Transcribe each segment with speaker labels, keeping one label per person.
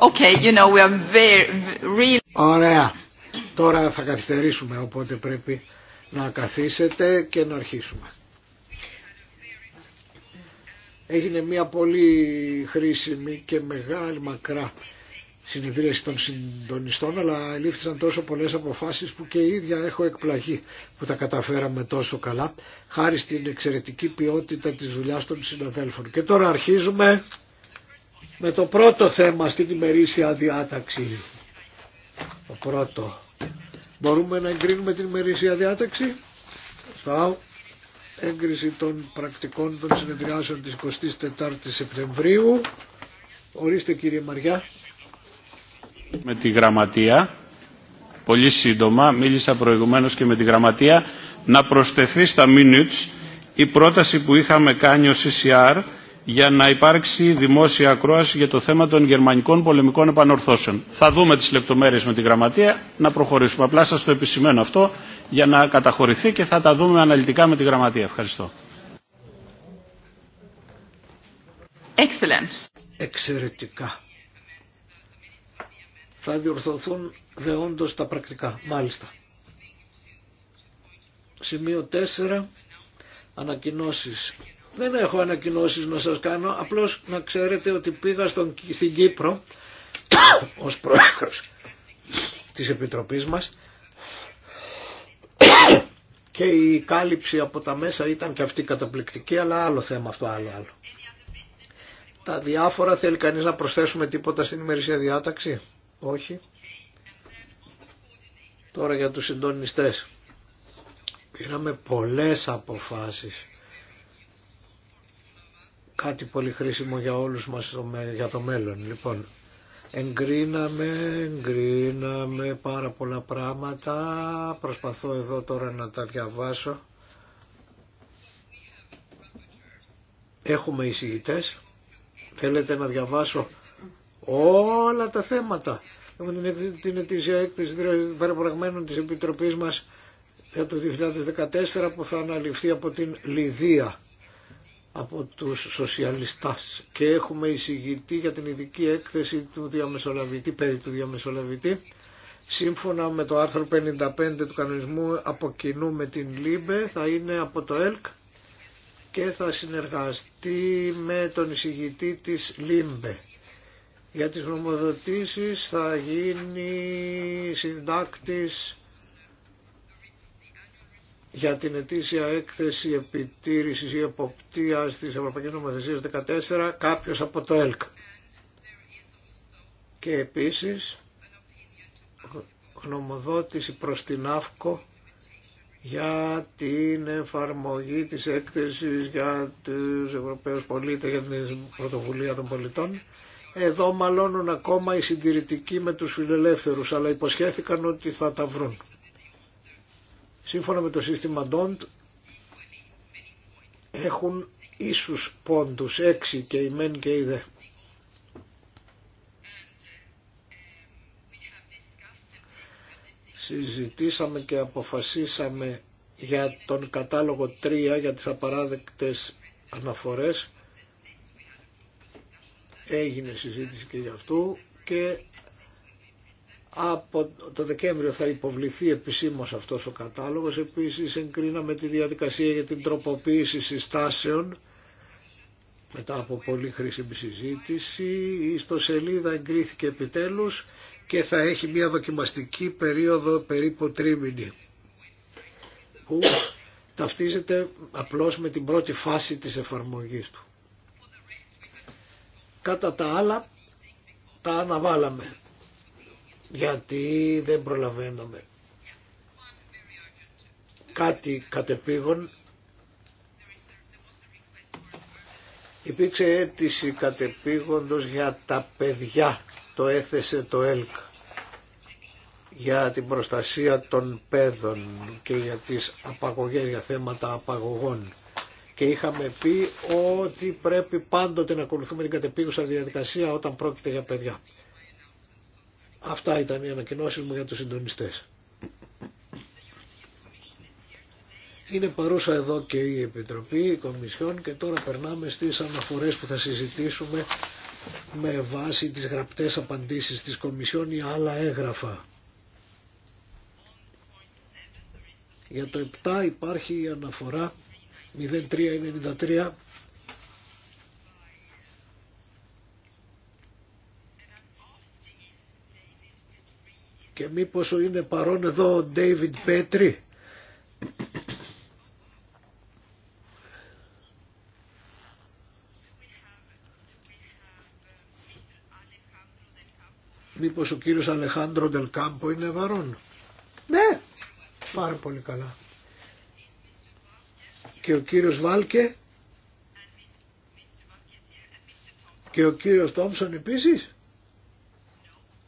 Speaker 1: Okay, you Ωραία.
Speaker 2: Τώρα θα καθυστερήσουμε, οπότε πρέπει να καθίσετε και να αρχίσουμε. Έγινε μια πολύ χρήσιμη και μεγάλη μακρά συνεδρίαση των συντονιστών, αλλά λήφθησαν τόσο πολλές αποφάσεις που και ίδια έχω εκπλαγεί που τα καταφέραμε τόσο καλά, χάρη στην εξαιρετική ποιότητα της δουλειάς των συναδέλφων. Και τώρα αρχίζουμε με το πρώτο θέμα στην ημερήσια διάταξη. Το πρώτο. Μπορούμε να εγκρίνουμε την ημερήσια διάταξη. Στο έγκριση των πρακτικών των συνεδριάσεων της 24ης Σεπτεμβρίου. Ορίστε κύριε Μαριά.
Speaker 3: Με τη γραμματεία,
Speaker 2: πολύ σύντομα, μίλησα προηγουμένως και με τη γραμματεία, να προσθεθεί στα minutes η πρόταση που είχαμε κάνει ο CCR για να υπάρξει δημόσια ακρόαση για το θέμα των γερμανικών πολεμικών επανορθώσεων. Θα δούμε τις λεπτομέρειες με τη γραμματεία να προχωρήσουμε. Απλά σας το επισημαίνω αυτό για να καταχωρηθεί και θα τα δούμε αναλυτικά με τη γραμματεία. Ευχαριστώ.
Speaker 1: Excellent.
Speaker 2: Εξαιρετικά. Θα διορθωθούν δεόντως τα πρακτικά. Μάλιστα. Σημείο 4. Ανακοινώσεις δεν έχω ανακοινώσεις να σας κάνω, απλώς να ξέρετε ότι πήγα στον, στην Κύπρο ως πρόεδρος της Επιτροπής μας και η κάλυψη από τα μέσα ήταν και αυτή καταπληκτική, αλλά άλλο θέμα αυτό, άλλο άλλο. Τα διάφορα θέλει κανείς να προσθέσουμε τίποτα στην ημερησία διάταξη. Όχι. Τώρα για τους συντονιστές. Πήραμε πολλές αποφάσεις κάτι πολύ χρήσιμο για όλους μας για το μέλλον. Λοιπόν, εγκρίναμε, εγκρίναμε πάρα πολλά πράγματα. Προσπαθώ εδώ τώρα να τα διαβάσω. Έχουμε εισηγητές. Θέλετε να διαβάσω όλα τα θέματα. Έχουμε την ετήσια έκθεση παραπραγμένων της Επιτροπής μας για το 2014 που θα αναλυφθεί από την Λιδία από τους σοσιαλιστάς και έχουμε εισηγητή για την ειδική έκθεση του διαμεσολαβητή, περί του διαμεσολαβητή. Σύμφωνα με το άρθρο 55 του κανονισμού από κοινού με την ΛΥΜΠΕ θα είναι από το ΕΛΚ και θα συνεργαστεί με τον εισηγητή της ΛΥΜΠΕ. Για τις νομοδοτήσεις θα γίνει συντάκτης για την ετήσια έκθεση επιτήρησης ή εποπτεία τη Ευρωπαϊκή Νομοθεσία 14 κάποιο από το ΕΛΚ. Και επίσης γνωμοδότηση προ την ΑΦΚΟ για την εφαρμογή της έκθεσης για τους Ευρωπαίους πολίτες, για την πρωτοβουλία των πολιτών. Εδώ μαλώνουν ακόμα οι συντηρητικοί με τους φιλελεύθερους, αλλά υποσχέθηκαν ότι θα τα βρουν σύμφωνα με το σύστημα DONT έχουν ίσους πόντους, έξι και η μεν και η δε. Συζητήσαμε και αποφασίσαμε για τον κατάλογο 3 για τις απαράδεκτες αναφορές. Έγινε συζήτηση και γι' αυτού και από το Δεκέμβριο θα υποβληθεί επισήμως αυτός ο κατάλογος. Επίσης εγκρίναμε τη διαδικασία για την τροποποίηση συστάσεων μετά από πολύ χρήσιμη συζήτηση. Η ιστοσελίδα εγκρίθηκε επιτέλους και θα έχει μια δοκιμαστική περίοδο περίπου τρίμηνη που ταυτίζεται απλώς με την πρώτη φάση της εφαρμογής του. Κατά τα άλλα τα αναβάλαμε γιατί δεν προλαβαίνουμε. Κάτι κατεπήγον. Υπήρξε αίτηση κατεπήγοντος για τα παιδιά, το έθεσε το ΕΛΚ, για την προστασία των παιδών και για τις απαγωγές, για θέματα απαγωγών. Και είχαμε πει ότι πρέπει πάντοτε να ακολουθούμε την κατεπήγουσα διαδικασία όταν πρόκειται για παιδιά. Αυτά ήταν οι ανακοινώσει μου για τους συντονιστές. Είναι παρούσα εδώ και η Επιτροπή, η Κομισιόν και τώρα περνάμε στις αναφορές που θα συζητήσουμε με βάση τις γραπτές απαντήσεις της Κομισιόν ή άλλα έγγραφα. Για το 7 υπάρχει η αναφορά 0393 Και μήπως είναι παρόν εδώ ο Ντέιβιντ Πέτρι Μήπως ο κύριος Αλεχάνδρο Ντελκάμπο είναι παρόν. Ναι, πάρα πολύ καλά. Και ο κύριος Βάλκε και ο κύριος Τόμσον επίσης.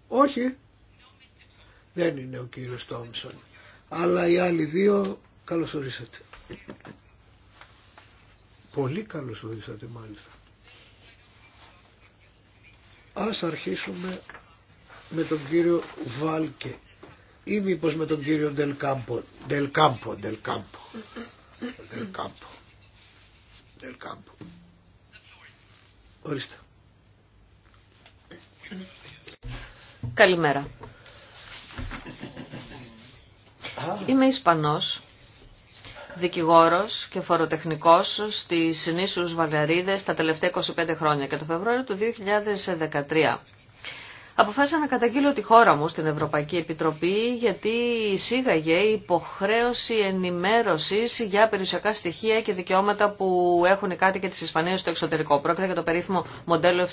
Speaker 2: Όχι. Δεν είναι ο κύριος Τόμσον. Αλλά οι άλλοι δύο καλώς ορίσατε. Πολύ καλώς ορίσατε μάλιστα. Ας αρχίσουμε με τον κύριο Βάλκε ή μήπω με τον κύριο Δελκάμπο Δελκάμπο, Δελκάμπο, Δελκάμπο, Δελκάμπο.
Speaker 3: Ορίστε. Καλημέρα. Είμαι Ισπανός, δικηγόρος και φοροτεχνικός στις νήσους Βαλαρίδες τα τελευταία 25 χρόνια και το Φεβρουάριο του 2013 Αποφάσισα να καταγγείλω τη χώρα μου στην Ευρωπαϊκή Επιτροπή γιατί εισήγαγε υποχρέωση ενημέρωσης για περιουσιακά στοιχεία και δικαιώματα που έχουν οι κάτοικοι της Ισπανίας στο εξωτερικό. Πρόκειται για το περίφημο μοντέλο 720.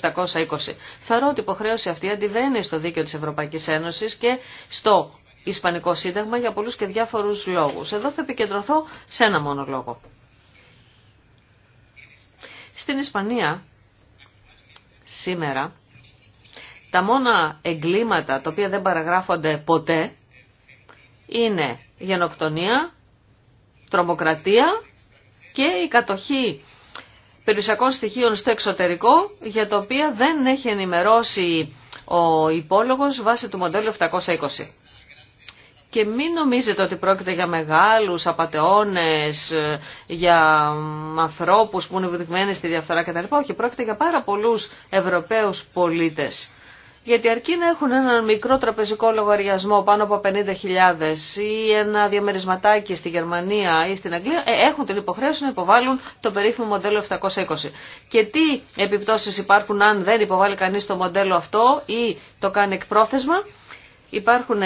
Speaker 3: Θεωρώ ότι η υποχρέωση αυτή αντιβαίνει στο δίκαιο της Ευρωπαϊκής Ένωσης και στο Ισπανικό Σύνταγμα για πολλούς και διάφορους λόγους. Εδώ θα επικεντρωθώ σε ένα μόνο λόγο. Στην Ισπανία σήμερα τα μόνα εγκλήματα τα οποία δεν παραγράφονται ποτέ είναι γενοκτονία, τρομοκρατία και η κατοχή περιουσιακών στοιχείων στο εξωτερικό για το οποία δεν έχει ενημερώσει ο υπόλογος βάσει του μοντέλου 720. Και μην νομίζετε ότι πρόκειται για μεγάλους απατεώνες, για ανθρώπους που είναι βοηθημένοι στη διαφθορά κτλ. Όχι, πρόκειται για πάρα πολλούς Ευρωπαίους πολίτες γιατί αρκεί να έχουν έναν μικρό τραπεζικό λογαριασμό πάνω από 50.000 ή ένα διαμερισματάκι στη Γερμανία ή στην Αγγλία, ε, έχουν την υποχρέωση να υποβάλουν το περίφημο μοντέλο 720. Και τι επιπτώσεις υπάρχουν αν δεν υποβάλει κανείς το μοντέλο αυτό ή το κάνει εκπρόθεσμα. Υπάρχουν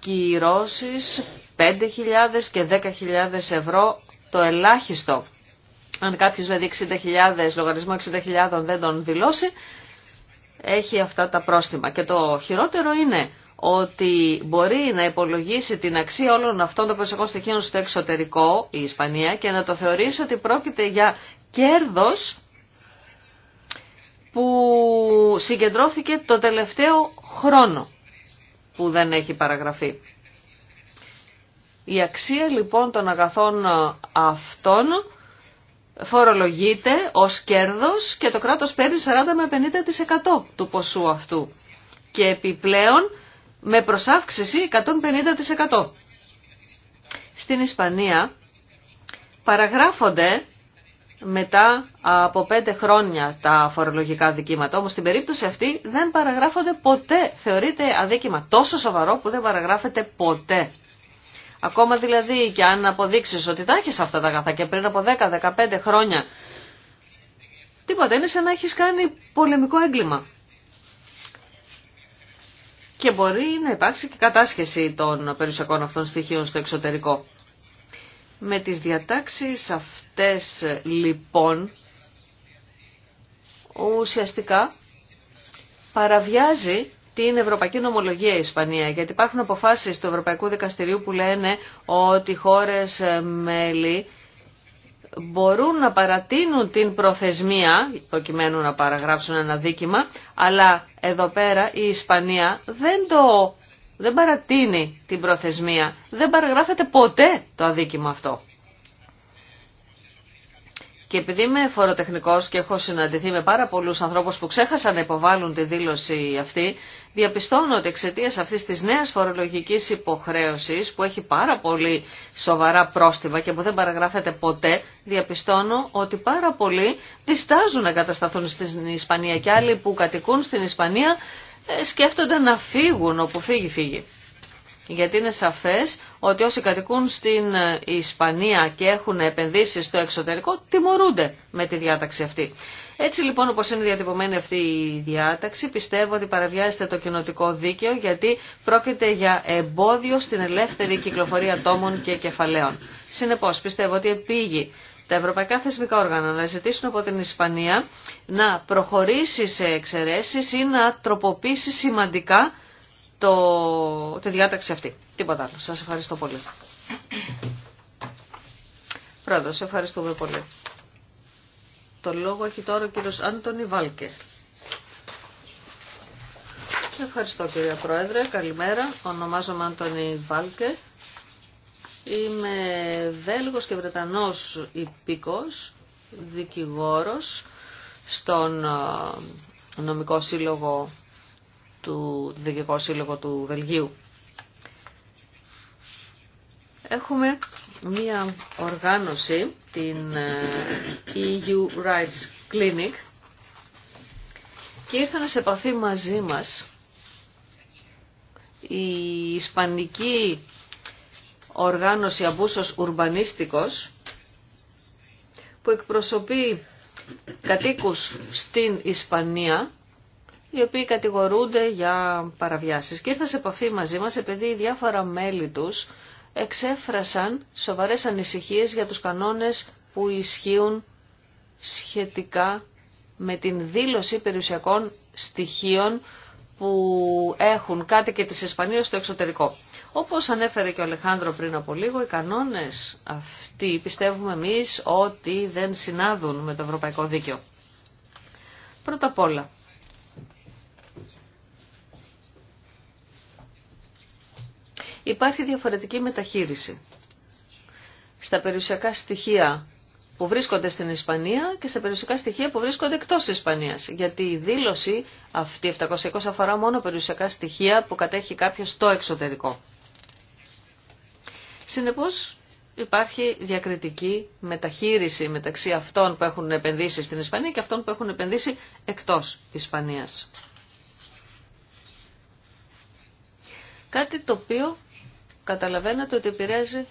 Speaker 3: κυρώσεις 5.000 και 10.000 ευρώ το ελάχιστο. Αν κάποιος δηλαδή 60.000, λογαριασμό 60.000 δεν τον δηλώσει, έχει αυτά τα πρόστιμα. Και το χειρότερο είναι ότι μπορεί να υπολογίσει την αξία όλων αυτών των προσωπικών στοιχείων στο εξωτερικό, η Ισπανία, και να το θεωρήσει ότι πρόκειται για κέρδος που συγκεντρώθηκε το τελευταίο χρόνο που δεν έχει παραγραφεί. Η αξία λοιπόν των αγαθών αυτών φορολογείται ως κέρδος και το κράτος παίρνει 40 με 50% του ποσού αυτού. Και επιπλέον με προσάυξηση 150%. Στην Ισπανία παραγράφονται μετά από πέντε χρόνια τα φορολογικά δικήματα. Όμως στην περίπτωση αυτή δεν παραγράφονται ποτέ. Θεωρείται αδίκημα τόσο σοβαρό που δεν παραγράφεται ποτέ. Ακόμα δηλαδή και αν αποδείξεις ότι τα έχεις αυτά τα αγαθά και πριν από 10-15 χρόνια, τίποτα είναι σαν να έχεις κάνει πολεμικό έγκλημα. Και μπορεί να υπάρξει και κατάσχεση των περιουσιακών αυτών στοιχείων στο εξωτερικό. Με τις διατάξεις αυτές λοιπόν ουσιαστικά παραβιάζει την Ευρωπαϊκή Νομολογία η Ισπανία, γιατί υπάρχουν αποφάσεις του Ευρωπαϊκού Δικαστηρίου που λένε ότι χώρες ε, μέλη μπορούν να παρατείνουν την προθεσμία, προκειμένου να παραγράψουν ένα δίκημα, αλλά εδώ πέρα η Ισπανία δεν το δεν παρατείνει την προθεσμία, δεν παραγράφεται ποτέ το αδίκημα αυτό. Και επειδή είμαι φοροτεχνικό και έχω συναντηθεί με πάρα πολλού ανθρώπους που ξέχασαν να υποβάλουν τη δήλωση αυτή, διαπιστώνω ότι εξαιτία αυτής της νέας φορολογικής υποχρέωσης που έχει πάρα πολύ σοβαρά πρόστιμα και που δεν παραγράφεται ποτέ, διαπιστώνω ότι πάρα πολλοί διστάζουν να κατασταθούν στην Ισπανία και άλλοι που κατοικούν στην Ισπανία ε, σκέφτονται να φύγουν όπου φύγει φύγει γιατί είναι σαφές ότι όσοι κατοικούν στην Ισπανία και έχουν επενδύσει στο εξωτερικό τιμωρούνται με τη διάταξη αυτή. Έτσι λοιπόν όπως είναι διατυπωμένη αυτή η διάταξη πιστεύω ότι παραβιάζεται το κοινοτικό δίκαιο γιατί πρόκειται για εμπόδιο στην ελεύθερη κυκλοφορία ατόμων και κεφαλαίων. Συνεπώς πιστεύω ότι επήγει τα ευρωπαϊκά θεσμικά όργανα να ζητήσουν από την Ισπανία να προχωρήσει σε εξαιρέσεις ή να τροποποιήσει σημαντικά το, τη διάταξη αυτή. Τίποτα άλλο. Σας ευχαριστώ πολύ. Πρόεδρος, ευχαριστούμε πολύ. Το λόγο έχει τώρα ο κύριος Άντωνη Βάλκε. Ευχαριστώ κύριε Πρόεδρε. Καλημέρα. Ονομάζομαι Άντωνη Βάλκε. Είμαι Βέλγος και Βρετανός υπήκος, δικηγόρος στον ε, νομικό σύλλογο του Δικηγό Σύλλογου του Βελγίου. Έχουμε μία οργάνωση, την ε, EU Rights Clinic, και ήρθαν σε επαφή μαζί μας η Ισπανική οργάνωση Αμπούσος Ουρμπανίστικος, που εκπροσωπεί κατοίκους στην Ισπανία οι οποίοι κατηγορούνται για παραβιάσεις. Και ήρθα σε επαφή μαζί μας επειδή διάφορα μέλη τους εξέφρασαν σοβαρές ανησυχίες για τους κανόνες που ισχύουν σχετικά με την δήλωση περιουσιακών στοιχείων που έχουν κάτι και της Ισπανίας στο εξωτερικό. Όπως ανέφερε και ο Αλεχάνδρο πριν από λίγο, οι κανόνες αυτοί πιστεύουμε εμείς ότι δεν συνάδουν με το ευρωπαϊκό δίκαιο. Πρώτα απ' όλα, υπάρχει διαφορετική μεταχείριση στα περιουσιακά στοιχεία που βρίσκονται στην Ισπανία και στα περιουσιακά στοιχεία που βρίσκονται εκτός της Ισπανίας. Γιατί η δήλωση αυτή 720 αφορά μόνο περιουσιακά στοιχεία που κατέχει κάποιος στο εξωτερικό. Συνεπώς υπάρχει διακριτική μεταχείριση μεταξύ αυτών που έχουν επενδύσει στην Ισπανία και αυτών που έχουν επενδύσει εκτό Ισπανίας. Κάτι το οποίο καταλαβαίνετε ότι επηρεάζει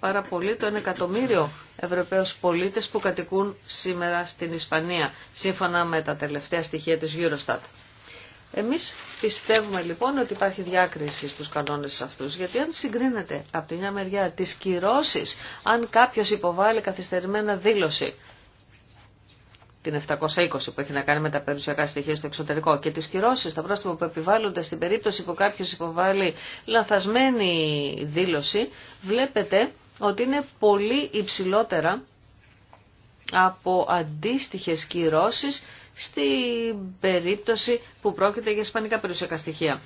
Speaker 3: πάρα πολύ τον εκατομμύριο Ευρωπαίους πολίτες που κατοικούν σήμερα στην Ισπανία, σύμφωνα με τα τελευταία στοιχεία της Eurostat. Εμείς πιστεύουμε λοιπόν ότι υπάρχει διάκριση στους κανόνες αυτούς, γιατί αν συγκρίνεται από τη μια μεριά τις κυρώσεις, αν κάποιος υποβάλλει καθυστερημένα δήλωση, την 720 που έχει να κάνει με τα περιουσιακά στοιχεία στο εξωτερικό και τις κυρώσεις, τα πρόστιμα που επιβάλλονται στην περίπτωση που κάποιος υποβάλλει λανθασμένη δήλωση, βλέπετε ότι είναι πολύ υψηλότερα από αντίστοιχες κυρώσεις στην περίπτωση που πρόκειται για σπανικά περιουσιακά στοιχεία.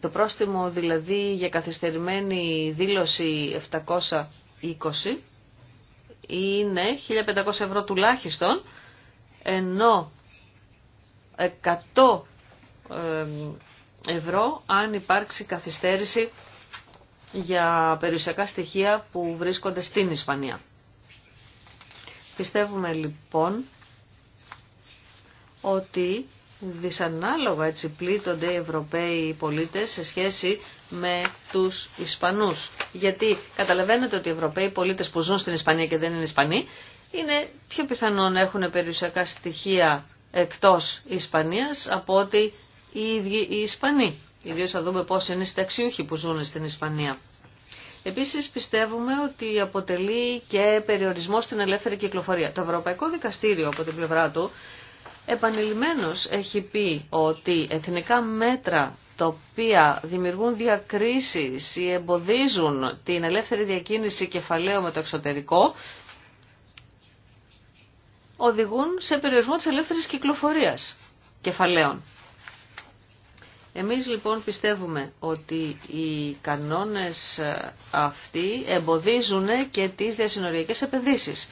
Speaker 3: το πρόστιμο δηλαδή για καθυστερημένη δήλωση 720 είναι 1500 ευρώ τουλάχιστον, ενώ 100 ευρώ αν υπάρξει καθυστέρηση για περιουσιακά στοιχεία που βρίσκονται στην Ισπανία. Πιστεύουμε λοιπόν ότι δυσανάλογα έτσι πλήττονται οι Ευρωπαίοι πολίτες σε σχέση με τους Ισπανούς. Γιατί καταλαβαίνετε ότι οι Ευρωπαίοι πολίτες που ζουν στην Ισπανία και δεν είναι Ισπανοί είναι πιο πιθανό να έχουν περιουσιακά στοιχεία εκτός Ισπανίας από ότι οι ίδιοι οι Ισπανοί. Ιδίω θα δούμε πώς είναι οι συνταξιούχοι που ζουν στην Ισπανία. Επίσης πιστεύουμε ότι αποτελεί και περιορισμό στην ελεύθερη κυκλοφορία. Το Ευρωπαϊκό Δικαστήριο από την πλευρά του επανειλημμένως έχει πει ότι εθνικά μέτρα τα οποία δημιουργούν διακρίσεις ή εμποδίζουν την ελεύθερη διακίνηση κεφαλαίου με το εξωτερικό, οδηγούν σε περιορισμό της ελεύθερης κυκλοφορίας κεφαλαίων. Εμείς λοιπόν πιστεύουμε ότι οι κανόνες αυτοί εμποδίζουν και τις διασυνοριακές επενδύσεις.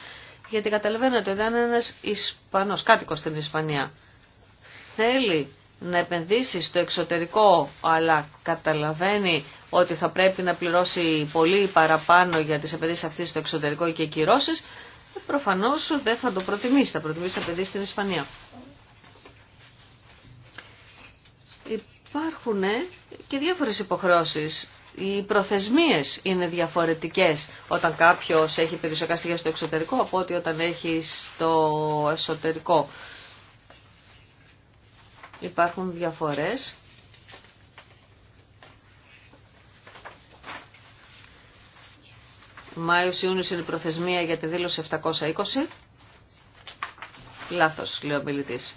Speaker 3: Γιατί καταλαβαίνετε ότι αν ένας Ισπανός κάτοικος στην Ισπανία θέλει να επενδύσει στο εξωτερικό αλλά καταλαβαίνει ότι θα πρέπει να πληρώσει πολύ παραπάνω για τις επενδύσεις αυτές στο εξωτερικό και κυρώσεις, προφανώς δεν θα το προτιμήσει, θα προτιμήσει επενδύσει στην Ισπανία. Υπάρχουν ε, και διάφορες υποχρεώσεις. Οι προθεσμίες είναι διαφορετικές όταν κάποιος έχει περιουσιακά στο εξωτερικό από ότι όταν έχει στο εσωτερικό. Υπάρχουν διαφορές. Μάιος Ιούνιος είναι η προθεσμία για τη δήλωση 720. Λάθος, λέει ο μιλητής.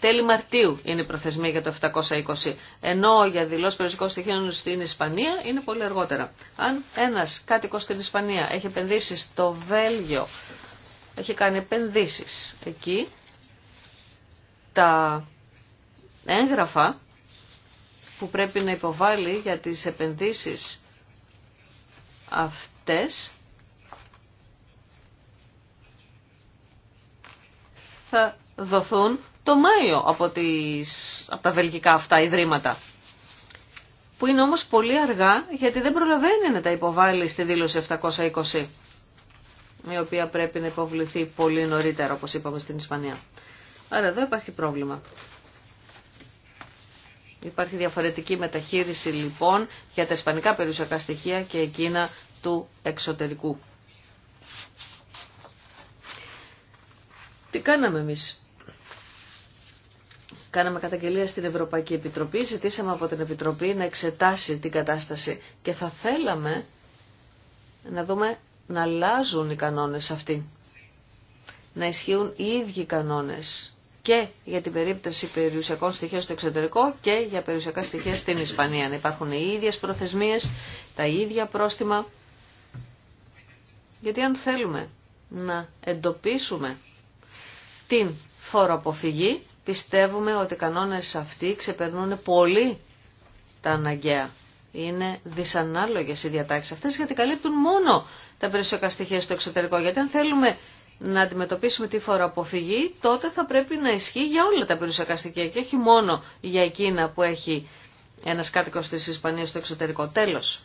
Speaker 3: Τέλη Μαρτίου είναι η προθεσμία για το 720, ενώ για δηλώσει περιοριστικών στοιχείων στην Ισπανία είναι πολύ αργότερα. Αν ένα κάτοικο στην Ισπανία έχει επενδύσει στο Βέλγιο, έχει κάνει επενδύσει εκεί, τα έγγραφα που πρέπει να υποβάλει για τις επενδύσεις αυτές θα δοθούν το Μάιο από, τις, από τα βελγικά αυτά ιδρύματα. Που είναι όμως πολύ αργά γιατί δεν προλαβαίνει να τα υποβάλει στη δήλωση 720 η οποία πρέπει να υποβληθεί πολύ νωρίτερα όπως είπαμε στην Ισπανία. Άρα εδώ υπάρχει πρόβλημα. Υπάρχει διαφορετική μεταχείριση λοιπόν για τα ισπανικά περιουσιακά στοιχεία και εκείνα του εξωτερικού. Τι κάναμε εμείς. Κάναμε καταγγελία στην Ευρωπαϊκή Επιτροπή, ζητήσαμε από την Επιτροπή να εξετάσει την κατάσταση και θα θέλαμε να δούμε να αλλάζουν οι κανόνες αυτοί. Να ισχύουν οι ίδιοι κανόνες και για την περίπτωση περιουσιακών στοιχείων στο εξωτερικό και για περιουσιακά στοιχεία στην Ισπανία. Να υπάρχουν οι ίδιε προθεσμίες, τα ίδια πρόστιμα. Γιατί αν θέλουμε να εντοπίσουμε την φοροαποφυγή, πιστεύουμε ότι οι κανόνες αυτοί ξεπερνούν πολύ τα αναγκαία. Είναι δυσανάλογες οι διατάξει αυτέ γιατί καλύπτουν μόνο τα περιουσιακά στοιχεία στο εξωτερικό. Γιατί αν θέλουμε να αντιμετωπίσουμε τη φοροαποφυγή, τότε θα πρέπει να ισχύει για όλα τα περιουσιακά στοιχεία και όχι μόνο για εκείνα που έχει ένα κάτοικος της Ισπανία στο εξωτερικό. Τέλος,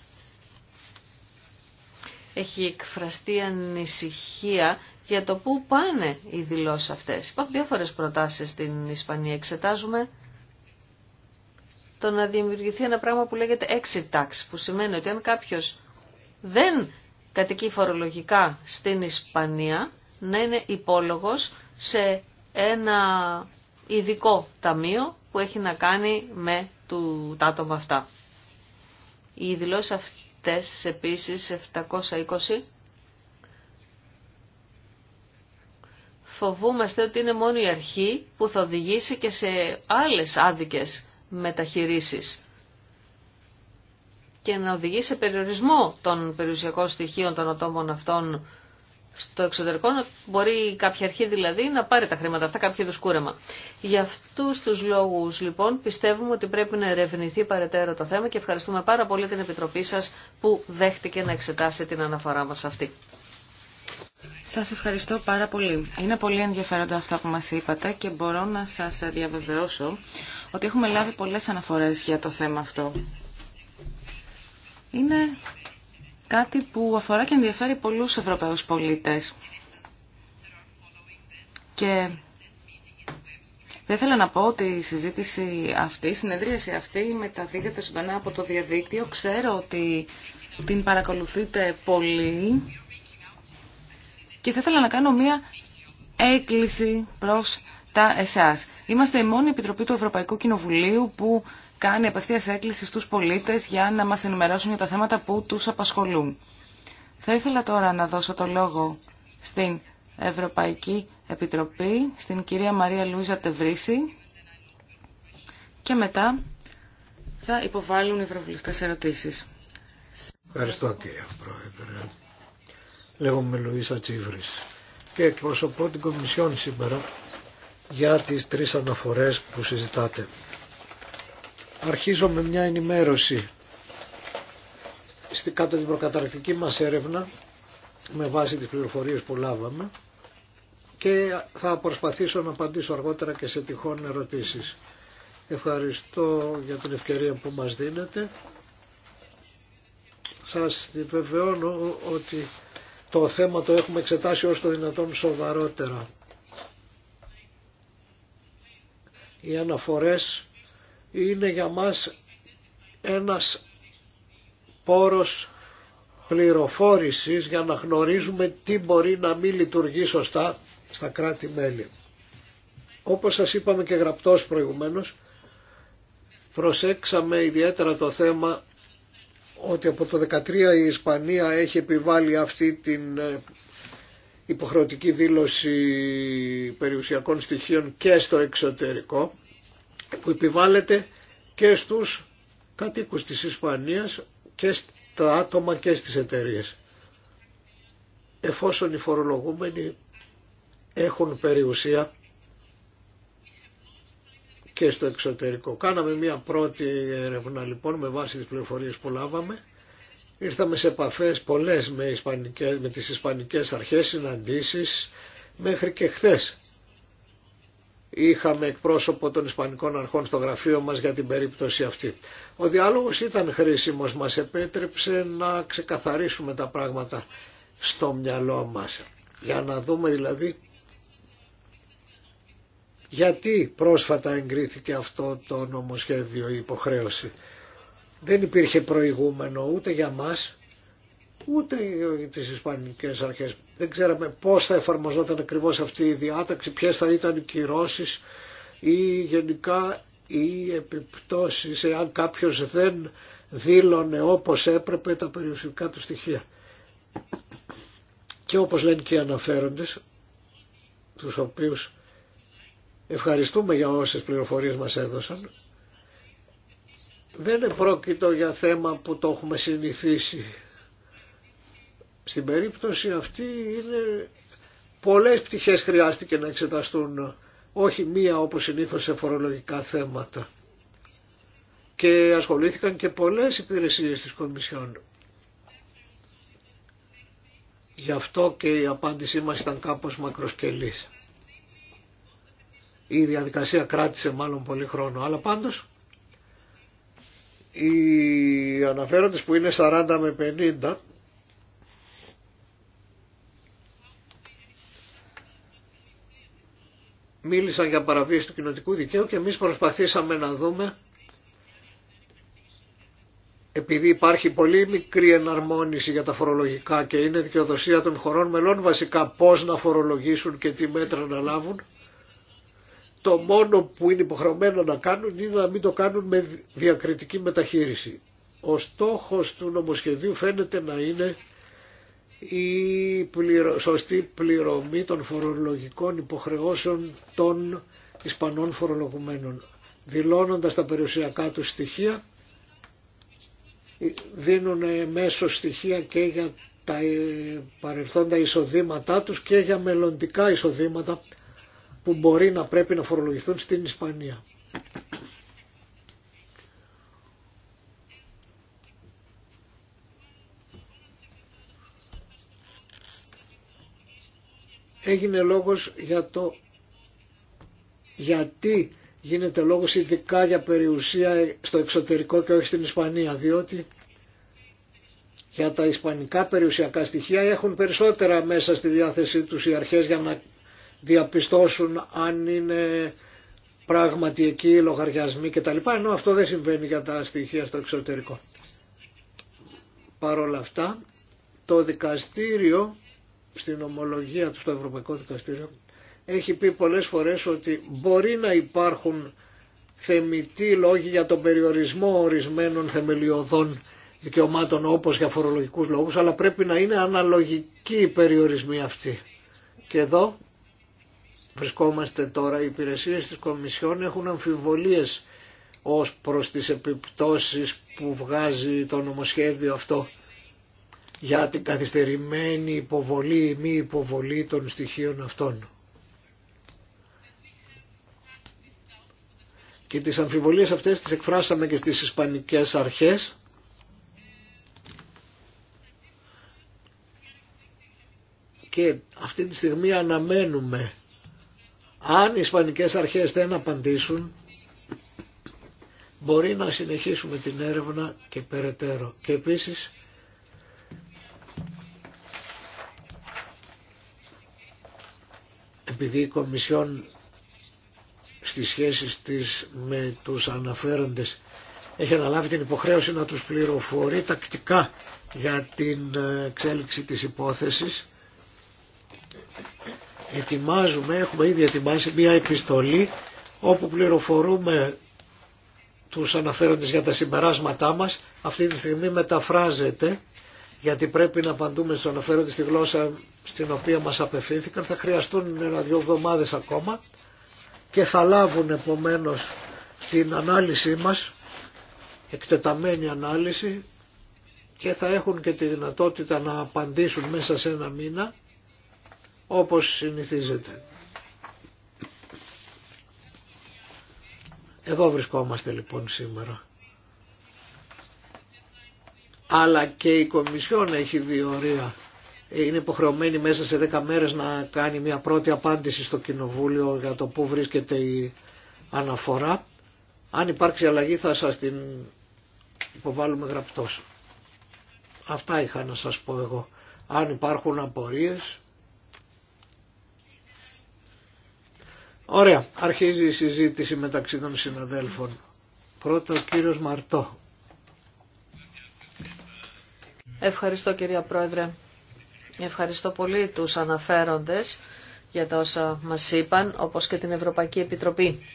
Speaker 3: έχει εκφραστεί ανησυχία για το πού πάνε οι δηλώσεις αυτές. Υπάρχουν διάφορε προτάσεις στην Ισπανία. Εξετάζουμε το να δημιουργηθεί ένα πράγμα που λέγεται exit tax, που σημαίνει ότι αν κάποιος δεν κατοικεί φορολογικά στην Ισπανία, να είναι υπόλογος σε ένα ειδικό ταμείο που έχει να κάνει με του, τα άτομα αυτά. Οι δηλώσει αυτές επίσης 720 φοβούμαστε ότι είναι μόνο η αρχή που θα οδηγήσει και σε άλλες άδικες μεταχειρήσεις και να οδηγεί σε περιορισμό των περιουσιακών στοιχείων των ατόμων αυτών στο εξωτερικό, μπορεί κάποια αρχή δηλαδή να πάρει τα χρήματα αυτά, κάποιο είδου κούρεμα. Για αυτού του λόγου λοιπόν πιστεύουμε ότι πρέπει να ερευνηθεί παρετέρω το θέμα και ευχαριστούμε πάρα πολύ την Επιτροπή σα που δέχτηκε να εξετάσει την
Speaker 1: αναφορά μα αυτή. Σας ευχαριστώ πάρα πολύ. Είναι πολύ ενδιαφέροντα αυτά που μας είπατε και μπορώ να σας διαβεβαιώσω ότι έχουμε λάβει πολλές αναφορές για το θέμα αυτό. Είναι κάτι που αφορά και ενδιαφέρει πολλούς Ευρωπαίους πολίτες. Και δεν ήθελα να πω ότι η συζήτηση αυτή, η συνεδρίαση αυτή μεταδίδεται ζωντανά από το διαδίκτυο. Ξέρω ότι την παρακολουθείτε πολύ και θα ήθελα να κάνω μία έκκληση προς τα εσάς. Είμαστε η μόνη επιτροπή του Ευρωπαϊκού Κοινοβουλίου που κάνει απευθεία έκκληση στους πολίτες για να μας ενημερώσουν για τα θέματα που τους απασχολούν. Θα ήθελα τώρα να δώσω το λόγο στην Ευρωπαϊκή Επιτροπή, στην κυρία Μαρία Λούιζα Τεβρίση και μετά θα υποβάλουν οι ευρωβουλευτές ερωτήσεις. Ευχαριστώ
Speaker 2: κύριε Πρόεδρε. Λέγομαι Λουίσα Τσίβρης και εκπροσωπώ την Κομισιόν σήμερα για τις τρεις αναφορές που συζητάτε. Αρχίζω με μια ενημέρωση. Στη κάτω την προκαταρκτική μας έρευνα, με βάση τις πληροφορίες που λάβαμε, και θα προσπαθήσω να απαντήσω αργότερα και σε τυχόν ερωτήσεις. Ευχαριστώ για την ευκαιρία που μας δίνετε. Σας επιβεβαιώνω ότι το θέμα το έχουμε εξετάσει όσο το δυνατόν σοβαρότερα. Οι αναφορές είναι για μας ένας πόρος πληροφόρησης για να γνωρίζουμε τι μπορεί να μην λειτουργεί σωστά στα κράτη-μέλη. Όπως σας είπαμε και γραπτός προηγουμένως, προσέξαμε ιδιαίτερα το θέμα ότι από το 2013 η Ισπανία έχει επιβάλει αυτή την ε, υποχρεωτική δήλωση περιουσιακών στοιχείων και στο εξωτερικό που επιβάλλεται και στους κατοίκους της Ισπανίας και στα άτομα και στις εταιρείες. Εφόσον οι φορολογούμενοι έχουν περιουσία και στο εξωτερικό. Κάναμε μια πρώτη έρευνα λοιπόν με βάση τις πληροφορίες που λάβαμε. Ήρθαμε σε επαφές πολλές με, ισπανικές, με τις ισπανικές αρχές, συναντήσεις μέχρι και χθες είχαμε εκπρόσωπο των Ισπανικών Αρχών στο γραφείο μας για την περίπτωση αυτή. Ο διάλογος ήταν χρήσιμος, μας επέτρεψε να ξεκαθαρίσουμε τα πράγματα στο μυαλό μας. Για να δούμε δηλαδή γιατί πρόσφατα εγκρίθηκε αυτό το νομοσχέδιο υποχρέωση. Δεν υπήρχε προηγούμενο ούτε για μας ούτε τις Ισπανικές αρχές. Δεν ξέραμε πώς θα εφαρμοζόταν ακριβώς αυτή η διάταξη, ποιες θα ήταν οι κυρώσεις ή γενικά οι επιπτώσεις εάν κάποιος δεν δήλωνε όπως έπρεπε τα περιουσιακά του στοιχεία. Και όπως λένε και οι αναφέροντες, τους οποίους ευχαριστούμε για όσες πληροφορίες μας έδωσαν, δεν επρόκειτο για θέμα που το έχουμε συνηθίσει στην περίπτωση αυτή είναι πολλές πτυχές χρειάστηκε να εξεταστούν, όχι μία όπως συνήθως σε φορολογικά θέματα. Και ασχολήθηκαν και πολλές υπηρεσίες της Κομισιόν. Γι' αυτό και η απάντησή μας ήταν κάπως μακροσκελής. Η διαδικασία κράτησε μάλλον πολύ χρόνο, αλλά πάντως οι αναφέροντες που είναι 40 με 50 μίλησαν για παραβίαση του κοινοτικού δικαίου και εμείς προσπαθήσαμε να δούμε επειδή υπάρχει πολύ μικρή εναρμόνιση για τα φορολογικά και είναι δικαιοδοσία των χωρών μελών βασικά πώς να φορολογήσουν και τι μέτρα να λάβουν, το μόνο που είναι υποχρεωμένο να κάνουν είναι να μην το κάνουν με διακριτική μεταχείριση. Ο στόχος του νομοσχεδίου φαίνεται να είναι η σωστή πληρωμή των φορολογικών υποχρεώσεων των Ισπανών φορολογουμένων. Δηλώνοντας τα περιουσιακά τους στοιχεία, ε, δίνουν μέσω στοιχεία και για τα ε, παρελθόντα εισοδήματά τους και για μελλοντικά εισοδήματα που μπορεί να πρέπει να φορολογηθούν στην Ισπανία. έγινε λόγος για το γιατί γίνεται λόγος ειδικά για περιουσία στο εξωτερικό και όχι στην Ισπανία, διότι για τα ισπανικά περιουσιακά στοιχεία έχουν περισσότερα μέσα στη διάθεσή τους οι αρχές για να διαπιστώσουν αν είναι πράγματι εκεί λογαριασμοί κτλ. Ενώ αυτό δεν συμβαίνει για τα στοιχεία στο εξωτερικό. Παρ' όλα αυτά το δικαστήριο στην ομολογία του στο Ευρωπαϊκό Δικαστήριο έχει πει πολλές φορές ότι μπορεί να υπάρχουν θεμητοί λόγοι για τον περιορισμό ορισμένων θεμελιωδών δικαιωμάτων όπως για φορολογικούς λόγους αλλά πρέπει να είναι αναλογική η περιορισμοί αυτή. Και εδώ βρισκόμαστε τώρα, οι υπηρεσίες της Κομισιόν έχουν αμφιβολίες ως προς τις επιπτώσεις που βγάζει το νομοσχέδιο αυτό για την καθυστερημένη υποβολή ή μη υποβολή των στοιχείων αυτών. Και τις αμφιβολίες αυτές τις εκφράσαμε και στις Ισπανικές αρχές. Και αυτή τη στιγμή αναμένουμε αν οι Ισπανικές αρχές δεν απαντήσουν μπορεί να συνεχίσουμε την έρευνα και περαιτέρω. Και επίσης επειδή η Κομισιόν στις σχέσεις της με τους αναφέροντες έχει αναλάβει την υποχρέωση να τους πληροφορεί τακτικά για την εξέλιξη της υπόθεσης. Ετοιμάζουμε, έχουμε ήδη ετοιμάσει μία επιστολή όπου πληροφορούμε τους αναφέροντες για τα συμπεράσματά μας. Αυτή τη στιγμή μεταφράζεται γιατί πρέπει να απαντούμε στον αναφέροντες στη γλώσσα στην οποία μας απευθύνθηκαν, θα χρειαστούν ένα-δυο εβδομάδες ακόμα και θα λάβουν επομένως την ανάλυση μας, εκτεταμένη ανάλυση και θα έχουν και τη δυνατότητα να απαντήσουν μέσα σε ένα μήνα όπως συνηθίζεται. Εδώ βρισκόμαστε λοιπόν σήμερα αλλά και η Κομισιόν έχει ωραία Είναι υποχρεωμένη μέσα σε 10 μέρες να κάνει μια πρώτη απάντηση στο Κοινοβούλιο για το πού βρίσκεται η αναφορά. Αν υπάρξει αλλαγή θα σας την υποβάλουμε γραπτός. Αυτά είχα να σας πω εγώ. Αν υπάρχουν απορίες... Ωραία, αρχίζει η συζήτηση μεταξύ των συναδέλφων. Πρώτα ο κύριος Μαρτό.
Speaker 3: Ευχαριστώ κυρία Πρόεδρε. Ευχαριστώ πολύ τους αναφέροντες για τα όσα μας είπαν, όπως και την Ευρωπαϊκή Επιτροπή.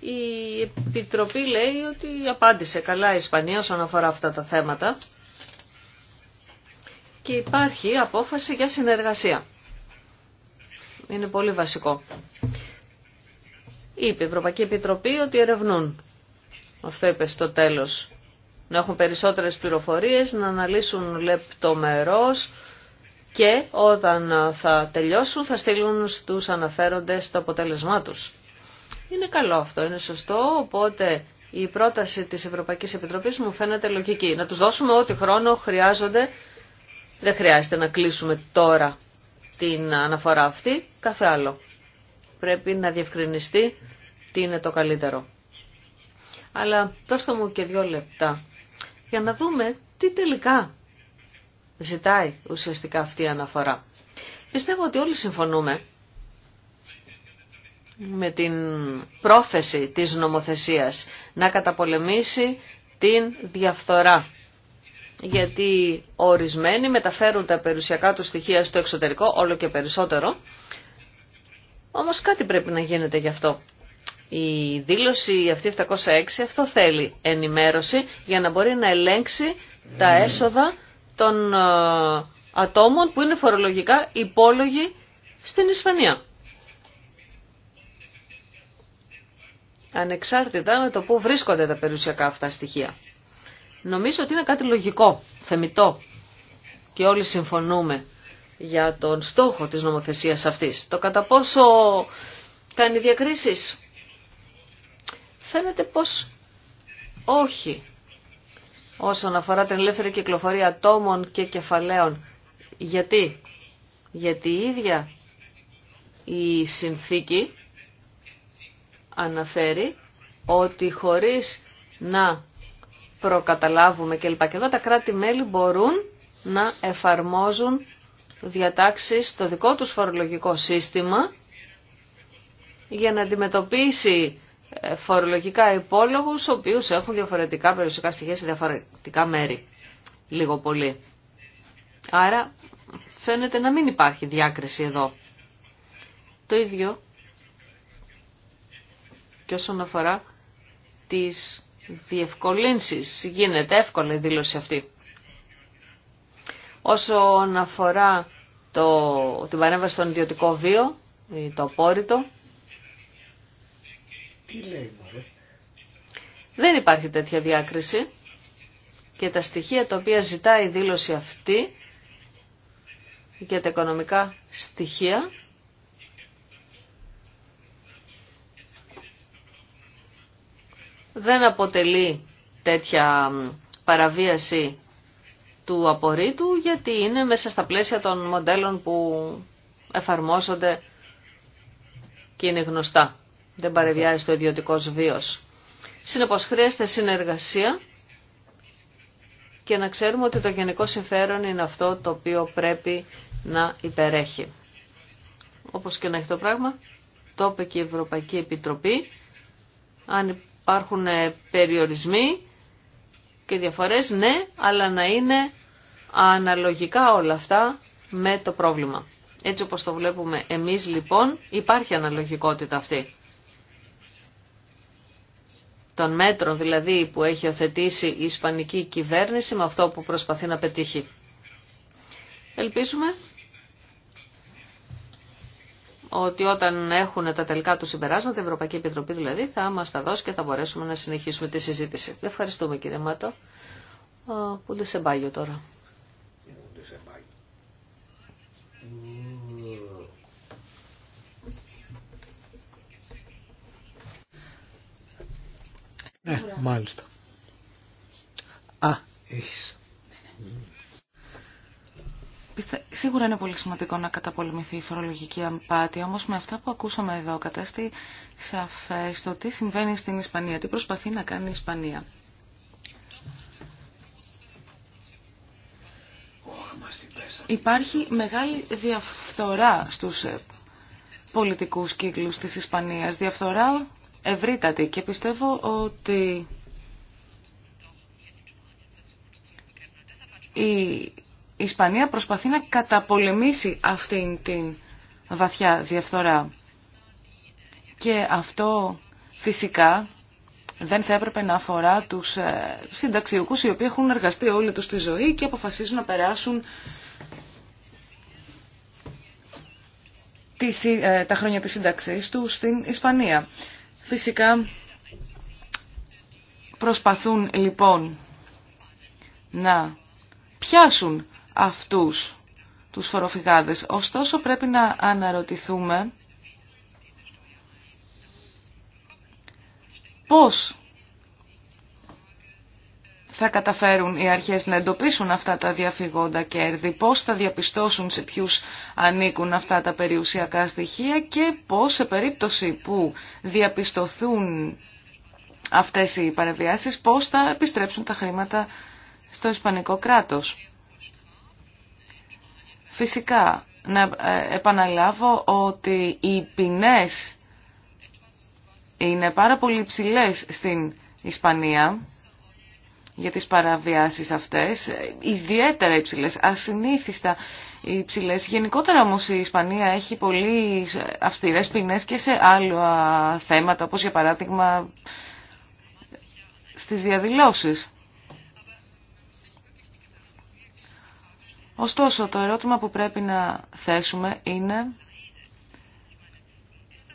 Speaker 3: Η Επιτροπή λέει ότι απάντησε καλά η Ισπανία όσον αφορά αυτά τα θέματα και υπάρχει απόφαση για συνεργασία. Είναι πολύ βασικό. Είπε η Ευρωπαϊκή Επιτροπή ότι ερευνούν. Αυτό είπε στο τέλος να έχουν περισσότερες πληροφορίες, να αναλύσουν λεπτομερώς και όταν θα τελειώσουν θα στείλουν στους αναφέροντες το αποτέλεσμά τους. Είναι καλό αυτό, είναι σωστό, οπότε η πρόταση της Ευρωπαϊκής Επιτροπής μου φαίνεται λογική. Να τους δώσουμε ό,τι χρόνο χρειάζονται, δεν χρειάζεται να κλείσουμε τώρα την αναφορά αυτή, κάθε άλλο. Πρέπει να διευκρινιστεί τι είναι το καλύτερο. Αλλά δώστε μου και δύο λεπτά για να δούμε τι τελικά ζητάει ουσιαστικά αυτή η αναφορά. Πιστεύω ότι όλοι συμφωνούμε με την πρόθεση της νομοθεσίας να καταπολεμήσει την διαφθορά. Γιατί ορισμένοι μεταφέρουν τα περιουσιακά του στοιχεία στο εξωτερικό όλο και περισσότερο, όμως κάτι πρέπει να γίνεται γι' αυτό. Η δήλωση αυτή 706 αυτό θέλει ενημέρωση για να μπορεί να ελέγξει τα έσοδα των ε, ατόμων που είναι φορολογικά υπόλογοι στην Ισπανία. Ανεξάρτητα με το που βρίσκονται τα περιουσιακά αυτά στοιχεία. Νομίζω ότι είναι κάτι λογικό, θεμητό και όλοι συμφωνούμε για τον στόχο της νομοθεσίας αυτής. Το κατά πόσο κάνει διακρίσεις Φαίνεται πως όχι όσον αφορά την ελεύθερη κυκλοφορία ατόμων και κεφαλαίων. Γιατί? Γιατί η ίδια η συνθήκη αναφέρει ότι χωρίς να προκαταλάβουμε κλπ. Και εδώ τα κράτη-μέλη μπορούν να εφαρμόζουν διατάξεις στο δικό τους φορολογικό σύστημα για να αντιμετωπίσει φορολογικά ο οποίους έχουν διαφορετικά περιουσιακά στοιχεία σε διαφορετικά μέρη, λίγο πολύ. Άρα φαίνεται να μην υπάρχει διάκριση εδώ. Το ίδιο και όσον αφορά τις διευκολύνσεις. Γίνεται εύκολη η δήλωση αυτή. Όσον αφορά το, την παρέμβαση στον ιδιωτικό βίο το απόρριτο, δεν υπάρχει τέτοια διάκριση και τα στοιχεία τα οποία ζητάει η δήλωση αυτή για τα οικονομικά στοιχεία δεν αποτελεί τέτοια παραβίαση του απορρίτου γιατί είναι μέσα στα πλαίσια των μοντέλων που εφαρμόζονται και είναι γνωστά δεν παρεβιάζει το ιδιωτικό βίο. Συνεπώ χρειάζεται συνεργασία και να ξέρουμε ότι το γενικό συμφέρον είναι αυτό το οποίο πρέπει να υπερέχει. Όπως και να έχει το πράγμα, το είπε και η Ευρωπαϊκή Επιτροπή, αν υπάρχουν περιορισμοί και διαφορές, ναι, αλλά να είναι αναλογικά όλα αυτά με το πρόβλημα. Έτσι όπως το βλέπουμε εμείς λοιπόν, υπάρχει αναλογικότητα αυτή των μέτρων δηλαδή που έχει οθετήσει η Ισπανική κυβέρνηση με αυτό που προσπαθεί να πετύχει. Ελπίζουμε ότι όταν έχουν τα τελικά του συμπεράσματα, η Ευρωπαϊκή Επιτροπή δηλαδή θα μας τα δώσει και θα μπορέσουμε να συνεχίσουμε τη συζήτηση. Ευχαριστούμε κύριε Μάτο. Πού δεν σε μπάγιο τώρα.
Speaker 2: Ναι, μάλιστα. Α, έχεις.
Speaker 1: Σίγουρα είναι πολύ σημαντικό να καταπολεμηθεί η φορολογική αμπάτη, όμως με αυτά που ακούσαμε εδώ κατάστη σαφές το τι συμβαίνει στην Ισπανία, τι προσπαθεί να κάνει η Ισπανία. Υπάρχει μεγάλη διαφθορά στους ε, πολιτικούς κύκλους της Ισπανίας, διαφθορά ευρύτατη και πιστεύω ότι η Ισπανία προσπαθεί να καταπολεμήσει αυτήν την βαθιά διαφθορά. Και αυτό φυσικά δεν θα έπρεπε να αφορά τους ε, συνταξιούχους οι οποίοι έχουν εργαστεί όλη τους τη ζωή και αποφασίζουν να περάσουν ε, τα χρόνια της σύνταξής του στην Ισπανία. Φυσικά προσπαθούν λοιπόν να πιάσουν αυτούς τους φοροφυγάδες. Ωστόσο πρέπει να αναρωτηθούμε πώς θα καταφέρουν οι αρχές να εντοπίσουν αυτά τα διαφυγόντα κέρδη, πώς θα διαπιστώσουν σε ποιους ανήκουν αυτά τα περιουσιακά στοιχεία και πώς σε περίπτωση που διαπιστωθούν αυτές οι παραβιάσεις, πώς θα επιστρέψουν τα χρήματα στο Ισπανικό κράτος. Φυσικά, να ε, επαναλάβω ότι οι ποινές είναι πάρα πολύ ψηλές στην Ισπανία για τις παραβιάσεις αυτές, ιδιαίτερα υψηλές, ασυνήθιστα υψηλές. Γενικότερα όμως η Ισπανία έχει πολύ αυστηρές ποινές και σε άλλα θέματα, όπως για παράδειγμα στις διαδηλώσεις. Ωστόσο, το ερώτημα που πρέπει να θέσουμε είναι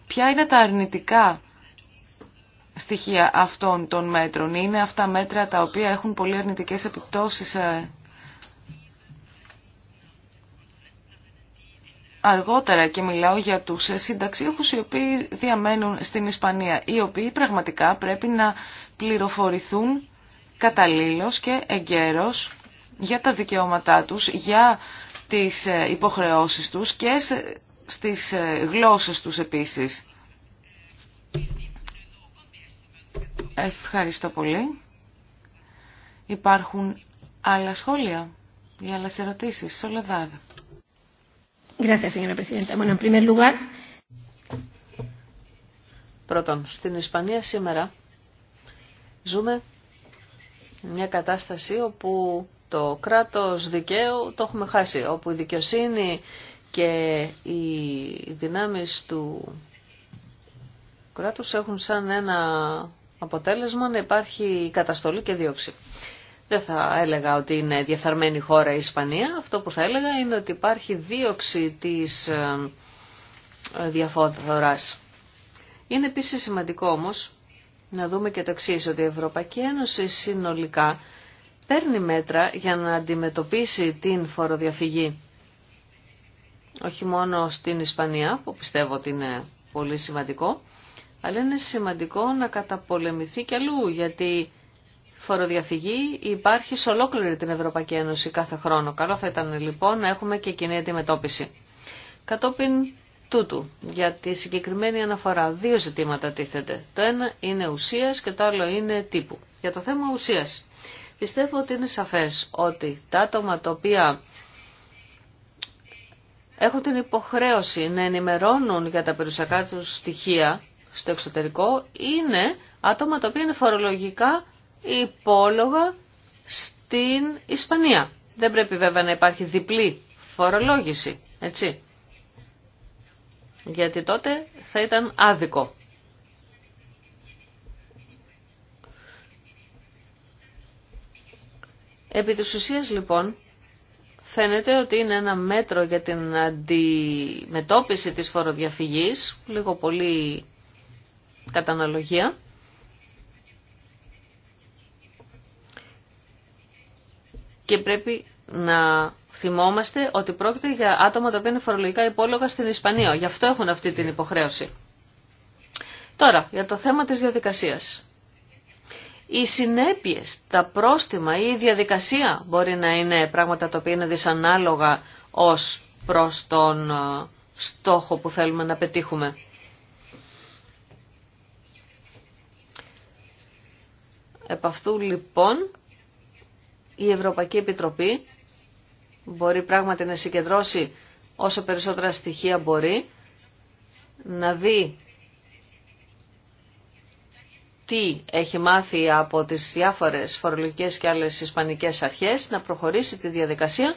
Speaker 1: ποια είναι τα αρνητικά στοιχεία αυτών των μέτρων. Είναι αυτά μέτρα τα οποία έχουν πολύ αρνητικές επιπτώσεις ε, αργότερα και μιλάω για τους ε, συνταξίχους οι οποίοι διαμένουν στην Ισπανία, οι οποίοι πραγματικά πρέπει να πληροφορηθούν καταλήλως και εγκαίρως για τα δικαιώματά τους, για τις ε, υποχρεώσεις τους και στις γλώσσες τους επίσης. Ευχαριστώ πολύ. Υπάρχουν άλλα σχόλια ή άλλες ερωτήσεις. Σολεδάδ.
Speaker 3: Πρώτον, στην Ισπανία σήμερα ζούμε μια κατάσταση όπου το κράτος δικαίου το έχουμε χάσει, όπου η δικαιοσύνη και οι δυνάμεις του κράτους έχουν σαν ένα αποτέλεσμα να υπάρχει καταστολή και δίωξη. Δεν θα έλεγα ότι είναι διεφθαρμένη χώρα η Ισπανία. Αυτό που θα έλεγα είναι ότι υπάρχει δίωξη της ε, διαφοράς. Είναι επίσης σημαντικό όμως να δούμε και το εξή ότι η Ευρωπαϊκή Ένωση συνολικά παίρνει μέτρα για να αντιμετωπίσει την φοροδιαφυγή. Όχι μόνο στην Ισπανία, που πιστεύω ότι είναι πολύ σημαντικό, αλλά είναι σημαντικό να καταπολεμηθεί και αλλού, γιατί φοροδιαφυγή υπάρχει σε ολόκληρη την Ευρωπαϊκή Ένωση κάθε χρόνο. Καλό θα ήταν λοιπόν να έχουμε και κοινή αντιμετώπιση. Κατόπιν τούτου, για τη συγκεκριμένη αναφορά, δύο ζητήματα τίθεται. Το ένα είναι ουσίας και το άλλο είναι τύπου. Για το θέμα ουσίας, πιστεύω ότι είναι σαφές ότι τα άτομα τα οποία έχουν την υποχρέωση να ενημερώνουν για τα περιουσιακά τους στοιχεία, στο εξωτερικό είναι άτομα τα οποία είναι φορολογικά υπόλογα στην Ισπανία. Δεν πρέπει βέβαια να υπάρχει διπλή φορολόγηση, έτσι. Γιατί τότε θα ήταν άδικο. Επί της ουσίας λοιπόν φαίνεται ότι είναι ένα μέτρο για την αντιμετώπιση της φοροδιαφυγής, λίγο πολύ κατά αναλογία. Και πρέπει να θυμόμαστε ότι πρόκειται για άτομα τα οποία είναι φορολογικά υπόλογα στην Ισπανία. Γι' αυτό έχουν αυτή την υποχρέωση. Τώρα, για το θέμα της διαδικασίας. Οι συνέπειες, τα πρόστιμα ή η διαδικασία μπορεί να είναι πράγματα τα οποία είναι δυσανάλογα ως προς τον ε, στόχο που θέλουμε να πετύχουμε. Επ' αυτού λοιπόν η Ευρωπαϊκή Επιτροπή μπορεί πράγματι να συγκεντρώσει όσο περισσότερα στοιχεία μπορεί, να δει τι έχει μάθει από τις διάφορες φορολογικές και άλλες ισπανικές αρχές, να προχωρήσει τη διαδικασία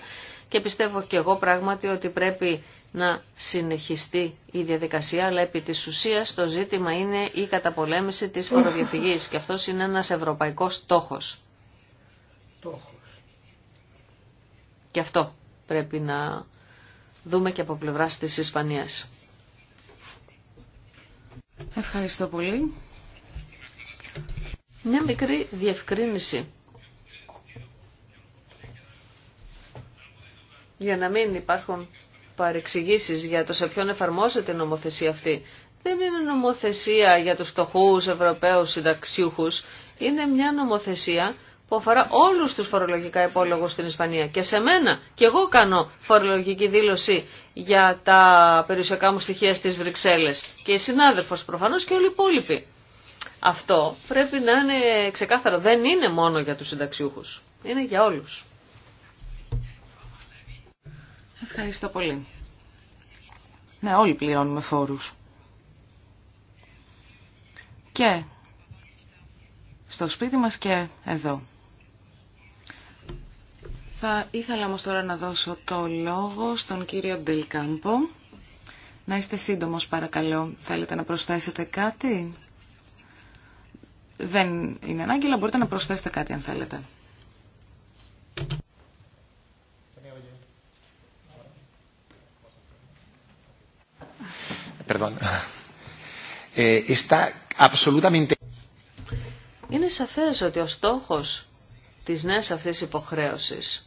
Speaker 3: και πιστεύω και εγώ πράγματι ότι πρέπει να συνεχιστεί η διαδικασία, αλλά επί της ουσίας το ζήτημα είναι η καταπολέμηση της φοροδιαφυγής και αυτός είναι ένας ευρωπαϊκός στόχος. Και αυτό πρέπει να δούμε και από πλευράς της Ισπανίας. Ευχαριστώ πολύ. Μια μικρή διευκρίνηση. Για να μην υπάρχουν παρεξηγήσεις για το σε ποιον εφαρμόζεται η νομοθεσία αυτή. Δεν είναι νομοθεσία για του φτωχού Ευρωπαίου συνταξιούχου. Είναι μια νομοθεσία που αφορά όλου του φορολογικά υπόλογου στην Ισπανία. Και σε μένα. Και εγώ κάνω φορολογική δήλωση για τα περιουσιακά μου στοιχεία στις Βρυξέλλε. Και η συνάδελφο προφανώς και όλοι οι υπόλοιποι. Αυτό πρέπει να είναι ξεκάθαρο. Δεν είναι μόνο για του συνταξιούχου. Είναι για όλου.
Speaker 1: Ευχαριστώ πολύ. Ναι, όλοι πληρώνουμε φόρους. Και στο σπίτι μας και εδώ. Θα ήθελα όμως τώρα να δώσω το λόγο στον κύριο Ντελκάμπο. Να είστε σύντομος παρακαλώ. Θέλετε να προσθέσετε κάτι. Δεν είναι ανάγκη, αλλά μπορείτε να προσθέσετε κάτι αν θέλετε.
Speaker 3: Eh, είναι σαφές ότι ο στόχος της νέας αυτής υποχρέωσης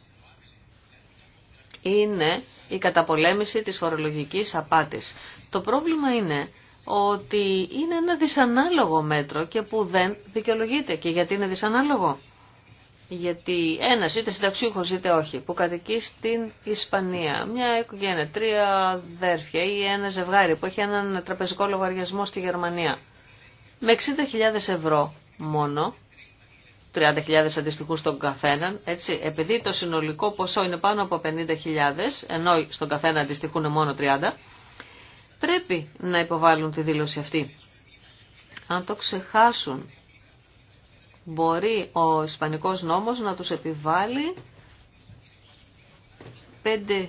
Speaker 3: είναι η καταπολέμηση της φορολογικής απάτης. Το πρόβλημα είναι ότι είναι ένα δυσανάλογο μέτρο και που δεν δικαιολογείται. Και γιατί είναι δυσανάλογο γιατί ένας είτε συνταξιούχος είτε όχι που κατοικεί στην Ισπανία, μια οικογένεια, τρία αδέρφια ή ένα ζευγάρι που έχει έναν τραπεζικό λογαριασμό στη Γερμανία με 60.000 ευρώ μόνο, 30.000 αντιστοιχούν στον καθέναν, έτσι, επειδή το συνολικό ποσό είναι πάνω από 50.000, ενώ στον καθένα αντιστοιχούν μόνο 30, πρέπει να υποβάλουν τη δήλωση αυτή. Αν το ξεχάσουν μπορεί ο Ισπανικός νόμος να τους επιβάλλει 5.000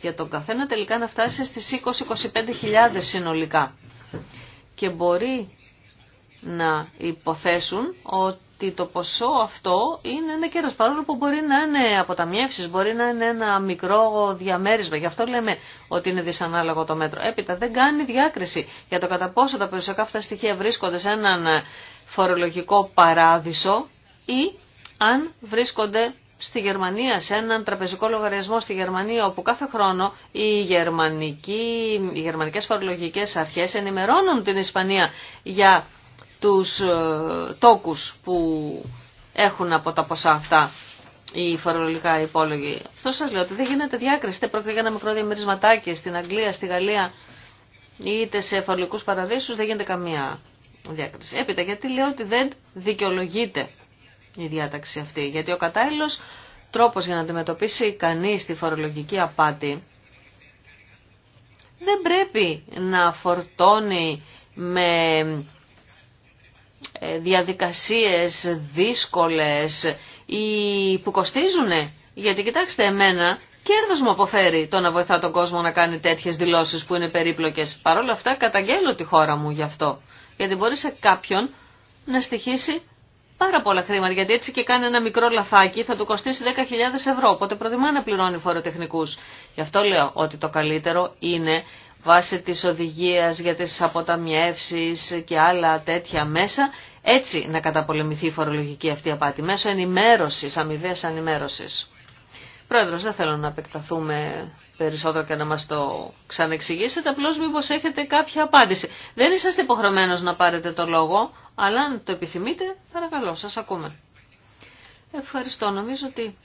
Speaker 3: για τον καθένα, τελικά να φτάσει στις 20-25.000 συνολικά. Και μπορεί να υποθέσουν ότι το ποσό αυτό είναι ένα κέρδος, παρόλο που μπορεί να είναι αποταμιεύσεις, μπορεί να είναι ένα μικρό διαμέρισμα. Γι' αυτό λέμε ότι είναι δυσανάλογο το μέτρο. Έπειτα δεν κάνει διάκριση για το κατά πόσο τα περιουσιακά αυτά στοιχεία βρίσκονται σε έναν φορολογικό παράδεισο ή αν βρίσκονται στη Γερμανία, σε έναν τραπεζικό λογαριασμό στη Γερμανία, όπου κάθε χρόνο οι, οι γερμανικές φορολογικές αρχές ενημερώνουν την Ισπανία για τους ε, τόκους που έχουν από τα ποσά αυτά οι φορολογικά υπόλογοι. Αυτό σας λέω ότι δεν γίνεται διάκριση, είτε πρόκειται για ένα μικρό διαμερισματάκι στην Αγγλία, στη Γαλλία, είτε σε φορολογικούς παραδείσους, δεν γίνεται καμία Έπειτα, γιατί λέω ότι δεν δικαιολογείται η διάταξη αυτή. Γιατί ο κατάλληλο τρόπος για να αντιμετωπίσει κανείς τη φορολογική απάτη δεν πρέπει να φορτώνει με ε, διαδικασίες δύσκολες ή που κοστίζουν. Γιατί κοιτάξτε εμένα, κέρδος μου αποφέρει το να βοηθά τον κόσμο να κάνει τέτοιες δηλώσεις που είναι περίπλοκες. Παρ' όλα αυτά καταγγελώ τη χώρα μου γι' αυτό γιατί μπορεί σε κάποιον να στοιχήσει πάρα πολλά χρήματα, γιατί έτσι και κάνει ένα μικρό λαθάκι θα του κοστίσει 10.000 ευρώ, οπότε προτιμά να πληρώνει φοροτεχνικούς. Γι' αυτό λέω ότι το καλύτερο είναι βάσει της οδηγίας για τι αποταμιεύσει και άλλα τέτοια μέσα, έτσι να καταπολεμηθεί η φορολογική αυτή απάτη, μέσω ενημέρωση, αμοιβέ ενημέρωση. Πρόεδρος, δεν θέλω να επεκταθούμε περισσότερο και να μας το ξανεξηγήσετε, απλώς μήπως έχετε κάποια απάντηση. Δεν είσαστε υποχρεωμένος να πάρετε το λόγο, αλλά αν το επιθυμείτε, παρακαλώ, σας ακούμε. Ευχαριστώ. Νομίζω ότι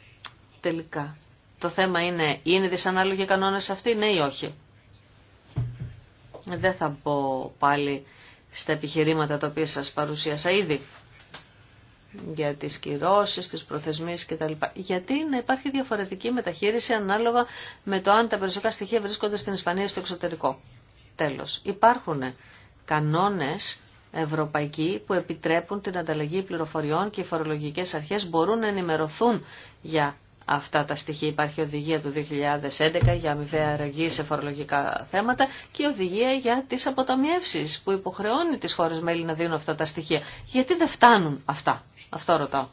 Speaker 3: τελικά το θέμα είναι, είναι δυσανάλογοι κανόνες αυτοί, ναι ή όχι. Δεν θα πω πάλι στα επιχειρήματα τα οποία σας παρουσίασα ήδη για τις κυρώσεις, τις προθεσμίες κτλ. Γιατί να υπάρχει διαφορετική μεταχείριση ανάλογα με το αν τα περισσότερα στοιχεία βρίσκονται στην Ισπανία ή στο εξωτερικό. Τέλος, υπάρχουν κανόνες ευρωπαϊκοί που επιτρέπουν την ανταλλαγή πληροφοριών και οι φορολογικές αρχές μπορούν να ενημερωθούν για αυτά τα στοιχεία. Υπάρχει οδηγία του 2011 για αμοιβαία αρρωγή σε φορολογικά θέματα και οδηγία για τις αποταμιεύσεις που υποχρεώνει τις χώρες μέλη να δίνουν αυτά τα στοιχεία. Γιατί δεν φτάνουν αυτά. Αυτό ρωτάω.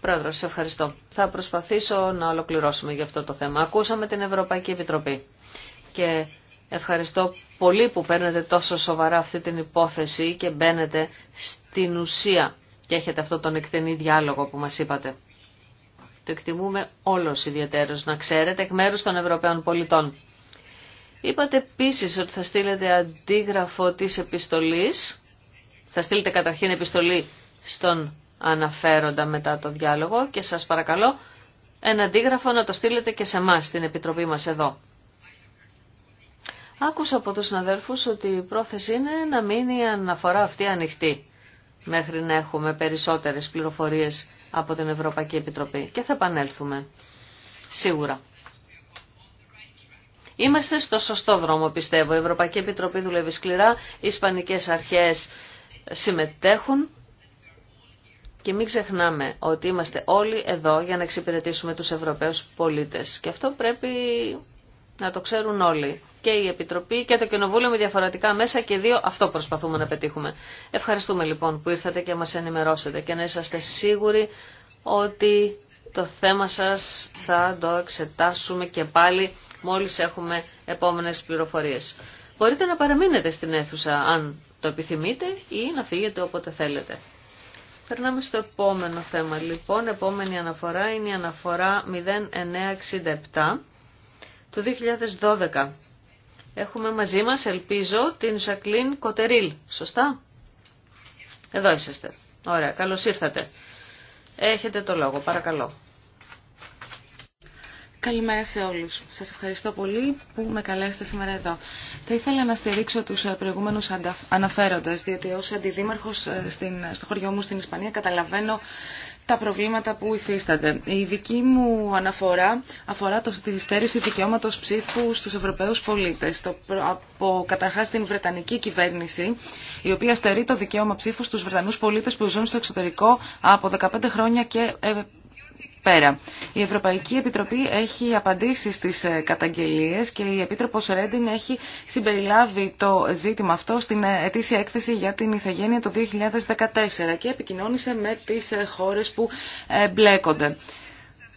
Speaker 3: Πρόεδρο, ευχαριστώ. Θα προσπαθήσω να ολοκληρώσουμε για αυτό το θέμα. Ακούσαμε την Ευρωπαϊκή Επιτροπή και ευχαριστώ πολύ που παίρνετε τόσο σοβαρά αυτή την υπόθεση και μπαίνετε στην ουσία και έχετε αυτό τον εκτενή διάλογο που μας είπατε. Το εκτιμούμε όλος ιδιαίτερος, να ξέρετε, εκ μέρου των Ευρωπαίων πολιτών. Είπατε επίση ότι θα στείλετε αντίγραφο της επιστολής, θα στείλετε καταρχήν επιστολή στον αναφέροντα μετά το διάλογο και σας παρακαλώ ένα αντίγραφο να το στείλετε και σε εμά στην Επιτροπή μας εδώ. Άκουσα από τους συναδέλφους ότι η πρόθεση είναι να μείνει η αναφορά αυτή ανοιχτή μέχρι να έχουμε περισσότερες πληροφορίες από την Ευρωπαϊκή Επιτροπή και θα επανέλθουμε σίγουρα. Είμαστε στο σωστό δρόμο πιστεύω. Η Ευρωπαϊκή Επιτροπή δουλεύει σκληρά, οι Ισπανικές αρχές συμμετέχουν και μην ξεχνάμε ότι είμαστε όλοι εδώ για να εξυπηρετήσουμε τους Ευρωπαίους πολίτες. Και αυτό πρέπει να το ξέρουν όλοι. Και η Επιτροπή και το Κοινοβούλιο με διαφορετικά μέσα και δύο αυτό προσπαθούμε να πετύχουμε. Ευχαριστούμε λοιπόν που ήρθατε και μας ενημερώσετε και να είσαστε σίγουροι ότι το θέμα σας θα το εξετάσουμε και πάλι μόλις έχουμε επόμενες πληροφορίες. Μπορείτε να παραμείνετε στην αίθουσα αν το επιθυμείτε ή να φύγετε όποτε θέλετε. Περνάμε στο επόμενο θέμα λοιπόν. Επόμενη αναφορά είναι η αναφορά 0967 του 2012. Έχουμε μαζί μας, ελπίζω, την Ζακλίν Κοτερίλ. Σωστά? Εδώ είσαστε. Ωραία, καλώς ήρθατε. Έχετε το λόγο, παρακαλώ.
Speaker 1: Καλημέρα σε όλους. Σας ευχαριστώ πολύ που με καλέσετε σήμερα εδώ. Θα ήθελα να στηρίξω τους ε, προηγούμενους αναφέροντας, διότι ως αντιδήμαρχος ε, στο χωριό μου στην Ισπανία καταλαβαίνω τα προβλήματα που υφίστανται. Η δική μου αναφορά αφορά το, τη στέρηση δικαιώματο ψήφου στου Ευρωπαίου πολίτε. Από καταρχά την Βρετανική κυβέρνηση, η οποία στερεί το δικαίωμα ψήφου στου Βρετανού πολίτε που ζουν στο εξωτερικό από 15 χρόνια και ε, πέρα. Η Ευρωπαϊκή Επιτροπή έχει απαντήσει στις ε, καταγγελίες και η Επίτροπος Ρέντιν έχει συμπεριλάβει το ζήτημα αυτό στην ε, ετήσια έκθεση για την Ιθαγένεια το 2014 και επικοινώνησε με τις ε, χώρες που μπλέκονται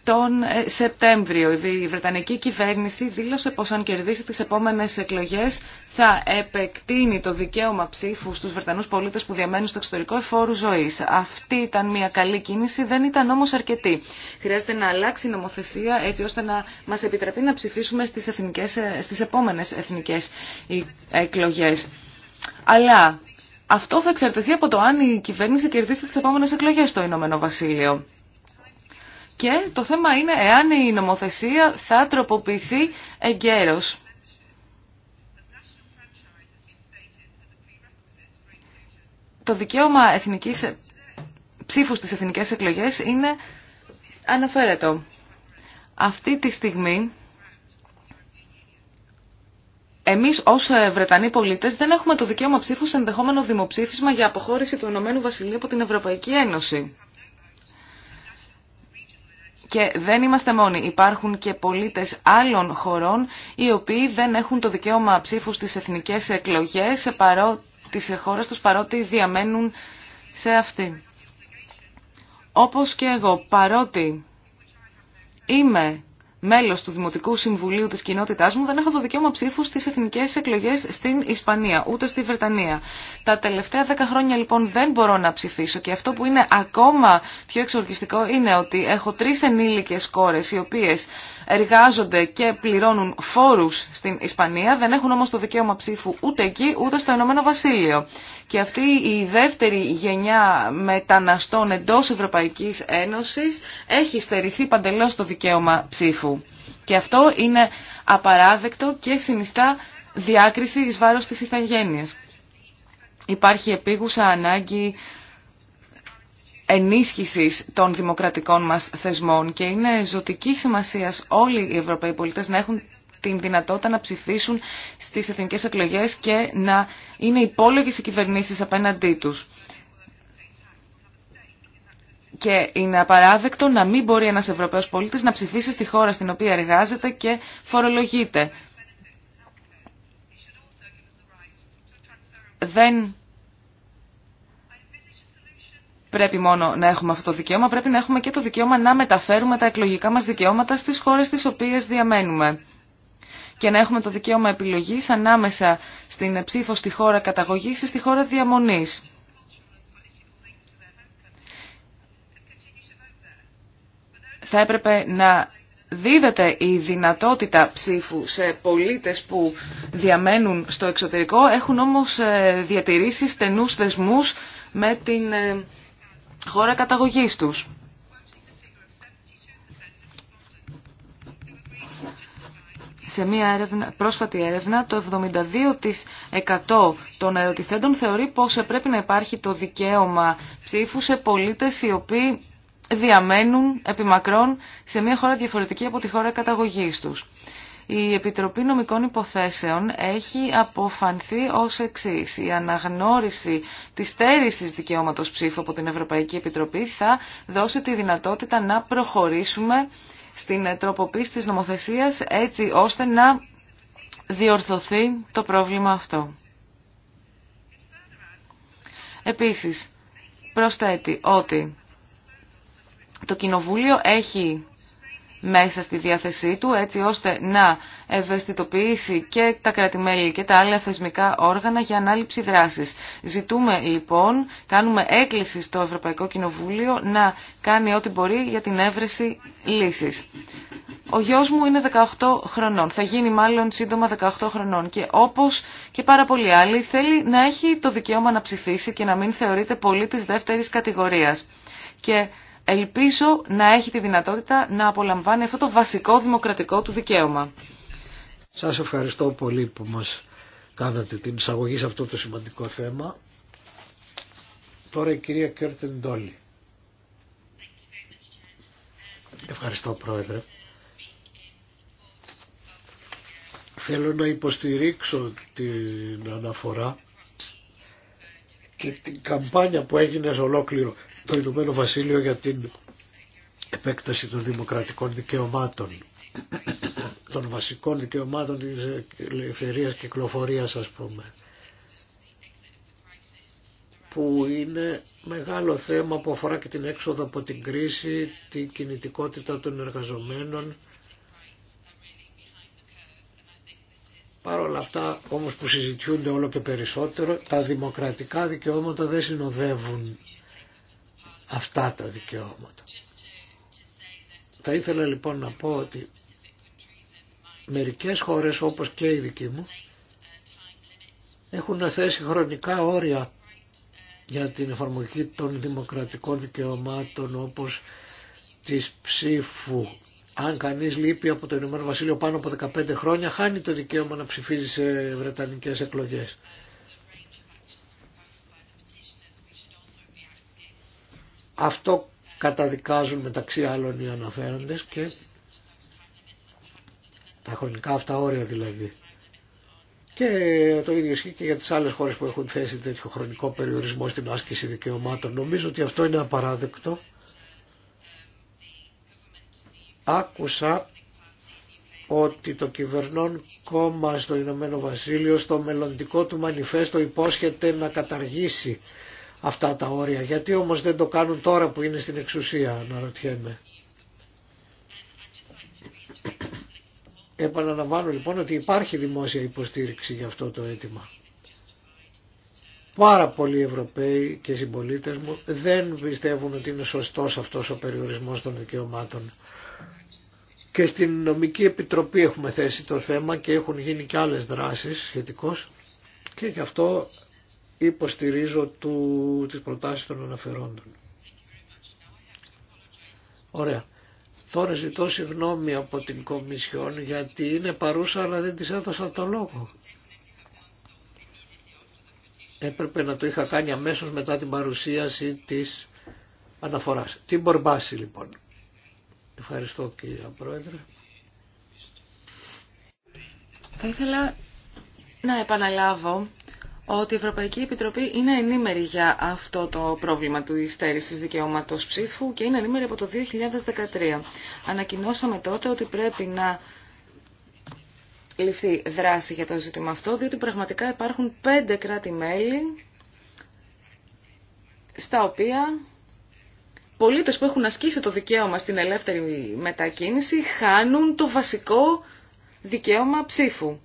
Speaker 1: τον ε, Σεπτέμβριο. Η Βρετανική κυβέρνηση δήλωσε πως αν κερδίσει τις επόμενες εκλογές θα επεκτείνει το δικαίωμα ψήφου στους Βρετανούς πολίτες που διαμένουν στο εξωτερικό εφόρου ζωής. Αυτή ήταν μια καλή κίνηση, δεν ήταν όμως αρκετή. Χρειάζεται να αλλάξει η νομοθεσία έτσι ώστε να μας επιτραπεί να ψηφίσουμε στις, εθνικές, ε, στις επόμενες εθνικές εκλογές. Αλλά αυτό θα εξαρτηθεί από το αν η κυβέρνηση κερδίσει τις επόμενες εκλογές στο Ηνωμένο Βασίλειο. Και το θέμα είναι εάν η νομοθεσία θα τροποποιηθεί εγκαίρως. Το δικαίωμα εθνικής, ψήφου στις εθνικές εκλογές είναι αναφέρετο. Αυτή τη στιγμή εμείς ως Βρετανοί πολίτες δεν έχουμε το δικαίωμα ψήφου σε ενδεχόμενο δημοψήφισμα για αποχώρηση του Ηνωμένου Βασιλείου από την Ευρωπαϊκή Ένωση. Και δεν είμαστε μόνοι. Υπάρχουν και πολίτες άλλων χωρών οι οποίοι δεν έχουν το δικαίωμα ψήφου στις εθνικές εκλογές παρό... χώρα του τους παρότι διαμένουν σε αυτή. Όπως και εγώ, παρότι είμαι Μέλο του Δημοτικού Συμβουλίου τη κοινότητά μου, δεν έχω το δικαίωμα ψήφου στι εθνικέ εκλογέ στην Ισπανία, ούτε στη Βρετανία. Τα τελευταία δέκα χρόνια λοιπόν δεν μπορώ να ψηφίσω και αυτό που είναι ακόμα πιο εξοργιστικό είναι ότι έχω τρει ενήλικέ κόρε οι οποίε εργάζονται και πληρώνουν φόρου στην Ισπανία, δεν έχουν όμω το δικαίωμα ψήφου ούτε εκεί ούτε στο Ηνωμένο Βασίλειο. Και αυτή η δεύτερη γενιά μεταναστών εντό Ευρωπαϊκή Ένωση έχει στερηθεί παντελώ το δικαίωμα ψήφου. Και αυτό είναι απαράδεκτο και συνιστά διάκριση εις βάρος της ηθαγένειας. Υπάρχει επίγουσα ανάγκη ενίσχυσης των δημοκρατικών μας θεσμών και είναι ζωτική σημασία όλοι οι Ευρωπαίοι πολίτες να έχουν την δυνατότητα να ψηφίσουν στις εθνικές εκλογές και να είναι υπόλογες οι κυβερνήσεις απέναντί τους. Και είναι απαράδεκτο να μην μπορεί ένας Ευρωπαίος πολίτης να ψηφίσει στη χώρα στην οποία εργάζεται και φορολογείται. Δεν πρέπει μόνο να έχουμε αυτό το δικαίωμα, πρέπει να έχουμε και το δικαίωμα να μεταφέρουμε τα εκλογικά μας δικαιώματα στις χώρες στις οποίες διαμένουμε. Και να έχουμε το δικαίωμα επιλογής ανάμεσα στην ψήφο στη χώρα καταγωγής ή στη χώρα διαμονής. θα έπρεπε να δίδεται η δυνατότητα ψήφου σε πολίτες που διαμένουν στο εξωτερικό, έχουν όμως ε, διατηρήσει στενούς δεσμούς με την ε, χώρα καταγωγής τους. Σε μια έρευνα, πρόσφατη έρευνα, το 72% των ερωτηθέντων θεωρεί πως πρέπει να υπάρχει το δικαίωμα ψήφου σε πολίτες οι οποίοι διαμένουν επιμακρών σε μια χώρα διαφορετική από τη χώρα καταγωγής τους. Η Επιτροπή Νομικών Υποθέσεων έχει αποφανθεί ως εξή. Η αναγνώριση της στέρησης δικαιώματος ψήφου από την Ευρωπαϊκή Επιτροπή θα δώσει τη δυνατότητα να προχωρήσουμε στην τροποποίηση της νομοθεσίας έτσι ώστε να διορθωθεί το πρόβλημα αυτό. Επίσης, προσθέτει ότι το Κοινοβούλιο έχει μέσα στη διάθεσή του έτσι ώστε να ευαισθητοποιήσει και τα κρατημέλη και τα άλλα θεσμικά όργανα για ανάληψη δράσης. Ζητούμε λοιπόν, κάνουμε έκκληση στο Ευρωπαϊκό Κοινοβούλιο να κάνει ό,τι μπορεί για την έβρεση λύσης. Ο γιος μου είναι 18 χρονών, θα γίνει μάλλον σύντομα 18 χρονών και όπως και πάρα πολλοί άλλοι θέλει να έχει το δικαίωμα να ψηφίσει και να μην θεωρείται πολίτης δεύτερης κατηγορίας. Και ελπίζω να έχει τη δυνατότητα να απολαμβάνει αυτό το βασικό δημοκρατικό του δικαίωμα.
Speaker 2: Σας ευχαριστώ πολύ που μας κάνατε την εισαγωγή σε αυτό το σημαντικό θέμα. Τώρα η
Speaker 1: κυρία Κέρτεν
Speaker 2: Ντόλι. Ευχαριστώ Πρόεδρε. Θέλω να υποστηρίξω την αναφορά και την καμπάνια που έγινε σε ολόκληρο το Ηνωμένο Βασίλειο για την επέκταση των δημοκρατικών δικαιωμάτων των βασικών δικαιωμάτων της ελευθερίας κυκλοφορίας ας πούμε που είναι μεγάλο θέμα που αφορά και την έξοδο από την κρίση, την κινητικότητα των εργαζομένων. Παρ' όλα αυτά όμως που συζητιούνται όλο και περισσότερο, τα δημοκρατικά δικαιώματα δεν συνοδεύουν αυτά τα δικαιώματα. Θα ήθελα λοιπόν να πω ότι μερικές χώρες όπως και η δική μου έχουν θέσει χρονικά όρια για την εφαρμογή των δημοκρατικών δικαιωμάτων όπως της ψήφου. Αν κανείς λείπει από το Ηνωμένο Βασίλειο πάνω από 15 χρόνια χάνει το δικαίωμα να ψηφίζει σε βρετανικές εκλογές. Αυτό καταδικάζουν μεταξύ άλλων οι αναφέροντες και τα χρονικά αυτά όρια δηλαδή. Και το ίδιο ισχύει και για τις άλλες χώρες που έχουν θέσει τέτοιο χρονικό περιορισμό στην άσκηση δικαιωμάτων. Νομίζω ότι αυτό είναι απαράδεκτο. Άκουσα ότι το κυβερνών κόμμα στο Ηνωμένο Βασίλειο στο μελλοντικό του μανιφέστο υπόσχεται να καταργήσει αυτά τα όρια. Γιατί όμως δεν το κάνουν τώρα που είναι στην εξουσία, να ρωτιέμαι. Επαναλαμβάνω λοιπόν ότι υπάρχει δημόσια υποστήριξη για αυτό το αίτημα. Πάρα πολλοί Ευρωπαίοι και συμπολίτε μου δεν πιστεύουν ότι είναι σωστός αυτός ο περιορισμός των δικαιωμάτων. Και στην νομική επιτροπή έχουμε θέσει το θέμα και έχουν γίνει και άλλες δράσεις σχετικώς και γι' αυτό υποστηρίζω του, τις προτάσεις των αναφερόντων. Ωραία. Τώρα ζητώ συγγνώμη από την Κομισιόν γιατί είναι παρούσα αλλά δεν της έδωσα το λόγο. Έπρεπε να το είχα κάνει αμέσως μετά την παρουσίαση της αναφοράς. Τι Μπορμπάση λοιπόν. Ευχαριστώ κύριε Πρόεδρε.
Speaker 1: Θα ήθελα να επαναλάβω ότι η Ευρωπαϊκή Επιτροπή είναι ενήμερη για αυτό το πρόβλημα του υστέρησης δικαιώματος ψήφου και είναι ενήμερη από το 2013. Ανακοινώσαμε τότε ότι πρέπει να ληφθεί δράση για το ζήτημα αυτό, διότι πραγματικά υπάρχουν πέντε κράτη-μέλη στα οποία πολίτες που έχουν ασκήσει το δικαίωμα στην ελεύθερη μετακίνηση χάνουν το βασικό δικαίωμα ψήφου.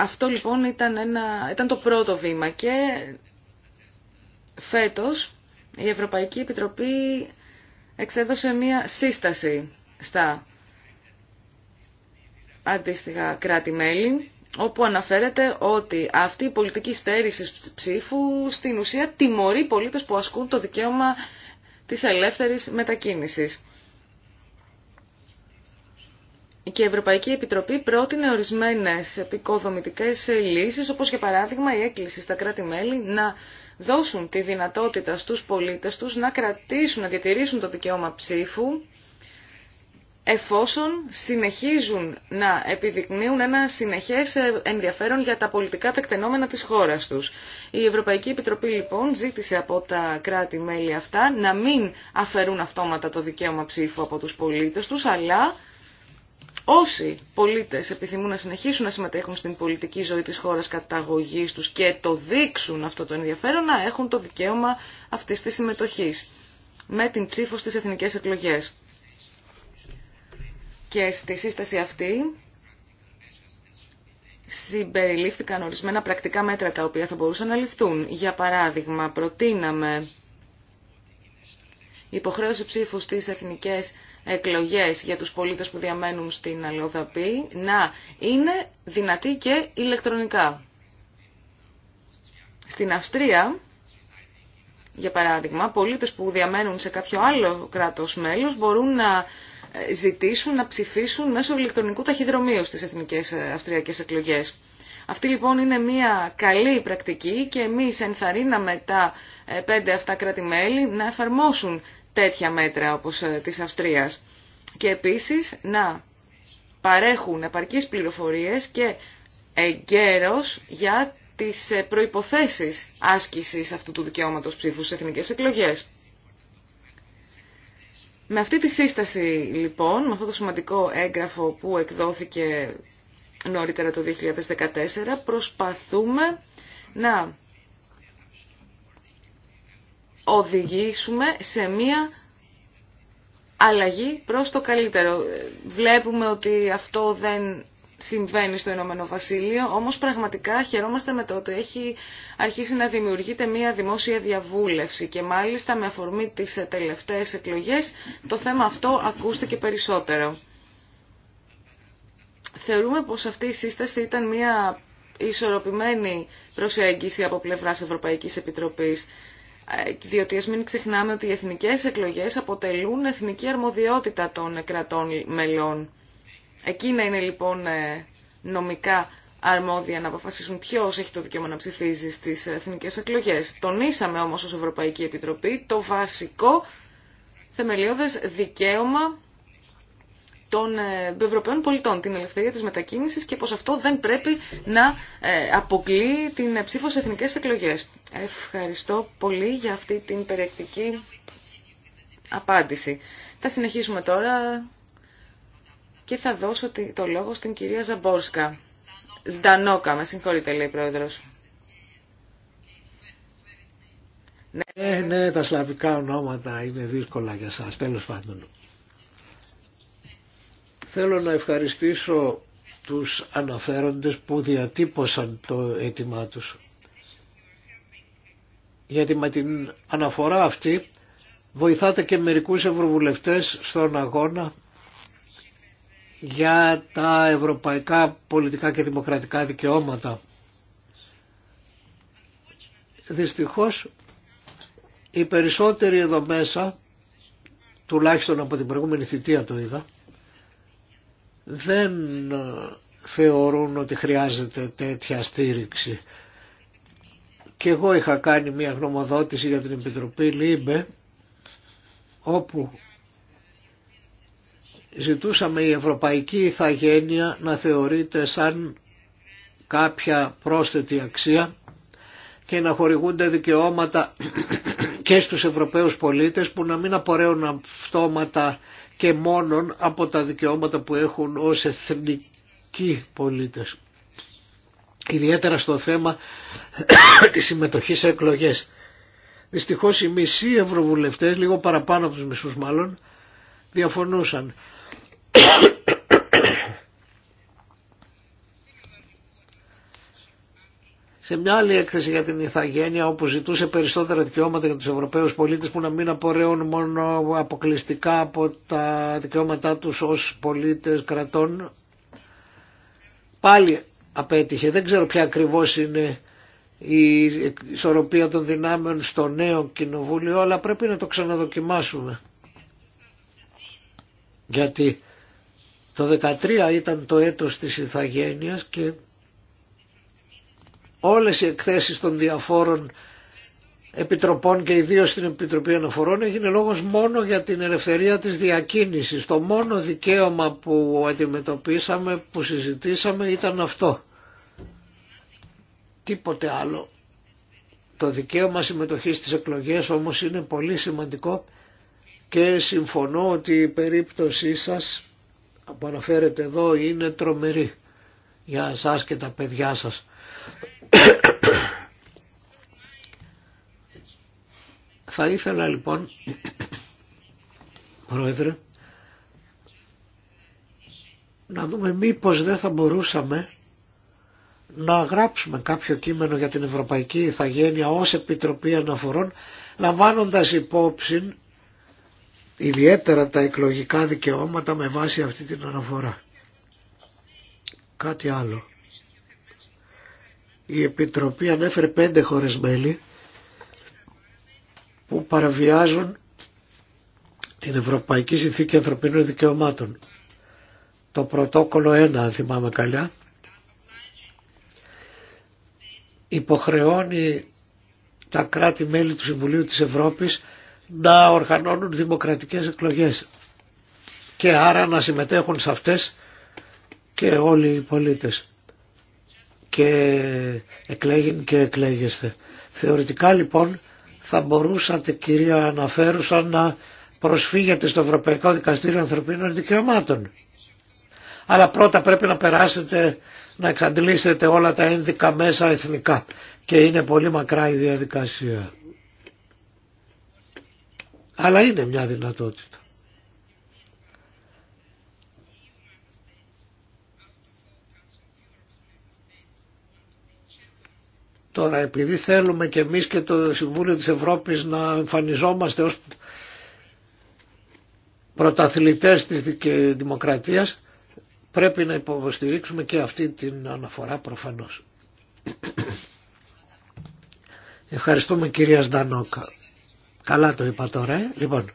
Speaker 1: Αυτό λοιπόν ήταν, ένα, ήταν το πρώτο βήμα και φέτος η Ευρωπαϊκή Επιτροπή εξέδωσε μία σύσταση στα αντίστοιχα κράτη-μέλη, όπου αναφέρεται ότι αυτή η πολιτική στέρηση ψήφου στην ουσία τιμωρεί πολίτες που ασκούν το δικαίωμα της ελεύθερης μετακίνησης και η Ευρωπαϊκή Επιτροπή πρότεινε ορισμένε επικοδομητικέ λύσει, όπω για παράδειγμα η έκκληση στα κράτη-μέλη να δώσουν τη δυνατότητα στου πολίτε τους να κρατήσουν, να διατηρήσουν το δικαίωμα ψήφου, εφόσον συνεχίζουν να επιδεικνύουν ένα συνεχές ενδιαφέρον για τα πολιτικά τεκτενόμενα της χώρας τους. Η Ευρωπαϊκή Επιτροπή λοιπόν ζήτησε από τα κράτη-μέλη αυτά να μην αφαιρούν αυτόματα το δικαίωμα ψήφου από τους πολίτες τους, αλλά όσοι πολίτες επιθυμούν να συνεχίσουν να συμμετέχουν στην πολιτική ζωή της χώρας καταγωγής τους και το δείξουν αυτό το ενδιαφέρον να έχουν το δικαίωμα αυτής της συμμετοχής με την ψήφο στις εθνικές εκλογές. Και στη σύσταση αυτή συμπεριλήφθηκαν ορισμένα πρακτικά μέτρα τα οποία θα μπορούσαν να ληφθούν. Για παράδειγμα, προτείναμε υποχρέωση ψήφου στις εθνικές εκλογές για τους πολίτες που διαμένουν στην Αλλοδαπή να είναι δυνατή και ηλεκτρονικά. Στην Αυστρία, για παράδειγμα, πολίτες που διαμένουν σε κάποιο άλλο κράτος μέλος μπορούν να ε, ζητήσουν να ψηφίσουν μέσω ηλεκτρονικού ταχυδρομείου στις εθνικές ε, αυστριακές εκλογές. Αυτή λοιπόν είναι μια καλή πρακτική και εμείς ενθαρρύναμε τα ε, πέντε αυτά κράτη-μέλη να εφαρμόσουν τέτοια μέτρα όπως ε, της Αυστρίας. Και επίσης να παρέχουν επαρκείς πληροφορίες και εγκαίρως για τις ε, προϋποθέσεις άσκησης αυτού του δικαιώματος ψήφου σε εθνικές εκλογές. Με αυτή τη σύσταση λοιπόν, με αυτό το σημαντικό έγγραφο που εκδόθηκε νωρίτερα το 2014, προσπαθούμε να οδηγήσουμε σε μία αλλαγή προς το καλύτερο. Βλέπουμε ότι αυτό δεν συμβαίνει στο Ηνωμένο Βασίλειο, όμως πραγματικά χαιρόμαστε με το ότι έχει αρχίσει να δημιουργείται μια δημόσια διαβούλευση και μάλιστα με αφορμή τις τελευταίες εκλογές το θέμα αυτό ακούστηκε περισσότερο. Θεωρούμε πως αυτή η σύσταση ήταν μια ισορροπημένη προσέγγιση από πλευράς Ευρωπαϊκής Επιτροπής διότι ας μην ξεχνάμε ότι οι εθνικές εκλογές αποτελούν εθνική αρμοδιότητα των κρατών μελών. Εκείνα είναι λοιπόν ε, νομικά αρμόδια να αποφασίσουν ποιο έχει το δικαίωμα να ψηφίζει στι εθνικέ εκλογέ. Τονίσαμε όμω ω Ευρωπαϊκή Επιτροπή το βασικό θεμελιώδε δικαίωμα των ε, Ευρωπαίων πολιτών, την ελευθερία της μετακίνησης και πως αυτό δεν πρέπει να ε, αποκλεί την ψήφο σε εθνικές εκλογές. Ευχαριστώ πολύ για αυτή την περιεκτική απάντηση. Θα συνεχίσουμε τώρα και θα δώσω το λόγο στην κυρία Ζαμπόρσκα. Ζντανόκα, με συγχωρείτε λέει πρόεδρος.
Speaker 2: Ναι, ναι, τα σλαβικά ονόματα είναι δύσκολα για σας, τέλος πάντων. Θέλω να ευχαριστήσω τους αναφέροντες που διατύπωσαν το αίτημά τους. Γιατί με την αναφορά αυτή βοηθάτε και μερικούς ευρωβουλευτές στον αγώνα για τα ευρωπαϊκά πολιτικά και δημοκρατικά δικαιώματα. Δυστυχώς οι περισσότεροι εδώ μέσα, τουλάχιστον από την προηγούμενη θητεία το είδα, δεν θεωρούν ότι χρειάζεται τέτοια στήριξη. Και εγώ είχα κάνει μια γνωμοδότηση για την Επιτροπή ΛΥΜΠΕ όπου ζητούσαμε η ευρωπαϊκή ηθαγένεια να θεωρείται σαν κάποια πρόσθετη αξία και να χορηγούνται δικαιώματα και στους Ευρωπαίους πολίτες που να μην απορρέουν αυτόματα και μόνον από τα δικαιώματα που έχουν ως εθνικοί πολίτες. Ιδιαίτερα στο θέμα της συμμετοχής σε εκλογές. Δυστυχώς οι μισοί ευρωβουλευτές, λίγο παραπάνω από τους μισούς μάλλον, διαφωνούσαν. σε μια άλλη έκθεση για την Ιθαγένεια όπου ζητούσε περισσότερα δικαιώματα για τους Ευρωπαίους πολίτες που να μην απορρέουν μόνο αποκλειστικά από τα δικαιώματά τους ως πολίτες κρατών πάλι απέτυχε. Δεν ξέρω ποια ακριβώς είναι η ισορροπία των δυνάμεων στο νέο κοινοβούλιο αλλά πρέπει να το ξαναδοκιμάσουμε. Γιατί το 2013 ήταν το έτος της Ιθαγένειας και όλες οι εκθέσεις των διαφόρων επιτροπών και ιδίως στην Επιτροπή Αναφορών έγινε λόγος μόνο για την ελευθερία της διακίνησης. Το μόνο δικαίωμα που αντιμετωπίσαμε, που συζητήσαμε ήταν αυτό. Τίποτε άλλο. Το δικαίωμα συμμετοχής στις εκλογές όμως είναι πολύ σημαντικό και συμφωνώ ότι η περίπτωσή σας που εδώ είναι τρομερή για εσάς και τα παιδιά σας. Θα ήθελα λοιπόν, Πρόεδρε, να δούμε μήπως δεν θα μπορούσαμε να γράψουμε κάποιο κείμενο για την Ευρωπαϊκή Ιθαγένεια ως Επιτροπή Αναφορών, λαμβάνοντας υπόψη ιδιαίτερα τα εκλογικά δικαιώματα με βάση αυτή την αναφορά. Κάτι άλλο η Επιτροπή ανέφερε πέντε χώρες μέλη που παραβιάζουν την Ευρωπαϊκή Συνθήκη Ανθρωπίνων Δικαιωμάτων. Το πρωτόκολλο 1, αν θυμάμαι καλά, υποχρεώνει τα κράτη-μέλη του Συμβουλίου της Ευρώπης να οργανώνουν δημοκρατικές εκλογές και άρα να συμμετέχουν σε αυτές και όλοι οι πολίτες και εκλέγει και εκλέγεστε. Θεωρητικά λοιπόν θα μπορούσατε κυρία αναφέρουσα να προσφύγετε στο Ευρωπαϊκό Δικαστήριο Ανθρωπίνων Δικαιωμάτων. Αλλά πρώτα πρέπει να περάσετε να εξαντλήσετε όλα τα ένδικα μέσα εθνικά και είναι πολύ μακρά η διαδικασία. Αλλά είναι μια δυνατότητα. Τώρα επειδή θέλουμε και εμείς και το Συμβούλιο της Ευρώπης να εμφανιζόμαστε ως πρωταθλητές της δημοκρατίας πρέπει να υποστηρίξουμε και αυτή την αναφορά προφανώς. Ευχαριστούμε κυρία Σντανόκα. Καλά το είπα τώρα. Λοιπόν,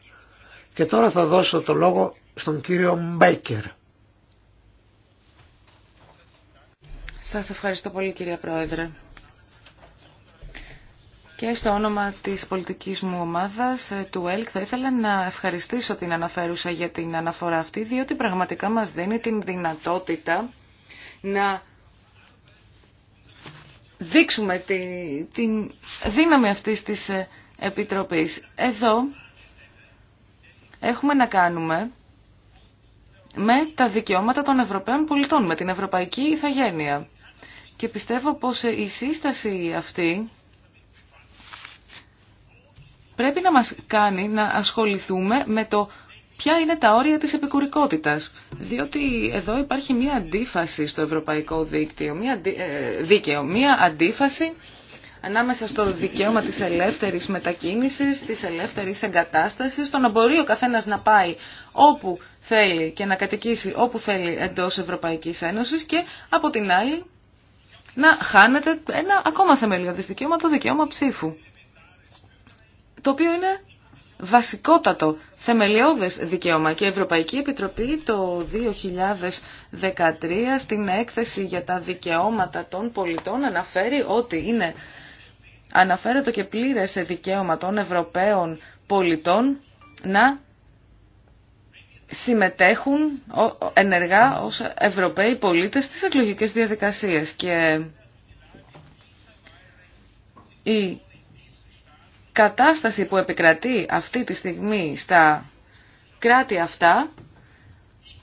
Speaker 2: και τώρα θα δώσω το λόγο στον κύριο Μπέκερ.
Speaker 1: Σας ευχαριστώ πολύ κυρία Πρόεδρε. Και στο όνομα της πολιτικής μου ομάδας, ε, του ΕΛΚ, θα ήθελα να ευχαριστήσω την αναφέρουσα για την αναφορά αυτή, διότι πραγματικά μας δίνει την δυνατότητα να δείξουμε τη, την δύναμη αυτής της ε, Επιτροπής. Εδώ έχουμε να κάνουμε με τα δικαιώματα των Ευρωπαίων πολιτών, με την Ευρωπαϊκή Ιθαγένεια. Και πιστεύω πως ε, η σύσταση αυτή πρέπει να μας κάνει να ασχοληθούμε με το ποια είναι τα όρια της επικουρικότητας. Διότι εδώ υπάρχει μία αντίφαση στο ευρωπαϊκό δίκτυο, μία ε, δίκαιο, μία αντίφαση ανάμεσα στο δικαίωμα της ελεύθερης μετακίνησης, της ελεύθερης εγκατάστασης, το να μπορεί ο καθένας να πάει όπου θέλει και να κατοικήσει όπου θέλει εντός Ευρωπαϊκής Ένωσης και από την άλλη να χάνεται ένα ακόμα θεμελιώδης δικαίωμα, το δικαίωμα ψήφου το οποίο είναι βασικότατο θεμελιώδες δικαίωμα και η Ευρωπαϊκή Επιτροπή το 2013 στην έκθεση για τα δικαιώματα των πολιτών αναφέρει ότι είναι αναφέρεται και πλήρες δικαίωμα των Ευρωπαίων πολιτών να συμμετέχουν ενεργά ως Ευρωπαίοι πολίτες στις εκλογικές διαδικασίες και η κατάσταση που επικρατεί αυτή τη στιγμή στα κράτη αυτά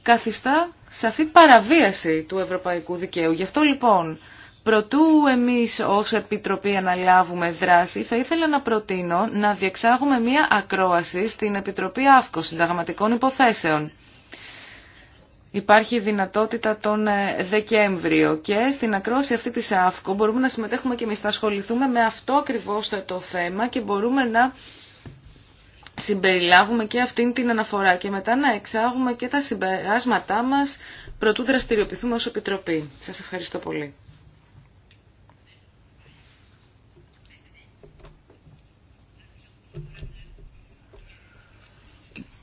Speaker 1: καθιστά σαφή παραβίαση του ευρωπαϊκού δικαίου. Γι' αυτό λοιπόν, προτού εμείς ως Επιτροπή αναλάβουμε δράση, θα ήθελα να προτείνω να διεξάγουμε μία ακρόαση στην Επιτροπή Αύκο Συνταγματικών Υποθέσεων. Υπάρχει δυνατότητα τον ε, Δεκέμβριο και στην ακρόαση αυτή της ΑΦΚΟ μπορούμε να συμμετέχουμε και εμείς, να ασχοληθούμε με αυτό ακριβώς το θέμα και μπορούμε να συμπεριλάβουμε και αυτήν την αναφορά και μετά να εξάγουμε και τα συμπεράσματά μας προτού δραστηριοποιηθούμε ως Επιτροπή. Σας ευχαριστώ πολύ.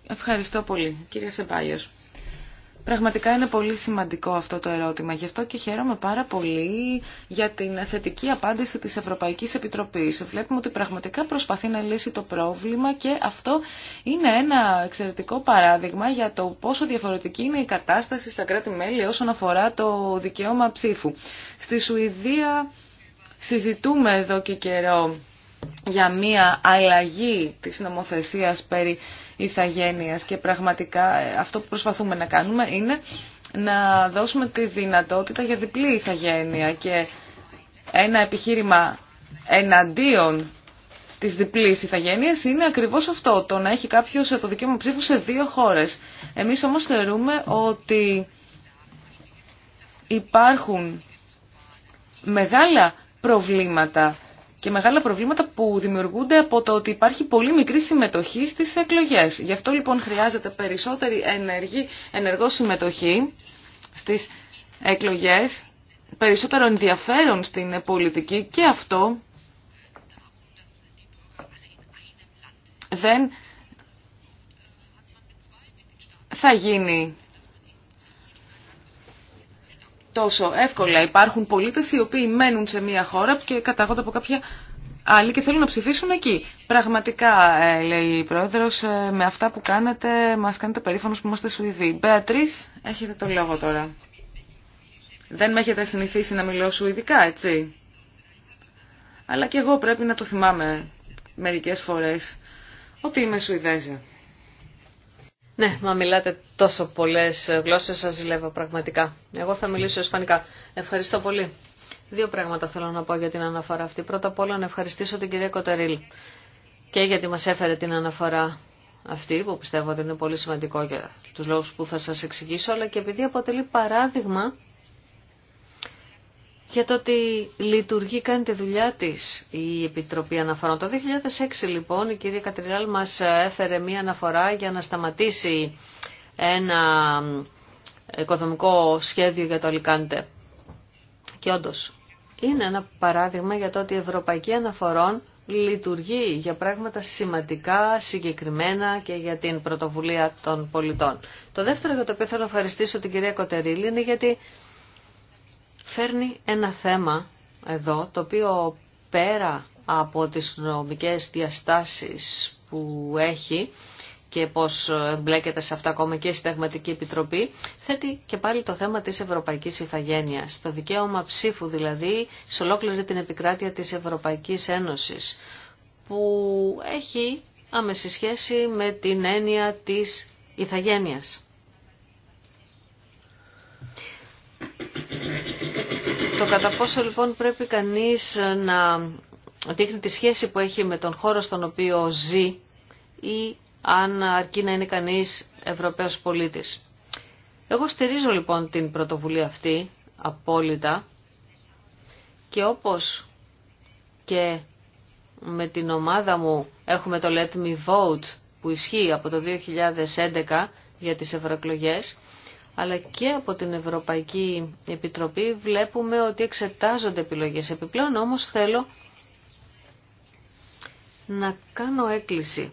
Speaker 1: Ευχαριστώ πολύ, κύριε Σεμπάγιος. Πραγματικά είναι πολύ σημαντικό αυτό το ερώτημα. Γι' αυτό και χαίρομαι πάρα πολύ για την θετική απάντηση της Ευρωπαϊκής Επιτροπής. Βλέπουμε ότι πραγματικά προσπαθεί να λύσει το πρόβλημα και αυτό είναι ένα εξαιρετικό παράδειγμα για το πόσο διαφορετική είναι η κατάσταση στα κράτη-μέλη όσον αφορά το δικαίωμα ψήφου. Στη Σουηδία συζητούμε εδώ και καιρό για μία αλλαγή της νομοθεσίας περί ηθαγένειας και πραγματικά ε, αυτό που προσπαθούμε να κάνουμε είναι να δώσουμε τη δυνατότητα για διπλή ηθαγένεια και ένα επιχείρημα εναντίον τη διπλή ηθαγένεια είναι ακριβώ αυτό, το να έχει κάποιο το δικαίωμα ψήφου σε δύο χώρε. Εμεί όμω θεωρούμε ότι υπάρχουν μεγάλα προβλήματα και μεγάλα προβλήματα που δημιουργούνται από το ότι υπάρχει πολύ μικρή συμμετοχή στις εκλογές. Γι' αυτό λοιπόν χρειάζεται περισσότερη ενεργή, ενεργό συμμετοχή στις εκλογές, περισσότερο ενδιαφέρον στην πολιτική και αυτό δεν θα γίνει τόσο εύκολα. Υπάρχουν πολίτες οι οποίοι μένουν σε μια χώρα και καταγόνται από κάποια άλλη και θέλουν να ψηφίσουν εκεί. Πραγματικά, ε, λέει η Πρόεδρος, ε, με αυτά που κάνετε μας κάνετε περήφανος που είμαστε Σουηδοί. Μπέατρις, έχετε το λόγο τώρα. Δεν με έχετε συνηθίσει να μιλώ Σουηδικά, έτσι. Αλλά και εγώ πρέπει να το θυμάμαι μερικές φορές ότι είμαι Σουηδέζα.
Speaker 3: Ναι, μα μιλάτε τόσο πολλές γλώσσες, σας ζηλεύω πραγματικά. Εγώ θα μιλήσω ισπανικά. Ευχαριστώ πολύ. Δύο πράγματα θέλω να πω για την αναφορά αυτή. Πρώτα απ' όλα να ευχαριστήσω την κυρία Κοτερίλ και γιατί μας έφερε την αναφορά αυτή που πιστεύω ότι είναι πολύ σημαντικό για τους λόγους που θα σας εξηγήσω αλλά και επειδή αποτελεί παράδειγμα για το ότι λειτουργεί, κάνει τη δουλειά της η Επιτροπή Αναφορών. Το 2006 λοιπόν η κυρία Κατριλάλ μας έφερε μία αναφορά για να σταματήσει ένα οικοδομικό σχέδιο για το Αλικάντε. Και όντω, είναι ένα παράδειγμα για το ότι η Ευρωπαϊκή Αναφορών λειτουργεί για πράγματα σημαντικά, συγκεκριμένα και για την πρωτοβουλία των πολιτών. Το δεύτερο για το οποίο θέλω να ευχαριστήσω την κυρία Κοτερίλη είναι γιατί Παίρνει ένα θέμα εδώ, το οποίο πέρα από τις νομικές διαστάσεις που έχει και πώς εμπλέκεται σε αυτά ακόμα και η Συνταγματική Επιτροπή, θέτει και πάλι το θέμα της Ευρωπαϊκής Ιθαγένειας, το δικαίωμα ψήφου δηλαδή σε ολόκληρη την επικράτεια της Ευρωπαϊκής Ένωσης, που έχει άμεση σχέση με την έννοια της Ιθαγένειας. Το κατά πόσο λοιπόν πρέπει κανείς να δείχνει τη σχέση που έχει με τον χώρο στον οποίο ζει ή αν αρκεί να είναι κανείς Ευρωπαίος πολίτης. Εγώ στηρίζω λοιπόν την πρωτοβουλία αυτή απόλυτα και όπως και με την ομάδα μου έχουμε το Let Me Vote που ισχύει από το 2011 για τις ευρωεκλογές αλλά και από την Ευρωπαϊκή Επιτροπή βλέπουμε ότι εξετάζονται επιλογές. Επιπλέον όμως θέλω να κάνω έκκληση.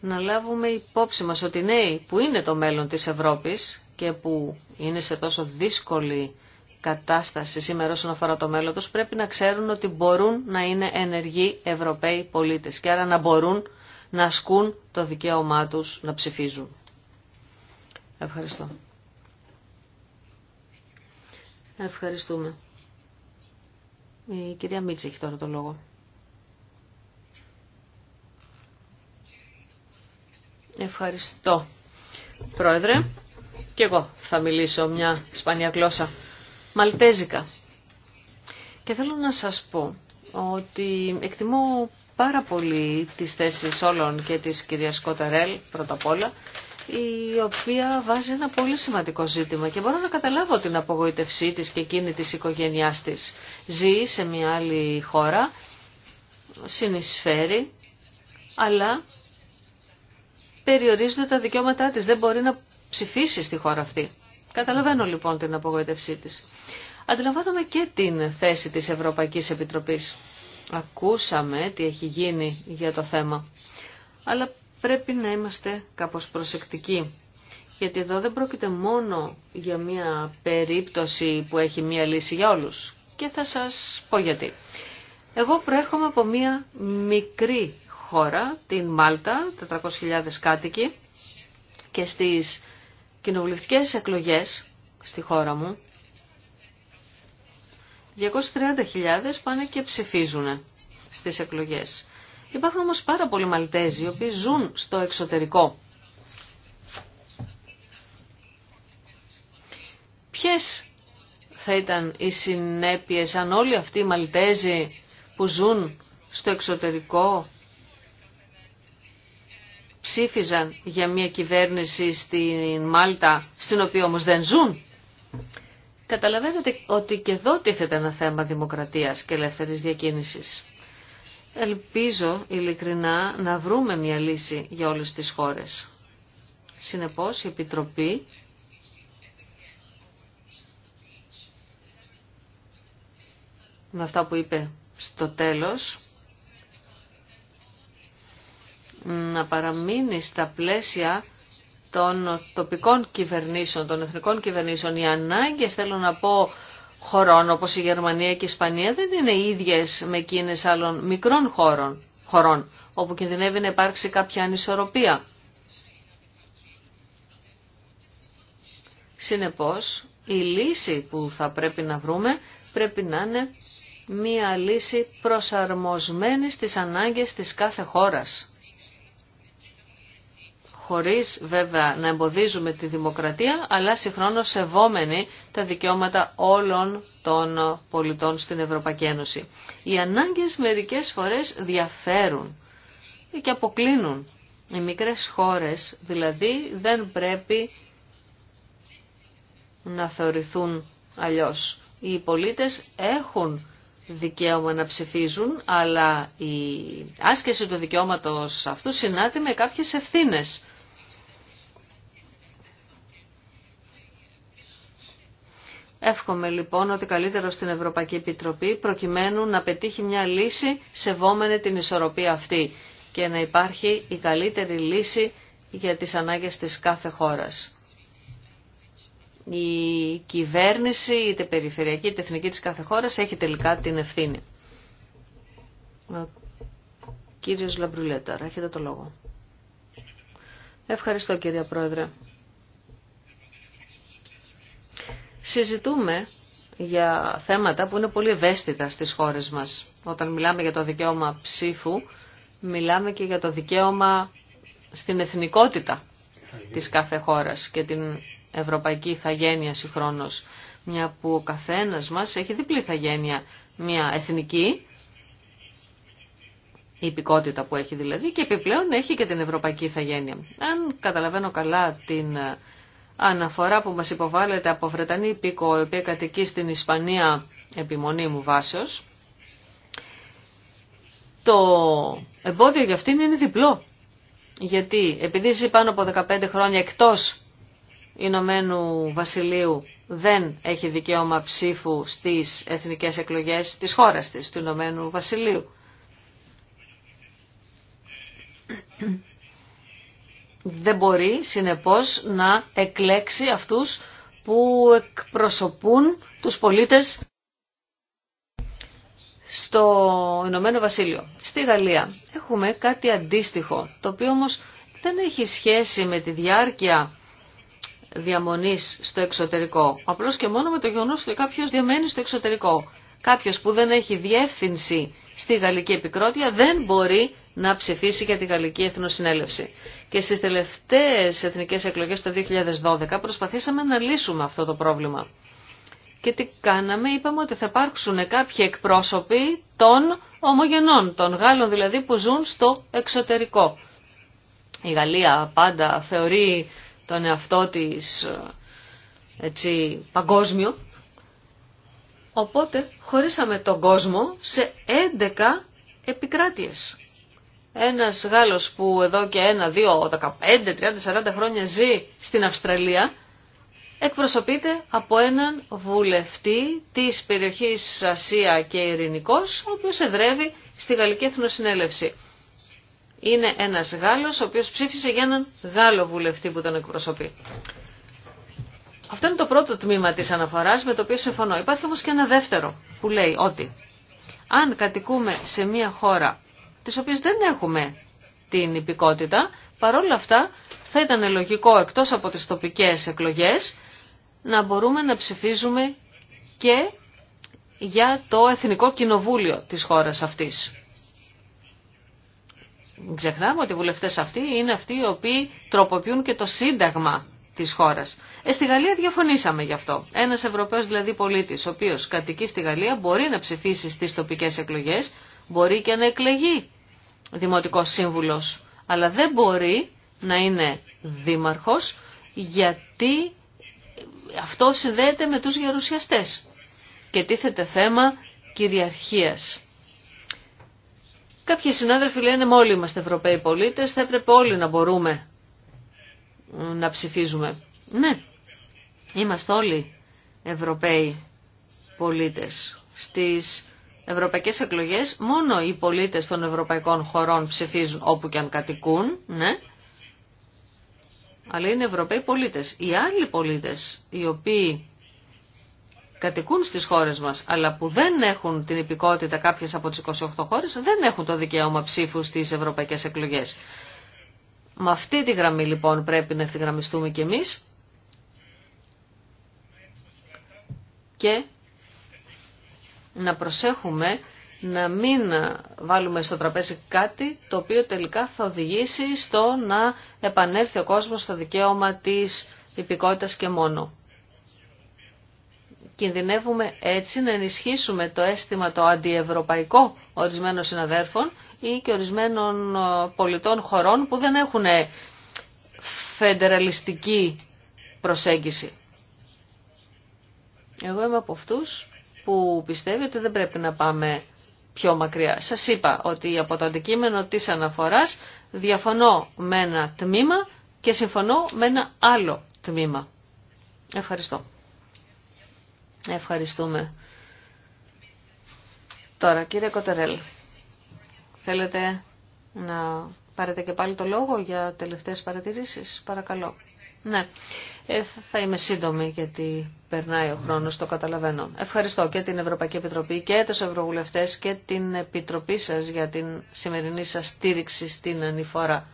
Speaker 3: Να λάβουμε υπόψη μας ότι οι νέοι που είναι το μέλλον της Ευρώπης και που είναι σε τόσο δύσκολη κατάσταση σήμερα όσον αφορά το μέλλον τους πρέπει να ξέρουν ότι μπορούν να είναι ενεργοί Ευρωπαίοι πολίτες και άρα να μπορούν να ασκούν το δικαίωμά τους να ψηφίζουν. Ευχαριστώ. Ευχαριστούμε. Η κυρία Μίτση έχει τώρα το λόγο. Ευχαριστώ. Πρόεδρε, και εγώ θα μιλήσω μια σπανία γλώσσα. Μαλτέζικα. Και θέλω να σας πω ότι εκτιμώ πάρα πολύ τις θέσεις όλων και της κυρίας Κοταρέλ πρώτα απ' όλα η οποία βάζει ένα πολύ σημαντικό ζήτημα και μπορώ να καταλάβω την απογοήτευσή της και εκείνη της οικογένειάς της. Ζει σε μια άλλη χώρα, συνεισφέρει, αλλά περιορίζονται τα δικαιώματά της, δεν μπορεί να ψηφίσει στη χώρα αυτή. Καταλαβαίνω λοιπόν την απογοήτευσή της. Αντιλαμβάνομαι και την θέση της Ευρωπαϊκής Επιτροπής. Ακούσαμε τι έχει γίνει για το θέμα. Αλλά πρέπει να είμαστε κάπως προσεκτικοί. Γιατί εδώ δεν πρόκειται μόνο για μια περίπτωση που έχει μια λύση για όλους. Και θα σας πω γιατί. Εγώ προέρχομαι από μια μικρή χώρα, την Μάλτα, 400.000 κάτοικοι, και στις κοινοβουλευτικές εκλογές στη χώρα μου, 230.000 πάνε και ψηφίζουν στις εκλογές. Υπάρχουν όμως πάρα πολλοί Μαλτέζοι, οι οποίοι ζουν στο εξωτερικό. Ποιες θα ήταν οι συνέπειες αν όλοι αυτοί οι Μαλτέζοι που ζουν στο εξωτερικό ψήφιζαν για μια κυβέρνηση στην Μάλτα, στην οποία όμως δεν ζουν. Καταλαβαίνετε ότι και εδώ τίθεται ένα θέμα δημοκρατίας και ελεύθερης διακίνησης. Ελπίζω ειλικρινά να βρούμε μια λύση για όλες τις χώρες. Συνεπώς η Επιτροπή με αυτά που είπε στο τέλος να παραμείνει στα πλαίσια των τοπικών κυβερνήσεων, των εθνικών κυβερνήσεων. Οι ανάγκες, θέλω να πω, χωρών όπως η Γερμανία και η Ισπανία δεν είναι ίδιες με εκείνες άλλων μικρών χώρων, όπου κινδυνεύει να υπάρξει κάποια ανισορροπία. Συνεπώς, η λύση που θα πρέπει να βρούμε πρέπει να είναι μία λύση προσαρμοσμένη στις ανάγκες της κάθε χώρας χωρίς βέβαια να εμποδίζουμε τη δημοκρατία, αλλά συγχρόνως σεβόμενοι τα δικαιώματα όλων των πολιτών στην Ευρωπαϊκή Ένωση. Οι ανάγκες μερικές φορές διαφέρουν και αποκλίνουν. Οι μικρές χώρες δηλαδή δεν πρέπει να θεωρηθούν αλλιώς. Οι πολίτες έχουν δικαίωμα να ψηφίζουν, αλλά η άσκηση του δικαιώματος αυτού συνάδει με κάποιες ευθύνες. Εύχομαι λοιπόν ότι καλύτερο στην Ευρωπαϊκή Επιτροπή προκειμένου να πετύχει μια λύση σεβόμενη την ισορροπία αυτή και να υπάρχει η καλύτερη λύση για τις ανάγκες της κάθε χώρας. Η κυβέρνηση, είτε περιφερειακή είτε εθνική της κάθε χώρας έχει τελικά την ευθύνη. Ο κύριος τώρα, έχετε το λόγο. Ευχαριστώ κύριε Πρόεδρε. συζητούμε για θέματα που είναι πολύ ευαίσθητα στις χώρες μας. Όταν μιλάμε για το δικαίωμα ψήφου, μιλάμε και για το δικαίωμα στην εθνικότητα της κάθε χώρας και την ευρωπαϊκή ηθαγένεια συγχρόνως. Μια που ο καθένας μας έχει διπλή ηθαγένεια. Μια εθνική, η υπηκότητα που έχει δηλαδή, και επιπλέον έχει και την ευρωπαϊκή ηθαγένεια. Αν καταλαβαίνω καλά την αναφορά που μας υποβάλλεται από Βρετανή πίκο η οποία κατοικεί στην Ισπανία επιμονή μου βάσεως, το εμπόδιο για αυτήν είναι διπλό. Γιατί επειδή ζει πάνω από 15 χρόνια εκτός Ηνωμένου Βασιλείου δεν έχει δικαίωμα ψήφου στις εθνικές εκλογές της χώρας της, του Ηνωμένου Βασιλείου δεν μπορεί συνεπώς να εκλέξει αυτούς που εκπροσωπούν τους πολίτες στο Ηνωμένο Βασίλειο. Στη Γαλλία έχουμε κάτι αντίστοιχο, το οποίο όμως δεν έχει σχέση με τη διάρκεια διαμονής στο εξωτερικό. Απλώς και μόνο με το γεγονός ότι κάποιος διαμένει στο εξωτερικό. Κάποιος που δεν έχει διεύθυνση στη γαλλική επικρότεια δεν μπορεί να ψηφίσει για τη Γαλλική Εθνοσυνέλευση. Και στις τελευταίες εθνικές εκλογές το 2012 προσπαθήσαμε να λύσουμε αυτό το πρόβλημα. Και τι κάναμε, είπαμε ότι θα υπάρξουν κάποιοι εκπρόσωποι των ομογενών, των Γάλλων δηλαδή που ζουν στο εξωτερικό. Η Γαλλία πάντα θεωρεί τον εαυτό της ε, έτσι, παγκόσμιο. Οπότε χωρίσαμε τον κόσμο σε 11 επικράτειες ένας Γάλλος που εδώ και ένα, δύο, 15, 30, 40 χρόνια ζει στην Αυστραλία, εκπροσωπείται από έναν βουλευτή της περιοχής Ασία και Ειρηνικός, ο οποίος εδρεύει στη Γαλλική Εθνοσυνέλευση. Είναι ένας Γάλλος, ο οποίος ψήφισε για έναν Γάλλο βουλευτή που τον εκπροσωπεί. Αυτό είναι το πρώτο τμήμα της αναφοράς με το οποίο συμφωνώ. Υπάρχει όμως και ένα δεύτερο που λέει ότι αν κατοικούμε σε μια χώρα τις οποίες δεν έχουμε την υπηκότητα, παρόλα αυτά θα ήταν λογικό εκτός από τις τοπικές εκλογές να μπορούμε να ψηφίζουμε και για το Εθνικό Κοινοβούλιο της χώρας αυτής. ξεχνάμε ότι οι βουλευτές αυτοί είναι αυτοί οι οποίοι τροποποιούν και το σύνταγμα της χώρας. Ε, στη Γαλλία διαφωνήσαμε γι' αυτό. Ένας Ευρωπαίος δηλαδή πολίτης, ο οποίος κατοικεί στη Γαλλία, μπορεί να ψηφίσει στις τοπικές εκλογές, Μπορεί και να εκλεγεί δημοτικός σύμβουλος, αλλά δεν μπορεί να είναι δήμαρχος γιατί αυτό συνδέεται με τους γερουσιαστές και τίθεται θέμα κυριαρχίας. Κάποιοι συνάδελφοι λένε όλοι είμαστε Ευρωπαίοι πολίτες, θα έπρεπε όλοι να μπορούμε να ψηφίζουμε. Ναι, είμαστε όλοι Ευρωπαίοι πολίτες. Στις ευρωπαϊκές εκλογές μόνο οι πολίτες των ευρωπαϊκών χωρών ψηφίζουν όπου και αν κατοικούν, ναι, αλλά είναι ευρωπαίοι πολίτες. Οι άλλοι πολίτες οι οποίοι κατοικούν στις χώρες μας, αλλά που δεν έχουν την υπηκότητα κάποιες από τις 28 χώρες, δεν έχουν το δικαίωμα ψήφου στις ευρωπαϊκές εκλογές. Με αυτή τη γραμμή λοιπόν πρέπει να ευθυγραμμιστούμε κι εμείς και να προσέχουμε να μην βάλουμε στο τραπέζι κάτι το οποίο τελικά θα οδηγήσει στο να επανέλθει ο κόσμος στο δικαίωμα της υπηκότητας και μόνο. Κινδυνεύουμε έτσι να ενισχύσουμε το αίσθημα το αντιευρωπαϊκό ορισμένων συναδέρφων ή και ορισμένων ε, πολιτών χωρών που δεν έχουν φεντεραλιστική προσέγγιση. Εγώ είμαι από αυτούς που πιστεύει ότι δεν πρέπει να πάμε πιο μακριά. Σας είπα ότι από το αντικείμενο της αναφοράς διαφωνώ με ένα τμήμα και συμφωνώ με ένα άλλο τμήμα. Ευχαριστώ. Ευχαριστούμε. Τώρα, κύριε Κοτερέλ, θέλετε να πάρετε και πάλι το λόγο για τελευταίες παρατηρήσεις, παρακαλώ. Ναι. Ε, θα είμαι σύντομη γιατί περνάει ο χρόνος, το καταλαβαίνω. Ευχαριστώ και την Ευρωπαϊκή Επιτροπή και τους Ευρωβουλευτές και την Επιτροπή σας για την σημερινή σας στήριξη στην ανηφορά.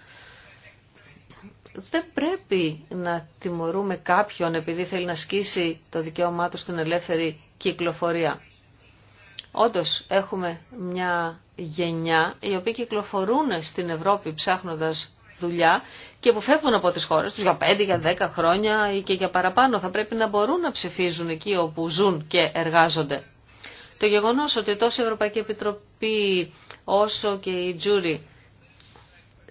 Speaker 3: Δεν πρέπει να τιμωρούμε κάποιον επειδή θέλει να σκίσει το δικαίωμά του στην ελεύθερη κυκλοφορία. Όντως έχουμε μια γενιά οι οποίοι κυκλοφορούν στην Ευρώπη ψάχνοντας δουλειά και που φεύγουν από τις χώρες τους για 5, για 10 χρόνια ή και για παραπάνω. Θα πρέπει να μπορούν να ψηφίζουν εκεί όπου ζουν και εργάζονται. Το γεγονός ότι τόσο η Ευρωπαϊκή Επιτροπή όσο και η Τζούρι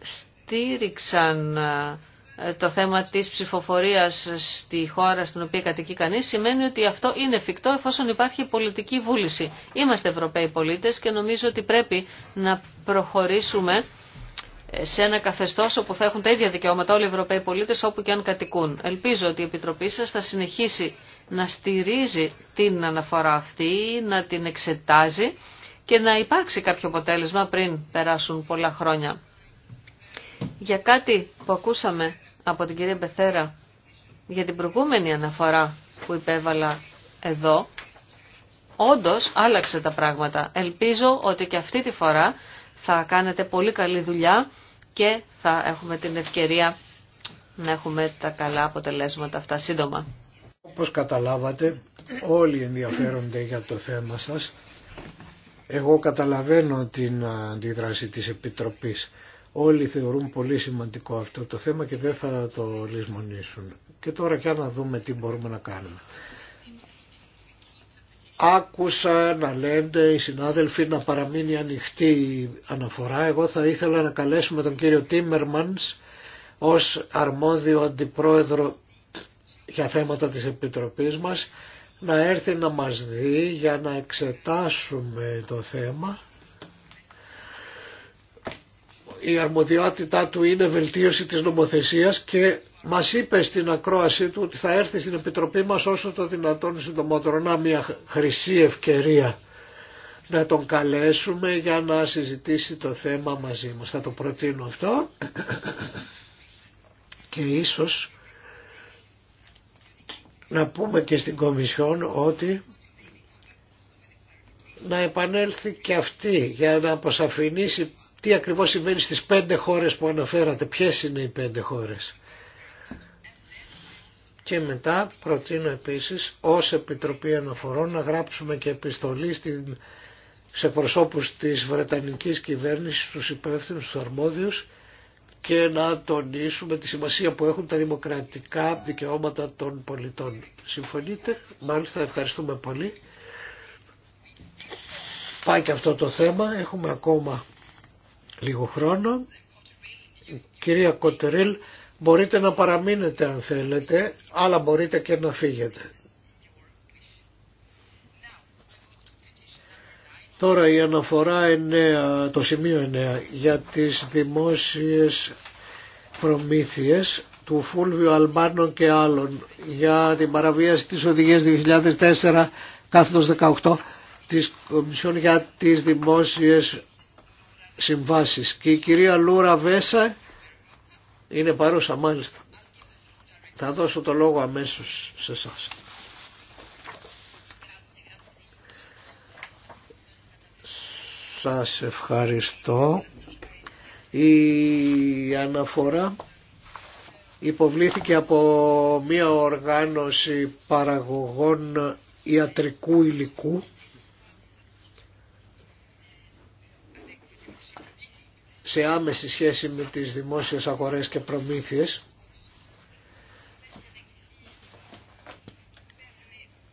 Speaker 3: στήριξαν ε, το θέμα της ψηφοφορίας στη χώρα στην οποία κατοικεί κανείς σημαίνει ότι αυτό είναι εφικτό εφόσον υπάρχει πολιτική βούληση. Είμαστε Ευρωπαίοι πολίτες και νομίζω ότι πρέπει να προχωρήσουμε σε ένα καθεστώ όπου θα έχουν τα ίδια δικαιώματα όλοι οι Ευρωπαίοι πολίτε όπου και αν κατοικούν. Ελπίζω ότι η Επιτροπή σα θα συνεχίσει να στηρίζει την αναφορά αυτή, να την εξετάζει και να υπάρξει κάποιο αποτέλεσμα πριν περάσουν πολλά χρόνια. Για κάτι που ακούσαμε από την κυρία Μπεθέρα για την προηγούμενη αναφορά που υπέβαλα εδώ, όντως άλλαξε τα πράγματα. Ελπίζω ότι και αυτή τη φορά θα κάνετε πολύ καλή δουλειά και θα έχουμε την ευκαιρία να έχουμε τα καλά αποτελέσματα αυτά σύντομα.
Speaker 2: Όπως καταλάβατε όλοι ενδιαφέρονται για το θέμα σας. Εγώ καταλαβαίνω την αντίδραση της Επιτροπής. Όλοι θεωρούν πολύ σημαντικό αυτό το θέμα και δεν θα το λησμονήσουν. Και τώρα για να δούμε τι μπορούμε να κάνουμε. Άκουσα να λένε οι συνάδελφοι να παραμείνει ανοιχτή η αναφορά. Εγώ θα ήθελα να καλέσουμε τον κύριο Τίμερμανς ως αρμόδιο αντιπρόεδρο για θέματα της Επιτροπής μας να έρθει να μας δει για να εξετάσουμε το θέμα. Η αρμοδιότητά του είναι βελτίωση της νομοθεσίας και μας είπε στην ακρόασή του ότι θα έρθει στην Επιτροπή μας όσο το δυνατόν συντομότερο. Να μια χρυσή ευκαιρία να τον καλέσουμε για να συζητήσει το θέμα μαζί μας. Θα το προτείνω αυτό και ίσως να πούμε και στην Κομισιόν ότι να επανέλθει και αυτή για να αποσαφηνίσει τι ακριβώς συμβαίνει στις πέντε χώρες που αναφέρατε. Ποιες είναι οι πέντε χώρες. Και μετά προτείνω επίσης ως Επιτροπή Αναφορών να γράψουμε και επιστολή στην, σε προσώπους της Βρετανικής κυβέρνησης, του υπεύθυνους, του αρμόδιους και να τονίσουμε τη σημασία που έχουν τα δημοκρατικά δικαιώματα των πολιτών. Συμφωνείτε, μάλιστα ευχαριστούμε πολύ. Πάει και αυτό το θέμα, έχουμε ακόμα λίγο χρόνο. Κυρία Κοτερίλ, Μπορείτε να παραμείνετε αν θέλετε, αλλά μπορείτε και να φύγετε. Τώρα η αναφορά 9, το σημείο 9 για τις δημόσιες προμήθειες του Φούλβιου Αλμπάνων και άλλων για την παραβίαση της οδηγίας 2004 κάθετος 18 της Κομισιόν για τις δημόσιες συμβάσεις. Και η κυρία Λούρα Βέσα είναι παρούσα μάλιστα. Θα δώσω το λόγο αμέσως σε εσά. Σας ευχαριστώ. Η αναφορά υποβλήθηκε από μια οργάνωση παραγωγών ιατρικού υλικού σε άμεση σχέση με τις δημόσιες αγορές και προμήθειες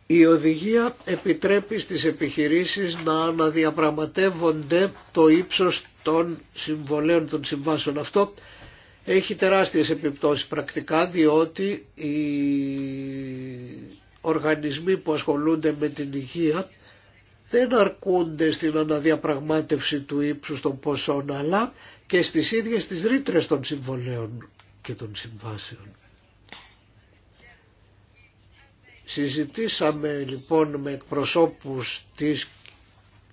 Speaker 2: Η οδηγία επιτρέπει στις επιχειρήσεις να αναδιαπραγματεύονται το ύψος των συμβολέων των συμβάσεων. Αυτό έχει τεράστιες επιπτώσεις πρακτικά διότι οι οργανισμοί που ασχολούνται με την υγεία δεν αρκούνται στην αναδιαπραγμάτευση του ύψους των ποσών αλλά και στις ίδιες τις ρήτρε των συμβολέων και των συμβάσεων. Συζητήσαμε λοιπόν με εκπροσώπους της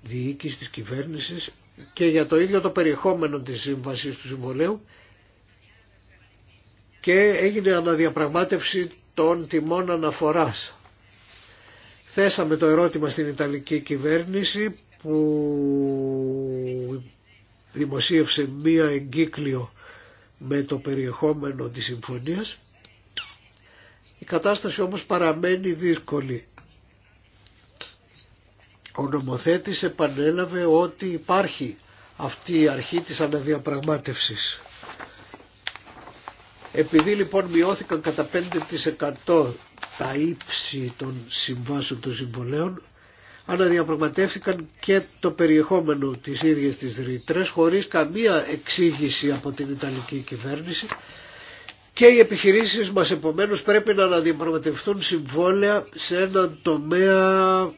Speaker 2: διοίκησης της κυβέρνησης και για το ίδιο το περιεχόμενο της σύμβασης του συμβολέου και έγινε αναδιαπραγμάτευση των τιμών αναφοράς. Θέσαμε το ερώτημα στην Ιταλική κυβέρνηση που δημοσίευσε μία εγκύκλιο με το περιεχόμενο της συμφωνίας. Η κατάσταση όμως παραμένει δύσκολη. Ο νομοθέτης επανέλαβε ότι υπάρχει αυτή η αρχή της αναδιαπραγμάτευσης. Επειδή λοιπόν μειώθηκαν κατά 5% τα ύψη των συμβάσεων των συμβολέων αναδιαπραγματεύτηκαν και το περιεχόμενο της ίδιας της Ρήτρε χωρίς καμία εξήγηση από την Ιταλική κυβέρνηση και οι επιχειρήσεις μας επομένως πρέπει να αναδιαπραγματευτούν συμβόλαια σε έναν τομέα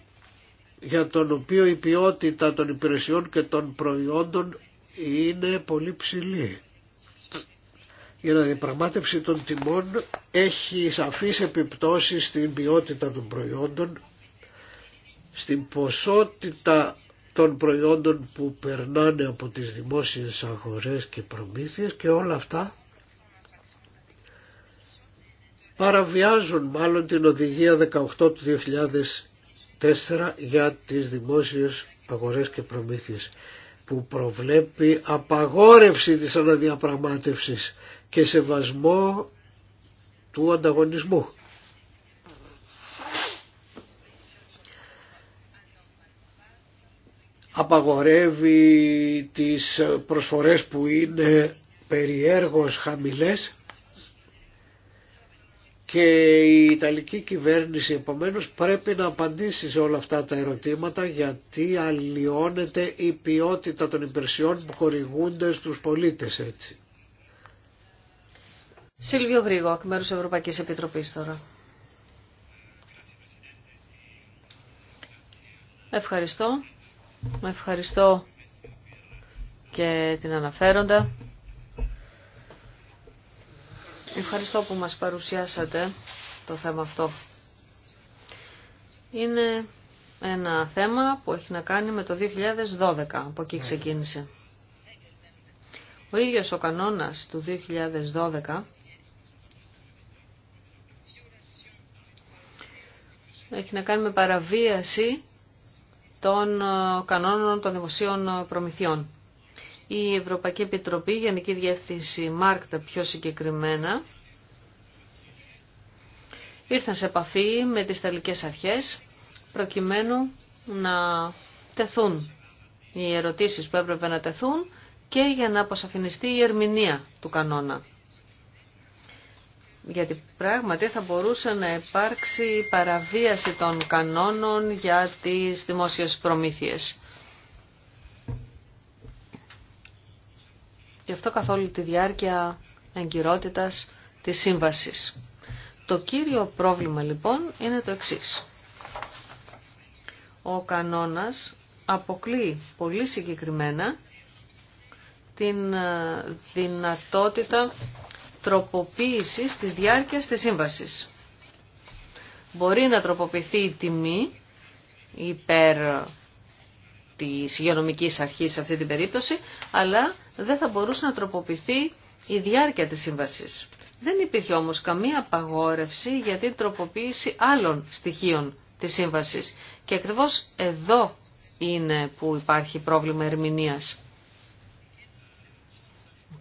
Speaker 2: για τον οποίο η ποιότητα των υπηρεσιών και των προϊόντων είναι πολύ ψηλή η αναδιαπραγμάτευση των τιμών έχει σαφείς επιπτώσεις στην ποιότητα των προϊόντων, στην ποσότητα των προϊόντων που περνάνε από τις δημόσιες αγορές και προμήθειες και όλα αυτά παραβιάζουν μάλλον την οδηγία 18 του 2004 για τις δημόσιες αγορές και προμήθειες που προβλέπει απαγόρευση της αναδιαπραγμάτευσης και σεβασμό του ανταγωνισμού. Απαγορεύει τις προσφορές που είναι περιέργως χαμηλές και η Ιταλική κυβέρνηση επομένως πρέπει να απαντήσει σε όλα αυτά τα ερωτήματα γιατί αλλοιώνεται η ποιότητα των υπηρεσιών που χορηγούνται στους πολίτες έτσι.
Speaker 3: Σίλβιο Γρήγο, εκ μέρου Ευρωπαϊκής Επιτροπής τώρα. Ευχαριστώ. Ευχαριστώ και την αναφέροντα. Ευχαριστώ που μας παρουσιάσατε το θέμα αυτό. Είναι ένα θέμα που έχει να κάνει με το 2012, από εκεί ξεκίνησε. Ο ίδιος ο κανόνας του 2012 έχει να κάνει με παραβίαση των ε, κανόνων των δημοσίων ε, προμηθειών. Η Ευρωπαϊκή Επιτροπή, η Γενική Διεύθυνση Μάρκτα πιο συγκεκριμένα, ήρθαν σε επαφή με τις ταλικές αρχές προκειμένου να τεθούν οι ερωτήσεις που έπρεπε να τεθούν και για να αποσαφινιστεί η ερμηνεία του κανόνα γιατί πράγματι θα μπορούσε να υπάρξει παραβίαση των κανόνων για τις δημόσιες προμήθειες. Γι' αυτό καθόλου τη διάρκεια εγκυρότητας της σύμβασης. Το κύριο πρόβλημα λοιπόν είναι το εξής. Ο κανόνας αποκλεί πολύ συγκεκριμένα την ε, δυνατότητα τροποποίησης της διάρκειας της σύμβασης. Μπορεί να τροποποιηθεί η τιμή υπέρ της υγειονομικής αρχής σε αυτή την περίπτωση, αλλά δεν θα μπορούσε να τροποποιηθεί η διάρκεια της σύμβασης. Δεν υπήρχε όμως καμία απαγόρευση για την τροποποίηση άλλων στοιχείων της σύμβασης. Και ακριβώς εδώ είναι που υπάρχει πρόβλημα ερμηνείας.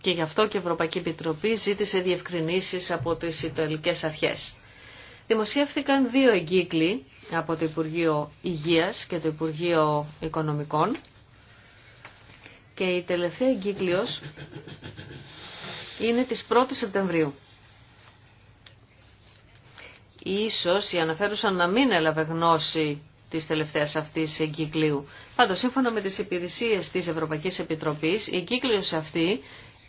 Speaker 3: Και γι' αυτό και η Ευρωπαϊκή Επιτροπή ζήτησε διευκρινήσεις από τις Ιταλικές αρχές. Δημοσιεύθηκαν δύο εγκύκλοι από το Υπουργείο Υγείας και το Υπουργείο Οικονομικών και η τελευταία εγκύκλιος είναι της 1 η Σεπτεμβρίου. Ίσως οι αναφέρουσαν να μην έλαβε γνώση της τελευταίας αυτής εγκύκλιου. Πάντω, σύμφωνα με τι υπηρεσίε τη Ευρωπαϊκή Επιτροπή, η εγκύκλιος αυτή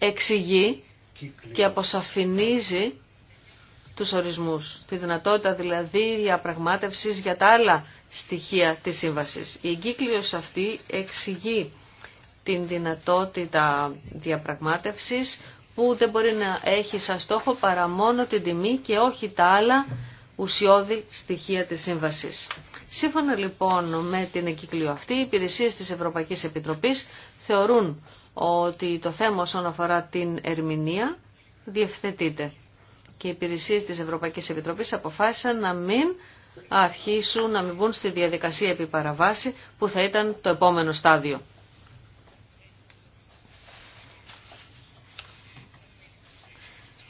Speaker 3: εξηγεί και αποσαφηνίζει τους ορισμούς, τη δυνατότητα δηλαδή διαπραγμάτευσης για τα άλλα στοιχεία της σύμβασης. Η εγκύκλειος αυτή εξηγεί την δυνατότητα διαπραγμάτευσης που δεν μπορεί να έχει σαν στόχο παρά μόνο την τιμή και όχι τα άλλα ουσιώδη στοιχεία της σύμβασης. Σύμφωνα λοιπόν με την εγκύκλειο αυτή, οι υπηρεσίε της Ευρωπαϊκής Επιτροπής θεωρούν ότι το θέμα όσον αφορά την ερμηνεία διευθετείται. Και οι υπηρεσίε της Ευρωπαϊκής Επιτροπής αποφάσισαν να μην αρχίσουν να μην μπουν στη διαδικασία επί παραβάση που θα ήταν το επόμενο στάδιο.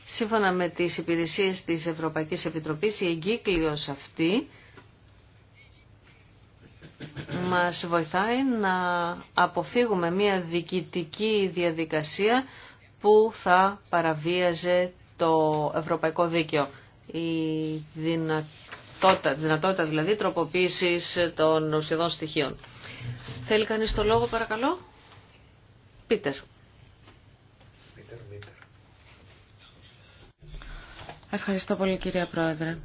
Speaker 3: Σύμφωνα με τις υπηρεσίες της Ευρωπαϊκής Επιτροπής, η εγκύκλειος αυτή μας βοηθάει να αποφύγουμε μια διοικητική διαδικασία που θα παραβίαζε το ευρωπαϊκό δίκαιο. Η δυνατότητα, δυνατότητα δηλαδή τροποποίησης των ουσιαδών στοιχείων. Θέλει κανείς το λόγο παρακαλώ.
Speaker 1: Πίτερ. Ευχαριστώ πολύ κυρία Πρόεδρε.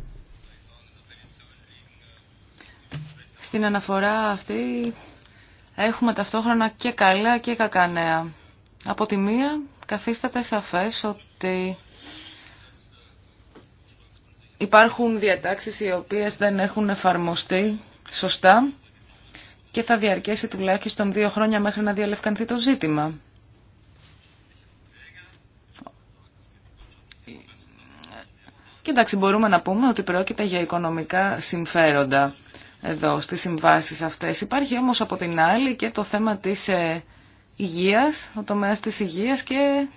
Speaker 1: Στην αναφορά αυτή έχουμε ταυτόχρονα και καλά και κακά νέα. Από τη μία καθίσταται σαφές ότι υπάρχουν διατάξεις οι οποίες δεν έχουν εφαρμοστεί σωστά και θα διαρκέσει τουλάχιστον δύο χρόνια μέχρι να διαλευκανθεί το ζήτημα. Και μπορούμε να πούμε ότι πρόκειται για οικονομικά συμφέροντα εδώ στις συμβάσεις αυτές. Υπάρχει όμως από την άλλη και το θέμα της ε, υγείας, ο τομέας της υγείας και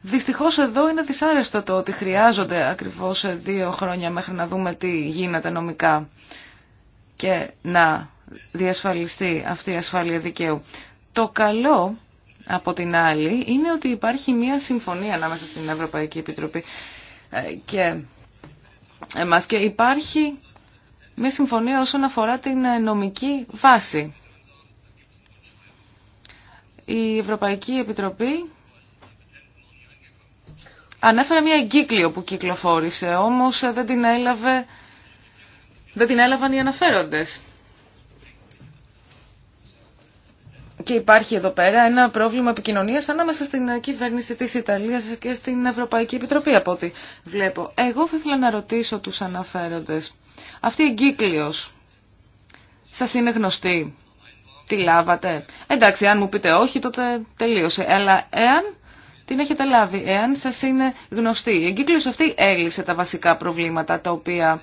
Speaker 1: δυστυχώς εδώ είναι δυσάρεστο το ότι χρειάζονται ακριβώς ε, δύο χρόνια μέχρι να δούμε τι γίνεται νομικά και να διασφαλιστεί αυτή η ασφάλεια δικαίου. Το καλό από την άλλη είναι ότι υπάρχει μια συμφωνία ανάμεσα στην Ευρωπαϊκή Επιτροπή ε, και και υπάρχει μια συμφωνία όσον αφορά την ε, νομική βάση. Η Ευρωπαϊκή Επιτροπή ανέφερε μια εγκύκλιο που κυκλοφόρησε, όμως ε, δεν την, έλαβε, δεν την έλαβαν οι αναφέροντες. Και υπάρχει εδώ πέρα ένα πρόβλημα επικοινωνίας ανάμεσα στην ε, κυβέρνηση της Ιταλίας και στην Ευρωπαϊκή Επιτροπή, από ό,τι βλέπω. Εγώ θα ήθελα να ρωτήσω τους αναφέροντες. Αυτή η εγκύκλειος σας είναι γνωστή. Τη λάβατε. Εντάξει, αν μου πείτε όχι, τότε τελείωσε. Αλλά εάν την έχετε λάβει, εάν σας είναι γνωστή. Η εγκύκλειος αυτή έλυσε τα βασικά προβλήματα τα οποία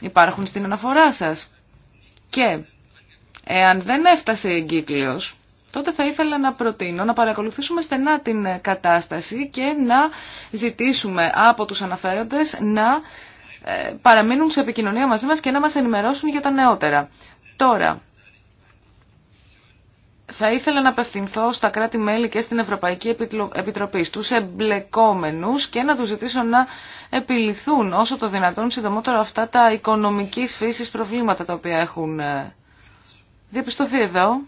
Speaker 1: υπάρχουν στην αναφορά σας. Και εάν δεν έφτασε η εγκύκλειος, τότε θα ήθελα να προτείνω να παρακολουθήσουμε στενά την κατάσταση και να ζητήσουμε από τους αναφέροντες να ε, παραμείνουν σε επικοινωνία μαζί μας και να μας ενημερώσουν για τα νεότερα. Τώρα, θα ήθελα να απευθυνθώ στα κράτη-μέλη και στην Ευρωπαϊκή Επιτροπή, στους εμπλεκόμενους και να τους ζητήσω να επιληθούν όσο το δυνατόν συντομότερα αυτά τα οικονομικής φύσης προβλήματα τα οποία έχουν ε, διαπιστωθεί εδώ.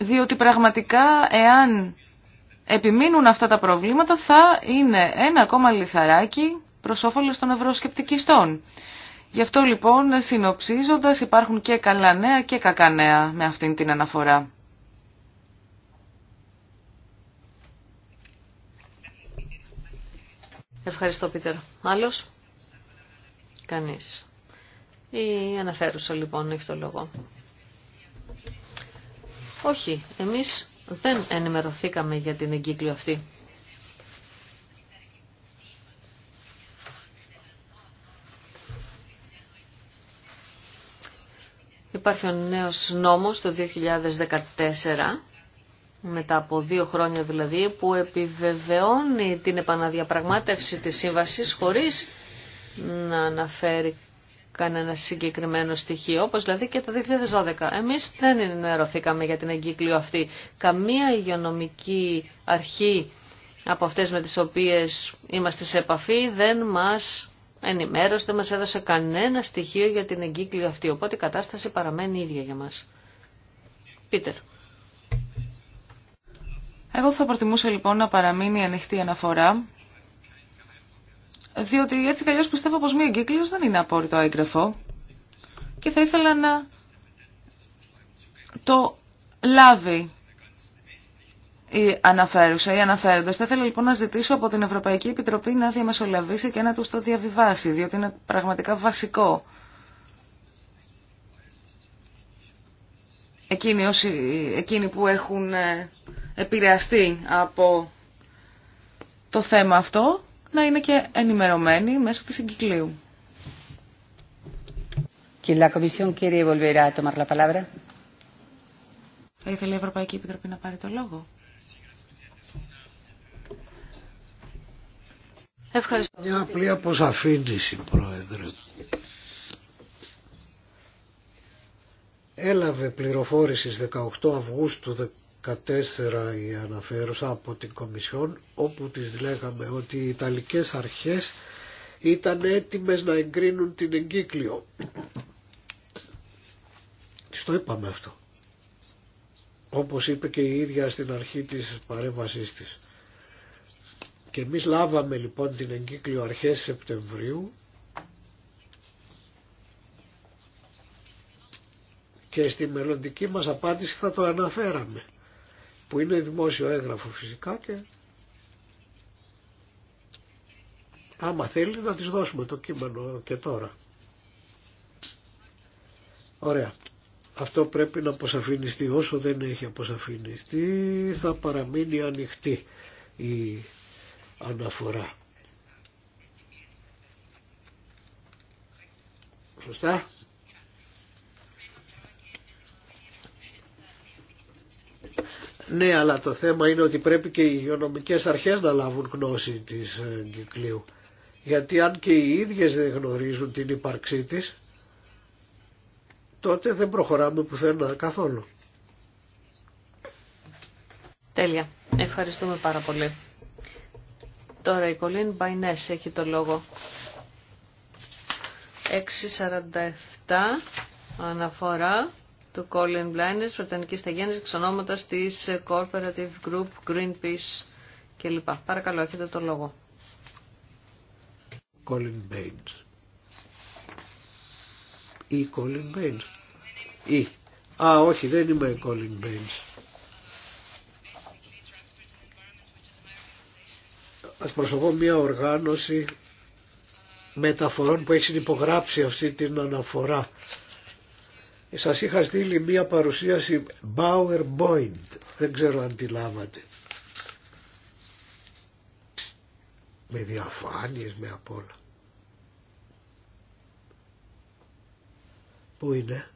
Speaker 1: Διότι πραγματικά εάν επιμείνουν αυτά τα προβλήματα θα είναι ένα ακόμα λιθαράκι προς όφελος των ευρωσκεπτικιστών. Γι' αυτό λοιπόν συνοψίζοντας υπάρχουν και καλά νέα και κακά νέα με αυτήν την αναφορά.
Speaker 3: Ευχαριστώ Πίτερ. Άλλος? Κανείς. Η αναφέρουσα λοιπόν έχει το λόγο. Όχι, εμείς δεν ενημερωθήκαμε για την εγκύκλιο αυτή. Υπάρχει ο νέος νόμος το 2014, μετά από δύο χρόνια δηλαδή, που επιβεβαιώνει την επαναδιαπραγμάτευση της σύμβασης χωρίς να αναφέρει κανένα συγκεκριμένο στοιχείο, όπως δηλαδή και το 2012. Εμείς δεν ενημερωθήκαμε για την εγκύκλιο αυτή. Καμία υγειονομική αρχή από αυτές με τις οποίες είμαστε σε επαφή δεν μας ενημέρωσε, δεν μας έδωσε κανένα στοιχείο για την εγκύκλιο αυτή. Οπότε η κατάσταση παραμένει ίδια για μας. Πίτερ.
Speaker 1: Εγώ θα προτιμούσα λοιπόν να παραμείνει ανοιχτή αναφορά διότι έτσι καλλιώς πιστεύω πως μία εγκύκλειος δεν είναι απόρριτο έγγραφο και θα ήθελα να το λάβει η αναφέρουσα ή αναφέροντας. Θα ήθελα λοιπόν να ζητήσω από την Ευρωπαϊκή Επιτροπή να διαμεσολαβήσει και να του το διαβιβάσει, διότι είναι πραγματικά βασικό. Εκείνοι, όσοι, εκείνοι που έχουν ε, επηρεαστεί από το θέμα αυτό να είναι και ενημερωμένοι μέσω της εγκυκλίου. Θα ήθελε η Ευρωπαϊκή Επιτροπή να πάρει το λόγο. Ευχαριστώ. Μια απλή
Speaker 2: αποσαφήνιση, Πρόεδρε. Έλαβε πληροφόρηση 18 Αυγούστου κατέσσερα η αναφέρουσα από την Κομισιόν όπου τις λέγαμε ότι οι Ιταλικές αρχές ήταν έτοιμες να εγκρίνουν την εγκύκλιο. τι το είπαμε αυτό. Όπως είπε και η ίδια στην αρχή της παρέμβασής της. Και εμείς λάβαμε λοιπόν την εγκύκλιο αρχές Σεπτεμβρίου και στη μελλοντική μας απάντηση θα το αναφέραμε που είναι δημόσιο έγγραφο φυσικά και άμα θέλει να της δώσουμε το κείμενο και τώρα. Ωραία. Αυτό πρέπει να αποσαφινιστεί. Όσο δεν έχει αποσαφινιστεί θα παραμείνει ανοιχτή η αναφορά. Σωστά. Ναι, αλλά το θέμα είναι ότι πρέπει και οι υγειονομικέ αρχές να λάβουν γνώση της ε, κυκλίου. Γιατί αν και οι ίδιε δεν γνωρίζουν την ύπαρξή της, τότε δεν προχωράμε πουθενά καθόλου.
Speaker 3: Τέλεια. Ευχαριστούμε πάρα πολύ. Τώρα η Κολίν Μπαϊνές έχει το λόγο. 6.47 αναφορά του Colin Blinders, βρετανική Σταγέννη, εξ τη της Corporative Group, Greenpeace κλπ. Παρακαλώ, έχετε το λόγο.
Speaker 2: Colin Baines. Ή Colin Baines. Ή. Α, όχι, δεν είμαι η Colin Baines. η α οχι δεν ειμαι colin baines προσωπώ μια οργάνωση μεταφορών που έχει συνυπογράψει αυτή την αναφορά σας είχα στείλει μία παρουσίαση Bauer δεν ξέρω αν τη λάβατε. Με διαφάνειες, με απ' όλα. Πού είναι?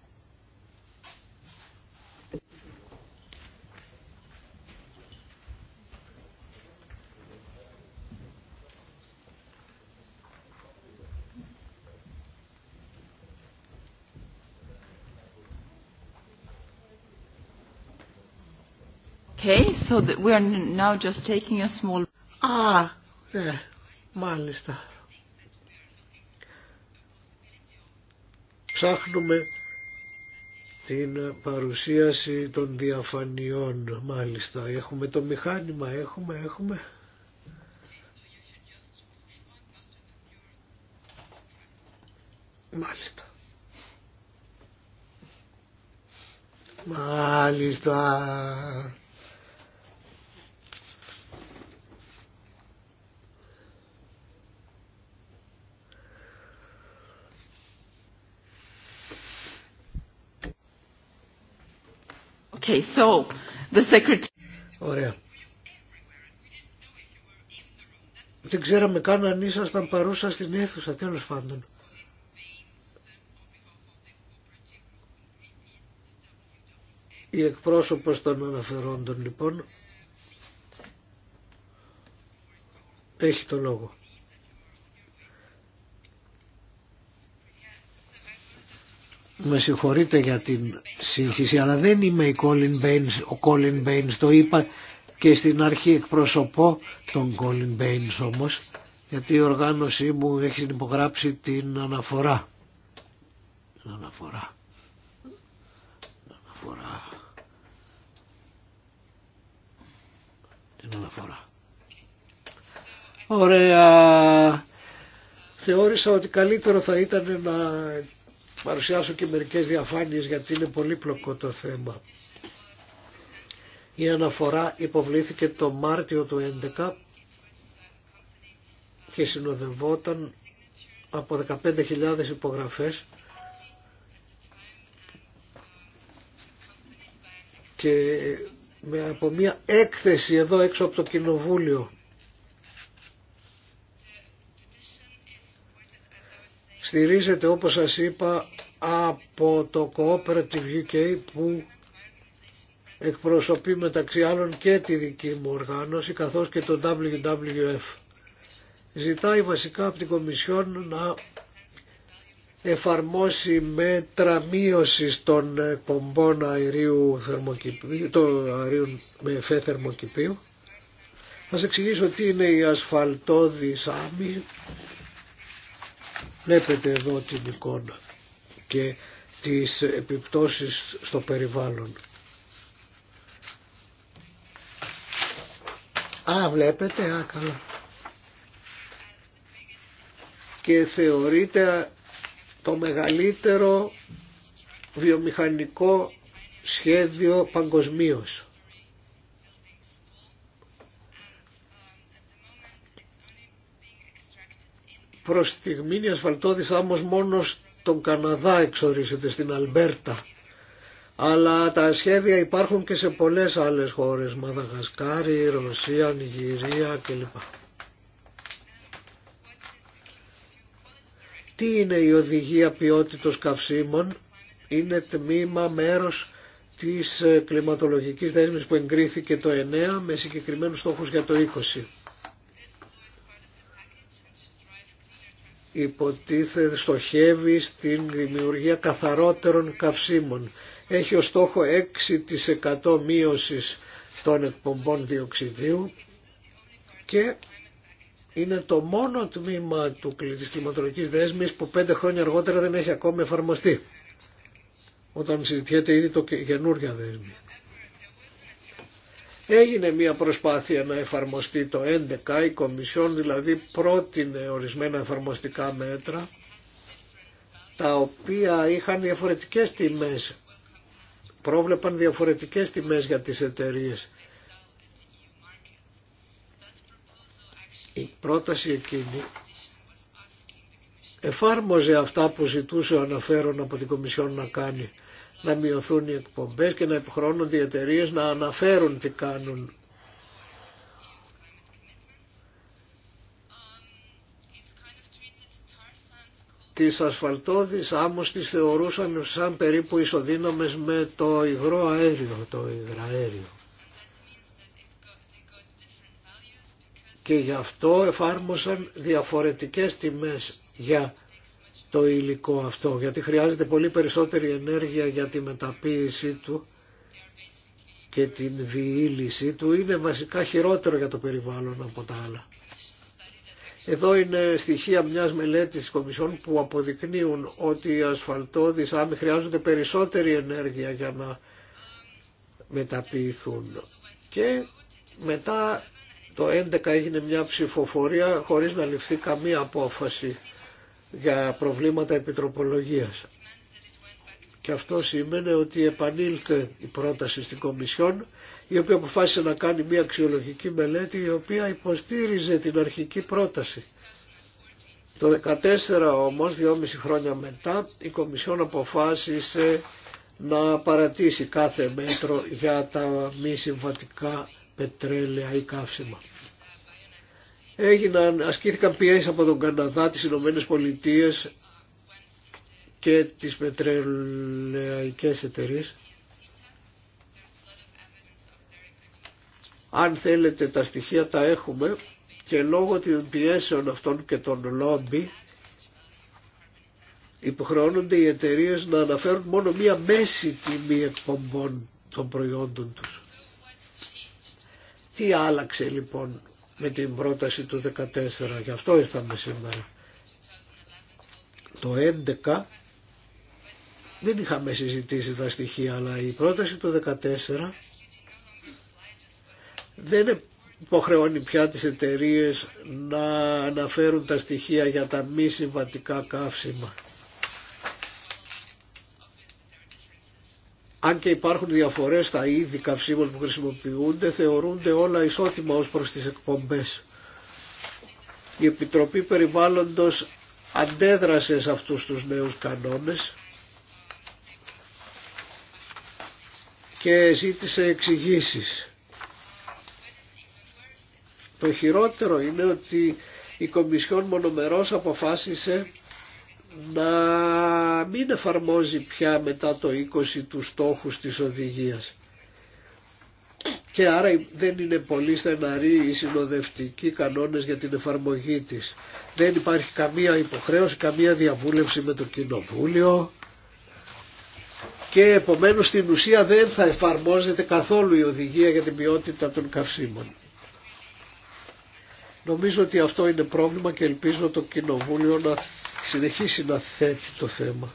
Speaker 1: so that we are now just taking a Α, ναι, μάλιστα.
Speaker 2: Ψάχνουμε την παρουσίαση των διαφανειών, μάλιστα. Έχουμε το μηχάνημα, έχουμε, έχουμε. Μάλιστα. Μάλιστα. Okay, so Ωραία. Δεν ξέραμε καν αν ήσασταν παρούσα στην αίθουσα, τέλος πάντων. Η εκπρόσωπος των αναφερόντων λοιπόν έχει το λόγο. Με συγχωρείτε για την σύγχυση, αλλά δεν είμαι η Colin Baines, ο Colin Baines, το είπα και στην αρχή εκπροσωπώ τον Colin Baines όμως, γιατί η οργάνωσή μου έχει υπογράψει την αναφορά. Την αναφορά. Την αναφορά. Την αναφορά. Ωραία. Θεώρησα ότι καλύτερο θα ήταν να παρουσιάσω και μερικές διαφάνειες γιατί είναι πολύπλοκο το θέμα. Η αναφορά υποβλήθηκε το Μάρτιο του 2011 και συνοδευόταν από 15.000 υπογραφές και με από μια έκθεση εδώ έξω από το κοινοβούλιο στηρίζεται όπως σας είπα από το Cooperative UK που εκπροσωπεί μεταξύ άλλων και τη δική μου οργάνωση καθώς και το WWF. Ζητάει βασικά από την Κομισιόν να εφαρμόσει μέτρα μείωση των πομπών αερίου θερμοκηπίου, με εφέ θερμοκηπίου. Θα σας εξηγήσω τι είναι η ασφαλτόδη Βλέπετε εδώ την εικόνα και τις επιπτώσεις στο περιβάλλον. Α, βλέπετε, α, καλά. Και θεωρείται το μεγαλύτερο βιομηχανικό σχέδιο παγκοσμίως. προς στιγμή η ασφαλτόδης άμμος μόνο στον Καναδά εξορίζεται, στην Αλμπέρτα. Αλλά τα σχέδια υπάρχουν και σε πολλές άλλες χώρες, Μαδαγασκάρη, Ρωσία, Νιγηρία κλπ. Τι είναι η οδηγία ποιότητος καυσίμων, είναι τμήμα μέρος της κλιματολογικής δέσμης που εγκρίθηκε το 9 με συγκεκριμένους στόχους για το 20. υποτίθεται στοχεύει στην δημιουργία καθαρότερων καυσίμων. Έχει ως στόχο 6% μείωσης των εκπομπών διοξιδίου και είναι το μόνο τμήμα του, της κλιματολογικής δέσμης που πέντε χρόνια αργότερα δεν έχει ακόμη εφαρμοστεί όταν συζητιέται ήδη το καινούργια δέσμη. Έγινε μια προσπάθεια να εφαρμοστεί το 11, η Κομισιόν δηλαδή πρότεινε ορισμένα εφαρμοστικά μέτρα τα οποία είχαν διαφορετικές τιμές, πρόβλεπαν διαφορετικές τιμές για τις εταιρείες. Η πρόταση εκείνη εφάρμοζε αυτά που ζητούσε ο αναφέρον από την Κομισιόν να κάνει να μειωθούν οι εκπομπές και να υποχρώνονται οι εταιρείε να αναφέρουν τι κάνουν. Τις ασφαλτόδεις άμμος τις θεωρούσαν σαν περίπου ισοδύναμες με το υγρό αέριο, το υγραέριο. Και γι' αυτό εφάρμοσαν διαφορετικές τιμές για το υλικό αυτό γιατί χρειάζεται πολύ περισσότερη ενέργεια για τη μεταποίησή του και την διήλυσή του είναι βασικά χειρότερο για το περιβάλλον από τα άλλα. Εδώ είναι στοιχεία μιας μελέτης της Κομισιόν που αποδεικνύουν ότι οι ασφαλτόδεις άμοι χρειάζονται περισσότερη ενέργεια για να μεταποιηθούν. Και μετά το 2011 έγινε μια ψηφοφορία χωρίς να ληφθεί καμία απόφαση για προβλήματα επιτροπολογίας. Και αυτό σημαίνει ότι επανήλθε η πρόταση στην Κομισιόν η οποία αποφάσισε να κάνει μια αξιολογική μελέτη η οποία υποστήριζε την αρχική πρόταση. Το 2014 όμως, δυόμιση χρόνια μετά, η Κομισιόν αποφάσισε να παρατήσει κάθε μέτρο για τα μη συμβατικά πετρέλαια ή καύσιμα έγιναν, ασκήθηκαν πιέσεις από τον Καναδά, τις Ηνωμένε Πολιτείε και τις πετρελαϊκές εταιρείες. Αν θέλετε τα στοιχεία τα έχουμε και λόγω των πιέσεων αυτών και των λόμπι υποχρεώνονται οι εταιρείε να αναφέρουν μόνο μία μέση τιμή εκπομπών των προϊόντων τους. Τι άλλαξε λοιπόν με την πρόταση του 14. Γι' αυτό ήρθαμε σήμερα. Το 11 δεν είχαμε συζητήσει τα στοιχεία, αλλά η πρόταση του 14 δεν υποχρεώνει πια τις εταιρείε να αναφέρουν τα στοιχεία για τα μη συμβατικά καύσιμα. Αν και υπάρχουν διαφορές στα είδη καυσίμων που χρησιμοποιούνται, θεωρούνται όλα ισότιμα ως προς τις εκπομπές. Η Επιτροπή Περιβάλλοντος αντέδρασε σε αυτούς τους νέους κανόνες και ζήτησε εξηγήσει. Το χειρότερο είναι ότι η Κομισιόν μονομερός αποφάσισε να μην εφαρμόζει πια μετά το 20 του στόχους της οδηγίας. Και άρα δεν είναι πολύ στεναροί οι συνοδευτικοί κανόνες για την εφαρμογή της. Δεν υπάρχει καμία υποχρέωση, καμία διαβούλευση με το κοινοβούλιο και επομένως στην ουσία δεν θα εφαρμόζεται καθόλου η οδηγία για την ποιότητα των καυσίμων. Νομίζω ότι αυτό είναι πρόβλημα και ελπίζω το Κοινοβούλιο να συνεχίσει να θέτει το θέμα.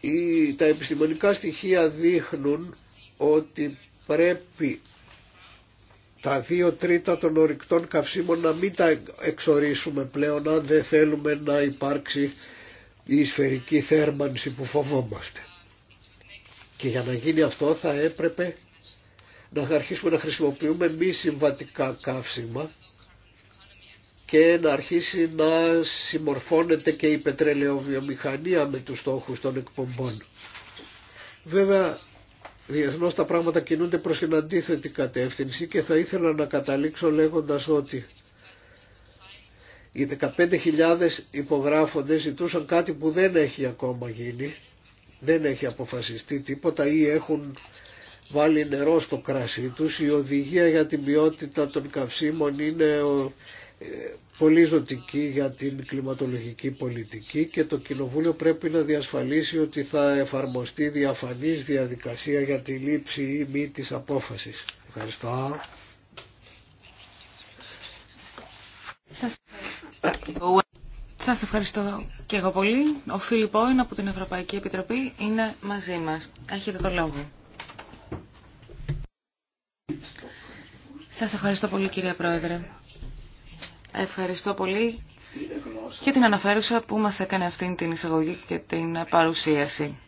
Speaker 2: Η, τα επιστημονικά στοιχεία δείχνουν ότι πρέπει τα δύο τρίτα των ορυκτών καυσίμων να μην τα εξορίσουμε πλέον αν δεν θέλουμε να υπάρξει η σφαιρική θέρμανση που φοβόμαστε. Και για να γίνει αυτό θα έπρεπε να αρχίσουμε να χρησιμοποιούμε μη συμβατικά καύσιμα και να αρχίσει να συμμορφώνεται και η πετρελαιοβιομηχανία με τους στόχους των εκπομπών. Βέβαια, διεθνώ τα πράγματα κινούνται προς την αντίθετη κατεύθυνση και θα ήθελα να καταλήξω λέγοντας ότι οι 15.000 υπογράφοντες ζητούσαν κάτι που δεν έχει ακόμα γίνει, δεν έχει αποφασιστεί τίποτα ή έχουν βάλει νερό στο κρασί τους. Η οδηγία για την ποιότητα των καυσίμων είναι πολύ ζωτική για την κλιματολογική πολιτική και το Κοινοβούλιο πρέπει να διασφαλίσει ότι θα εφαρμοστεί διαφανής διαδικασία για τη λήψη ή μη της απόφασης. Ευχαριστώ.
Speaker 1: Σας ευχαριστώ. Σας ευχαριστώ και εγώ πολύ. Ο Όιν από την Ευρωπαϊκή Επιτροπή είναι μαζί μας. Έχετε το λόγο. Σας ευχαριστώ πολύ κυρία Πρόεδρε. Ευχαριστώ πολύ και την αναφέρουσα που μας έκανε αυτήν την εισαγωγή και την παρουσίαση.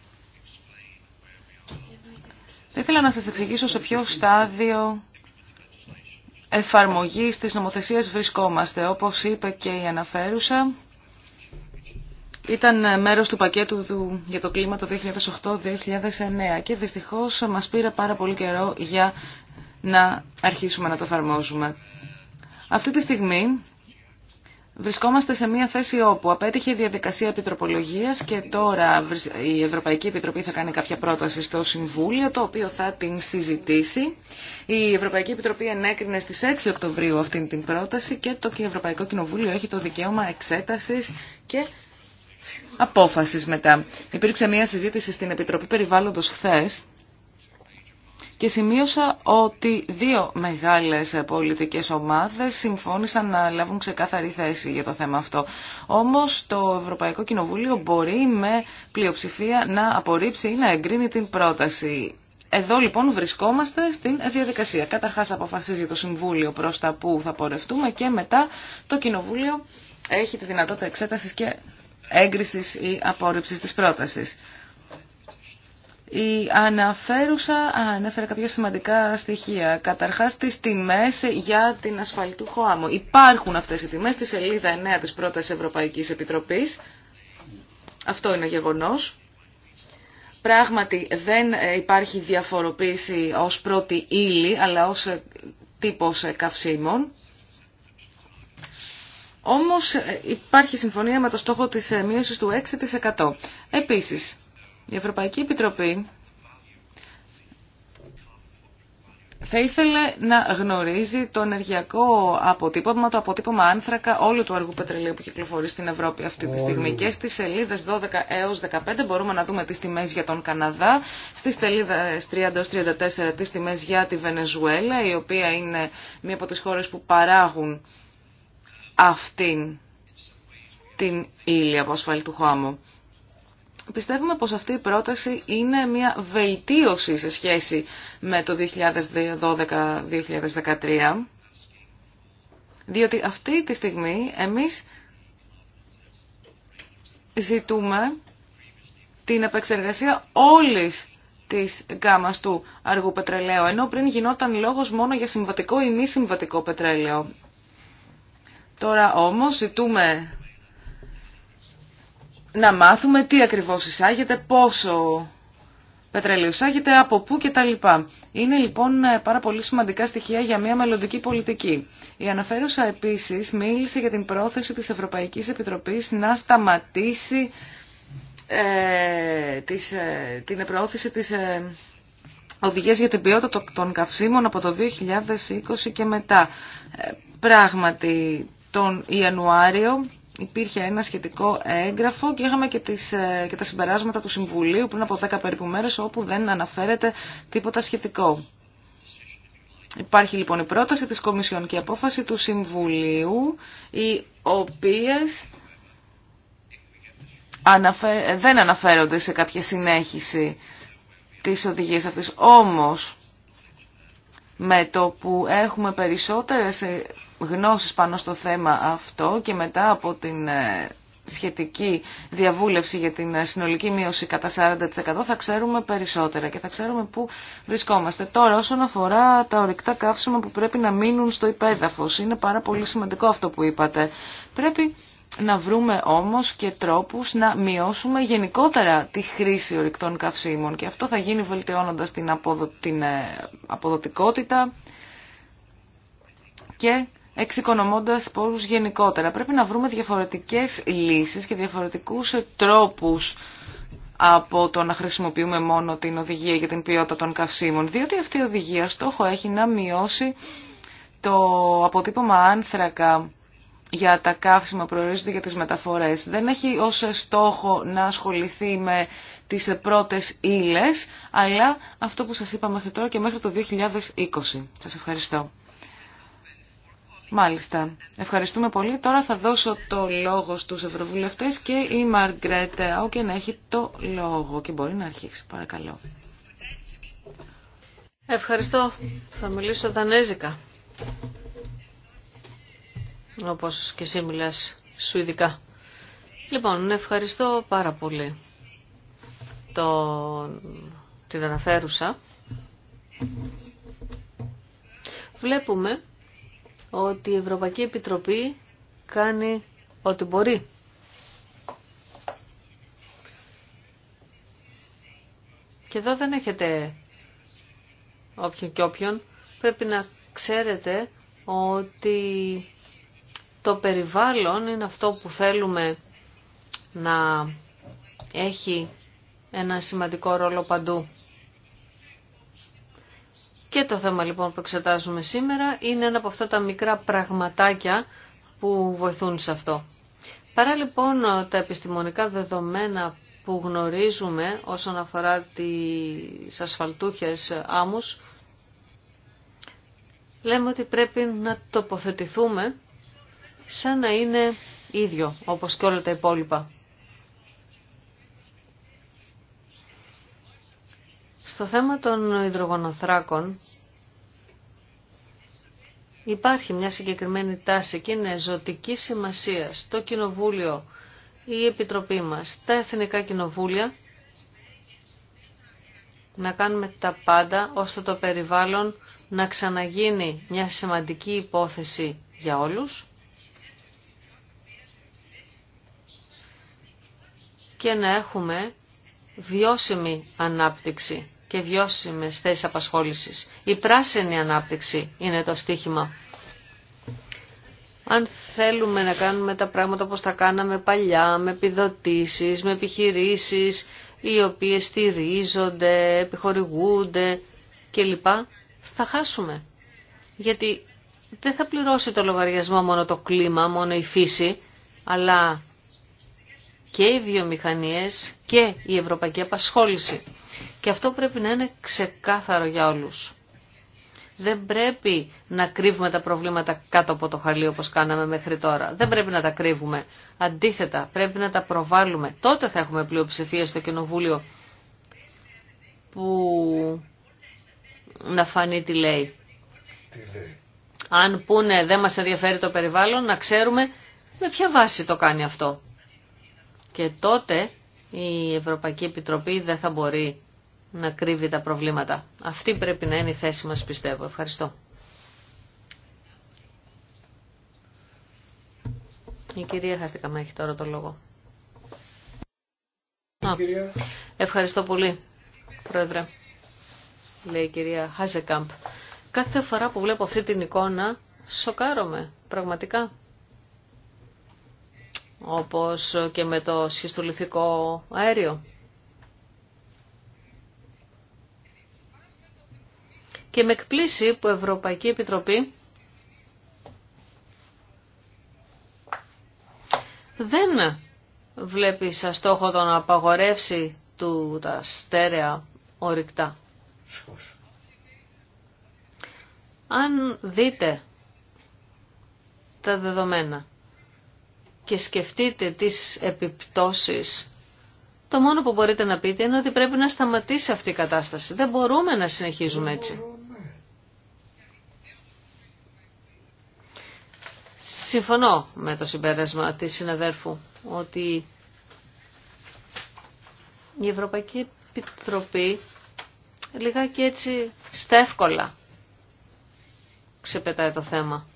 Speaker 1: Θα ήθελα να σας εξηγήσω σε ποιο στάδιο εφαρμογής της νομοθεσίας βρισκόμαστε. Όπως είπε και η αναφέρουσα, ήταν μέρος του πακέτου για το κλίμα το 2008-2009 και δυστυχώς μας πήρε πάρα πολύ καιρό για να αρχίσουμε να το εφαρμόζουμε. Αυτή τη στιγμή Βρισκόμαστε σε μια θέση όπου απέτυχε η διαδικασία επιτροπολογίας και τώρα η Ευρωπαϊκή Επιτροπή θα κάνει κάποια πρόταση στο Συμβούλιο, το οποίο θα την συζητήσει. Η Ευρωπαϊκή Επιτροπή ενέκρινε στις 6 Οκτωβρίου αυτή την πρόταση και το Ευρωπαϊκό Κοινοβούλιο έχει το δικαίωμα εξέτασης και απόφασης μετά. Υπήρξε μια συζήτηση στην Επιτροπή Περιβάλλοντος χθες και σημείωσα ότι δύο μεγάλες πολιτικές ομάδες συμφώνησαν να λάβουν ξεκάθαρη θέση για το θέμα αυτό. Όμως το Ευρωπαϊκό Κοινοβούλιο μπορεί με πλειοψηφία να απορρίψει ή να εγκρίνει την πρόταση. Εδώ λοιπόν βρισκόμαστε στην διαδικασία. Καταρχάς αποφασίζει το Συμβούλιο προς τα που θα πορευτούμε και μετά το Κοινοβούλιο έχει τη δυνατότητα εξέτασης και έγκρισης ή απόρριψης της πρότασης. Η αναφέρουσα ανέφερε κάποια σημαντικά στοιχεία. Καταρχάς τις τιμές για την ασφαλτούχο άμμο. Υπάρχουν αυτές οι τιμές στη σελίδα 9 της πρώτης Ευρωπαϊκής Επιτροπής. Αυτό είναι γεγονός. Πράγματι δεν ε, υπάρχει διαφοροποίηση ως πρώτη ύλη, αλλά ως ε, τύπος ε, καυσίμων. Όμως υπάρχει συμφωνία με το στόχο της μείωσης του 6%. Επίσης, η Ευρωπαϊκή Επιτροπή θα ήθελε να γνωρίζει το ενεργειακό αποτύπωμα, το αποτύπωμα άνθρακα όλου του αργού πετρελίου που κυκλοφορεί στην Ευρώπη αυτή τη στιγμή. Και στις σελίδες 12 έως 15 μπορούμε να δούμε τις τιμές για τον Καναδά, στις σελίδες 30 έω 34 τις τιμές για τη Βενεζουέλα, η οποία είναι μία από τις χώρε που παράγουν αυτήν την ύλη από ασφαλή του χώμου. Πιστεύουμε πως αυτή η πρόταση είναι μια βελτίωση σε σχέση με το 2012-2013, διότι αυτή τη στιγμή εμείς ζητούμε την επεξεργασία όλης της γκάμας του αργού πετρελαίου, ενώ πριν γινόταν λόγος μόνο για συμβατικό ή μη συμβατικό πετρέλαιο. Τώρα όμως ζητούμε να μάθουμε τι ακριβώς εισάγεται, πόσο πετρέλαιο εισάγεται, από πού κτλ. Είναι λοιπόν πάρα πολύ σημαντικά στοιχεία για μια μελλοντική πολιτική. Η αναφέρουσα επίσης μίλησε για την πρόθεση της Ευρωπαϊκής Επιτροπής να σταματήσει ε, ε την προώθηση της ε, οδηγίας για την ποιότητα των καυσίμων από το 2020 και μετά. Ε, πράγματι, τον Ιανουάριο υπήρχε ένα σχετικό έγγραφο και είχαμε και, τις, ε, τα συμπεράσματα του Συμβουλίου πριν από 10 περίπου μέρες όπου δεν αναφέρεται τίποτα σχετικό. Υπάρχει λοιπόν η πρόταση της Κομισιόν και η απόφαση του Συμβουλίου οι οποίες δεν αναφέρονται σε κάποια συνέχιση της οδηγίας αυτής. Όμως με το που έχουμε περισσότερες γνώσεις πάνω στο θέμα αυτό και μετά από την ε, σχετική διαβούλευση για την ε, συνολική μείωση κατά 40% θα ξέρουμε περισσότερα και θα ξέρουμε πού βρισκόμαστε. Τώρα όσον αφορά τα ορυκτά καύσιμα που πρέπει να μείνουν στο υπέδαφος, είναι πάρα πολύ σημαντικό αυτό που είπατε. Πρέπει να βρούμε όμως και τρόπους να μειώσουμε γενικότερα τη χρήση ορυκτών καυσίμων και αυτό θα γίνει βελτιώνοντας την, ε, αποδοτικότητα και εξοικονομώντας πόρους γενικότερα. Πρέπει να βρούμε διαφορετικές λύσεις και διαφορετικούς τρόπους από το να χρησιμοποιούμε μόνο την οδηγία για την ποιότητα των καυσίμων, διότι αυτή η οδηγία στόχο έχει να μειώσει το αποτύπωμα άνθρακα για τα καύσιμα προορίζονται για τις μεταφορές. Δεν έχει ως στόχο να ασχοληθεί με τις πρώτες ύλες, αλλά αυτό που σας είπα μέχρι τώρα και μέχρι το 2020. Σας ευχαριστώ. Μάλιστα. Ευχαριστούμε πολύ. Τώρα θα δώσω το λόγο στους ευρωβουλευτές και η Μαργκρέτε να έχει το λόγο και μπορεί να αρχίσει. Παρακαλώ.
Speaker 3: Ευχαριστώ. Θα μιλήσω δανέζικα. Όπως και εσύ μιλάς σουηδικά. Λοιπόν, ευχαριστώ πάρα πολύ το... την αναφέρουσα. Βλέπουμε ότι η Ευρωπαϊκή Επιτροπή κάνει ό,τι μπορεί. Και εδώ δεν έχετε όποιον και όποιον. Πρέπει να ξέρετε ότι το περιβάλλον είναι αυτό που θέλουμε να έχει ένα σημαντικό ρόλο παντού. Και το θέμα λοιπόν που εξετάζουμε σήμερα είναι ένα από αυτά τα μικρά πραγματάκια που βοηθούν σε αυτό. Παρά λοιπόν τα επιστημονικά δεδομένα που γνωρίζουμε όσον αφορά τις ασφαλτούχες άμμους, λέμε ότι πρέπει να τοποθετηθούμε σαν να είναι ίδιο όπως και όλα τα υπόλοιπα. Στο θέμα των υδρογονοθράκων υπάρχει μια συγκεκριμένη τάση και είναι ζωτική σημασία στο Κοινοβούλιο, η Επιτροπή μας, τα Εθνικά Κοινοβούλια, να κάνουμε τα πάντα ώστε το περιβάλλον να ξαναγίνει μια σημαντική υπόθεση για όλους και να έχουμε βιώσιμη ανάπτυξη και βιώσιμες θέσεις απασχόλησης. Η πράσινη ανάπτυξη είναι το στίχημα. Αν θέλουμε να κάνουμε τα πράγματα όπως τα κάναμε παλιά, με επιδοτήσεις, με επιχειρήσεις, οι οποίες στηρίζονται, επιχορηγούνται κλπ, θα χάσουμε. Γιατί δεν θα πληρώσει το λογαριασμό μόνο το κλίμα, μόνο η φύση, αλλά και οι βιομηχανίες και η ευρωπαϊκή απασχόληση. Και αυτό πρέπει να είναι ξεκάθαρο για όλους. Δεν πρέπει να κρύβουμε τα προβλήματα κάτω από το χαλί όπως κάναμε μέχρι τώρα. Δεν πρέπει να τα κρύβουμε. Αντίθετα, πρέπει να τα προβάλλουμε. Τότε θα έχουμε πλειοψηφία στο Κοινοβούλιο που να φανεί τι λέει. Αν πούνε δεν μας ενδιαφέρει το περιβάλλον, να ξέρουμε με ποια βάση το κάνει αυτό. Και τότε η Ευρωπαϊκή Επιτροπή δεν θα μπορεί να κρύβει τα προβλήματα. Αυτή πρέπει να είναι η θέση μας πιστεύω. Ευχαριστώ. Η κυρία Χαστικαμά έχει τώρα το λόγο. Ευχαριστώ πολύ, Πρόεδρε, λέει η κυρία Χάζεκάμπ. Κάθε φορά που βλέπω αυτή την εικόνα, σοκάρομαι, πραγματικά όπως και με το σχιστολιθικό αέριο. Και με εκπλήσει που η Ευρωπαϊκή Επιτροπή δεν βλέπει σαν στόχο το να απαγορεύσει του τα στέρεα ορυκτά. Αν δείτε τα δεδομένα και σκεφτείτε τις επιπτώσεις, το μόνο που μπορείτε να πείτε είναι ότι πρέπει να σταματήσει αυτή η κατάσταση. Δεν μπορούμε να συνεχίζουμε έτσι. Συμφωνώ με το συμπέρασμα της συναδέρφου ότι η Ευρωπαϊκή Επιτροπή λιγάκι έτσι στεύκολα ξεπετάει το θέμα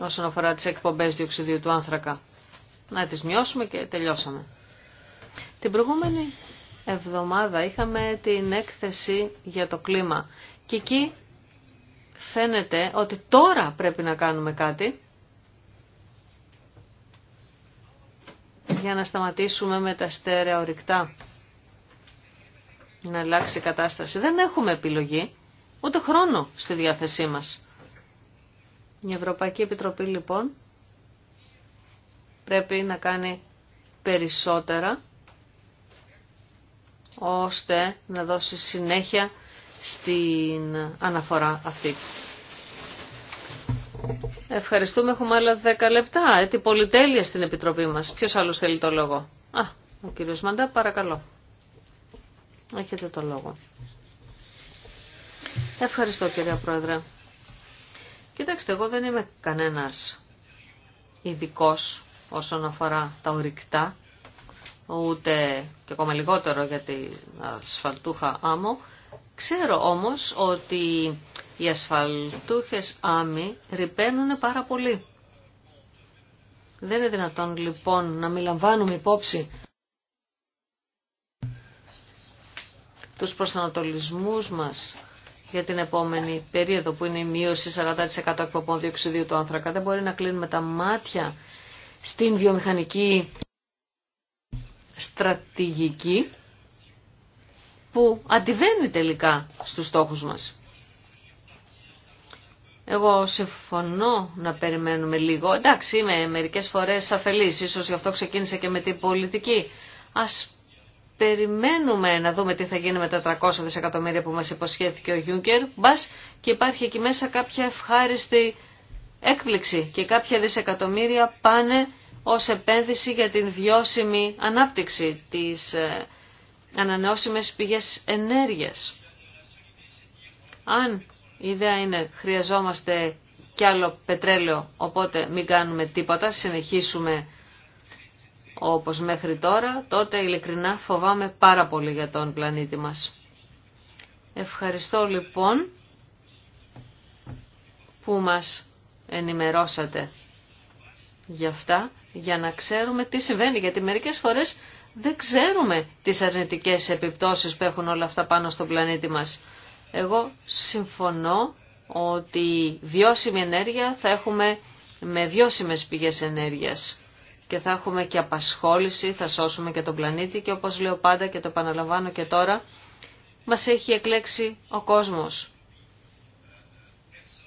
Speaker 3: όσον αφορά τις εκπομπές διοξιδίου του άνθρακα. Να τις μειώσουμε και τελειώσαμε. Την προηγούμενη εβδομάδα είχαμε την έκθεση για το κλίμα και εκεί φαίνεται ότι τώρα πρέπει να κάνουμε κάτι για να σταματήσουμε με τα στέρεα ορυκτά. Να αλλάξει η κατάσταση. Δεν έχουμε επιλογή, ούτε χρόνο στη διάθεσή μας. Η Ευρωπαϊκή Επιτροπή λοιπόν πρέπει να κάνει περισσότερα ώστε να δώσει συνέχεια στην αναφορά αυτή. Ευχαριστούμε. Έχουμε άλλα 10 λεπτά. Έτσι, ε, πολυτέλεια στην Επιτροπή μας. Ποιος άλλος θέλει το λόγο. Α, ο κύριος Μαντά, παρακαλώ. Έχετε το λόγο. Ευχαριστώ κύριε Πρόεδρε. Κοιτάξτε, εγώ δεν είμαι κανένας ειδικό όσον αφορά τα ορυκτά, ούτε και ακόμα λιγότερο για την ασφαλτούχα άμμο. Ξέρω όμως ότι οι ασφαλτούχες άμμοι ρηπαίνουν πάρα πολύ. Δεν είναι δυνατόν λοιπόν να μην λαμβάνουμε υπόψη τους προσανατολισμούς μας για την επόμενη περίοδο που είναι η μείωση 40% εκπομπών διοξιδίου του άνθρακα. Δεν μπορεί να κλείνουμε τα μάτια στην βιομηχανική στρατηγική που αντιβαίνει τελικά στους στόχους μας. Εγώ συμφωνώ να περιμένουμε λίγο. Εντάξει, είμαι μερικές φορές αφελής, ίσως γι' αυτό ξεκίνησε και με την πολιτική. Ας περιμένουμε να δούμε τι θα γίνει με τα 300 δισεκατομμύρια που μας υποσχέθηκε ο Γιούγκερ, μπας και υπάρχει εκεί μέσα κάποια ευχάριστη έκπληξη και κάποια δισεκατομμύρια πάνε ως επένδυση για την βιώσιμη ανάπτυξη της ε, ανανεώσιμες πηγές ενέργειας. Αν η ιδέα είναι χρειαζόμαστε κι άλλο πετρέλαιο, οπότε μην κάνουμε τίποτα, συνεχίσουμε όπως μέχρι τώρα, τότε ειλικρινά φοβάμαι πάρα πολύ για τον πλανήτη μας. Ευχαριστώ λοιπόν που μας ενημερώσατε για αυτά, για να ξέρουμε τι συμβαίνει, γιατί μερικές φορές δεν ξέρουμε τις αρνητικές επιπτώσεις που έχουν όλα αυτά πάνω στον πλανήτη μας. Εγώ συμφωνώ ότι βιώσιμη ενέργεια θα έχουμε με βιώσιμες πηγές ενέργειας και θα έχουμε και απασχόληση, θα σώσουμε και τον πλανήτη και όπως λέω πάντα και το επαναλαμβάνω και τώρα, μας έχει εκλέξει ο κόσμος.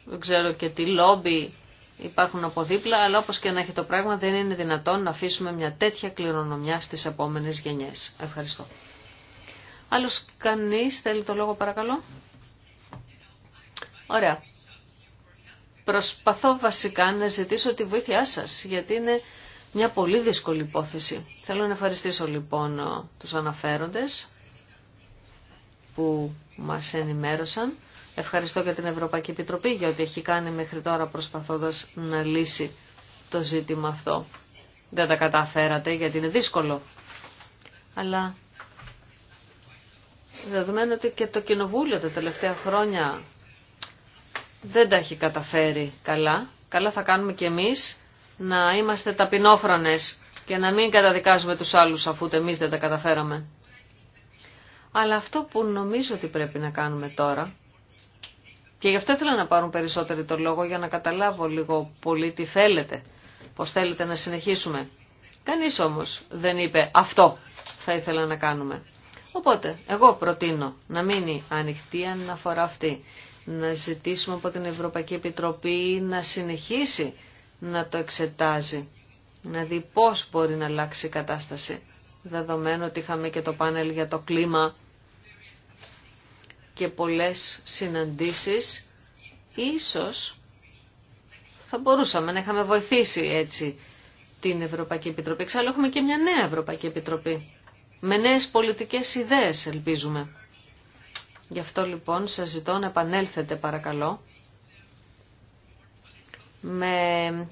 Speaker 3: Δεν ξέρω και τι λόμπι υπάρχουν από δίπλα, αλλά όπως και να έχει το πράγμα δεν είναι δυνατόν να αφήσουμε μια τέτοια κληρονομιά στις επόμενες γενιές. Ευχαριστώ. Άλλος κανείς θέλει το λόγο παρακαλώ. Ωραία. Προσπαθώ βασικά να ζητήσω τη βοήθειά σας, γιατί είναι μια πολύ δύσκολη υπόθεση. Θέλω να ευχαριστήσω λοιπόν ε, τους αναφέροντες που μας ενημέρωσαν. Ευχαριστώ και την Ευρωπαϊκή Επιτροπή για ό,τι έχει κάνει μέχρι τώρα προσπαθώντας να λύσει το ζήτημα αυτό. Δεν τα καταφέρατε γιατί είναι δύσκολο. Αλλά δεδομένου ότι και το Κοινοβούλιο τα τελευταία χρόνια δεν τα έχει καταφέρει καλά. Καλά θα κάνουμε και εμείς να είμαστε ταπεινόφρονες και να μην καταδικάζουμε τους άλλους αφού εμείς δεν τα καταφέραμε. Αλλά αυτό που νομίζω ότι πρέπει να κάνουμε τώρα, και γι' αυτό ήθελα να πάρουν περισσότεροι το λόγο για να καταλάβω λίγο πολύ τι θέλετε, πώς θέλετε να συνεχίσουμε. Κανείς όμως δεν είπε αυτό θα ήθελα να κάνουμε. Οπότε, εγώ προτείνω να μείνει ανοιχτή αναφορά αυτή, να ζητήσουμε από την Ευρωπαϊκή Επιτροπή να συνεχίσει να το εξετάζει, να δει πώς μπορεί να αλλάξει η κατάσταση. Δεδομένου ότι είχαμε και το πάνελ για το κλίμα και πολλές συναντήσεις, ίσως θα μπορούσαμε να είχαμε βοηθήσει έτσι την Ευρωπαϊκή Επιτροπή. Εξάλλου έχουμε και μια νέα Ευρωπαϊκή Επιτροπή, με νέες πολιτικές ιδέες ελπίζουμε. Γι' αυτό λοιπόν σας ζητώ να επανέλθετε παρακαλώ με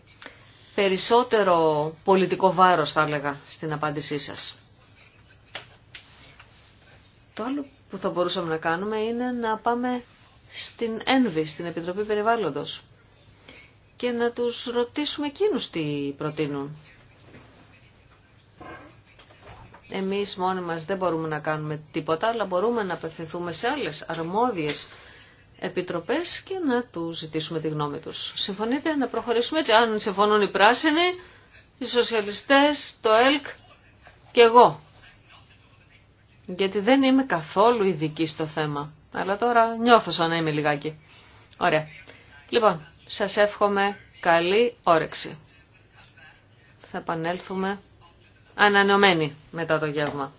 Speaker 3: περισσότερο πολιτικό βάρος θα έλεγα στην απάντησή σας. Το άλλο που θα μπορούσαμε να κάνουμε είναι να πάμε στην ΕΝΒΗ, στην Επιτροπή Περιβάλλοντος και να τους ρωτήσουμε εκείνους τι προτείνουν. Εμείς μόνοι μας δεν μπορούμε να κάνουμε τίποτα, αλλά μπορούμε να απευθυνθούμε σε άλλες αρμόδιες επιτροπές και να του ζητήσουμε τη γνώμη τους. Συμφωνείτε να προχωρήσουμε έτσι, αν συμφωνούν οι πράσινοι, οι σοσιαλιστές, το ΕΛΚ και εγώ. Γιατί δεν είμαι καθόλου ειδική στο θέμα. Αλλά τώρα νιώθω σαν να είμαι λιγάκι. Ωραία. Λοιπόν, σας εύχομαι καλή όρεξη. Θα επανέλθουμε ανανεωμένοι μετά το γεύμα.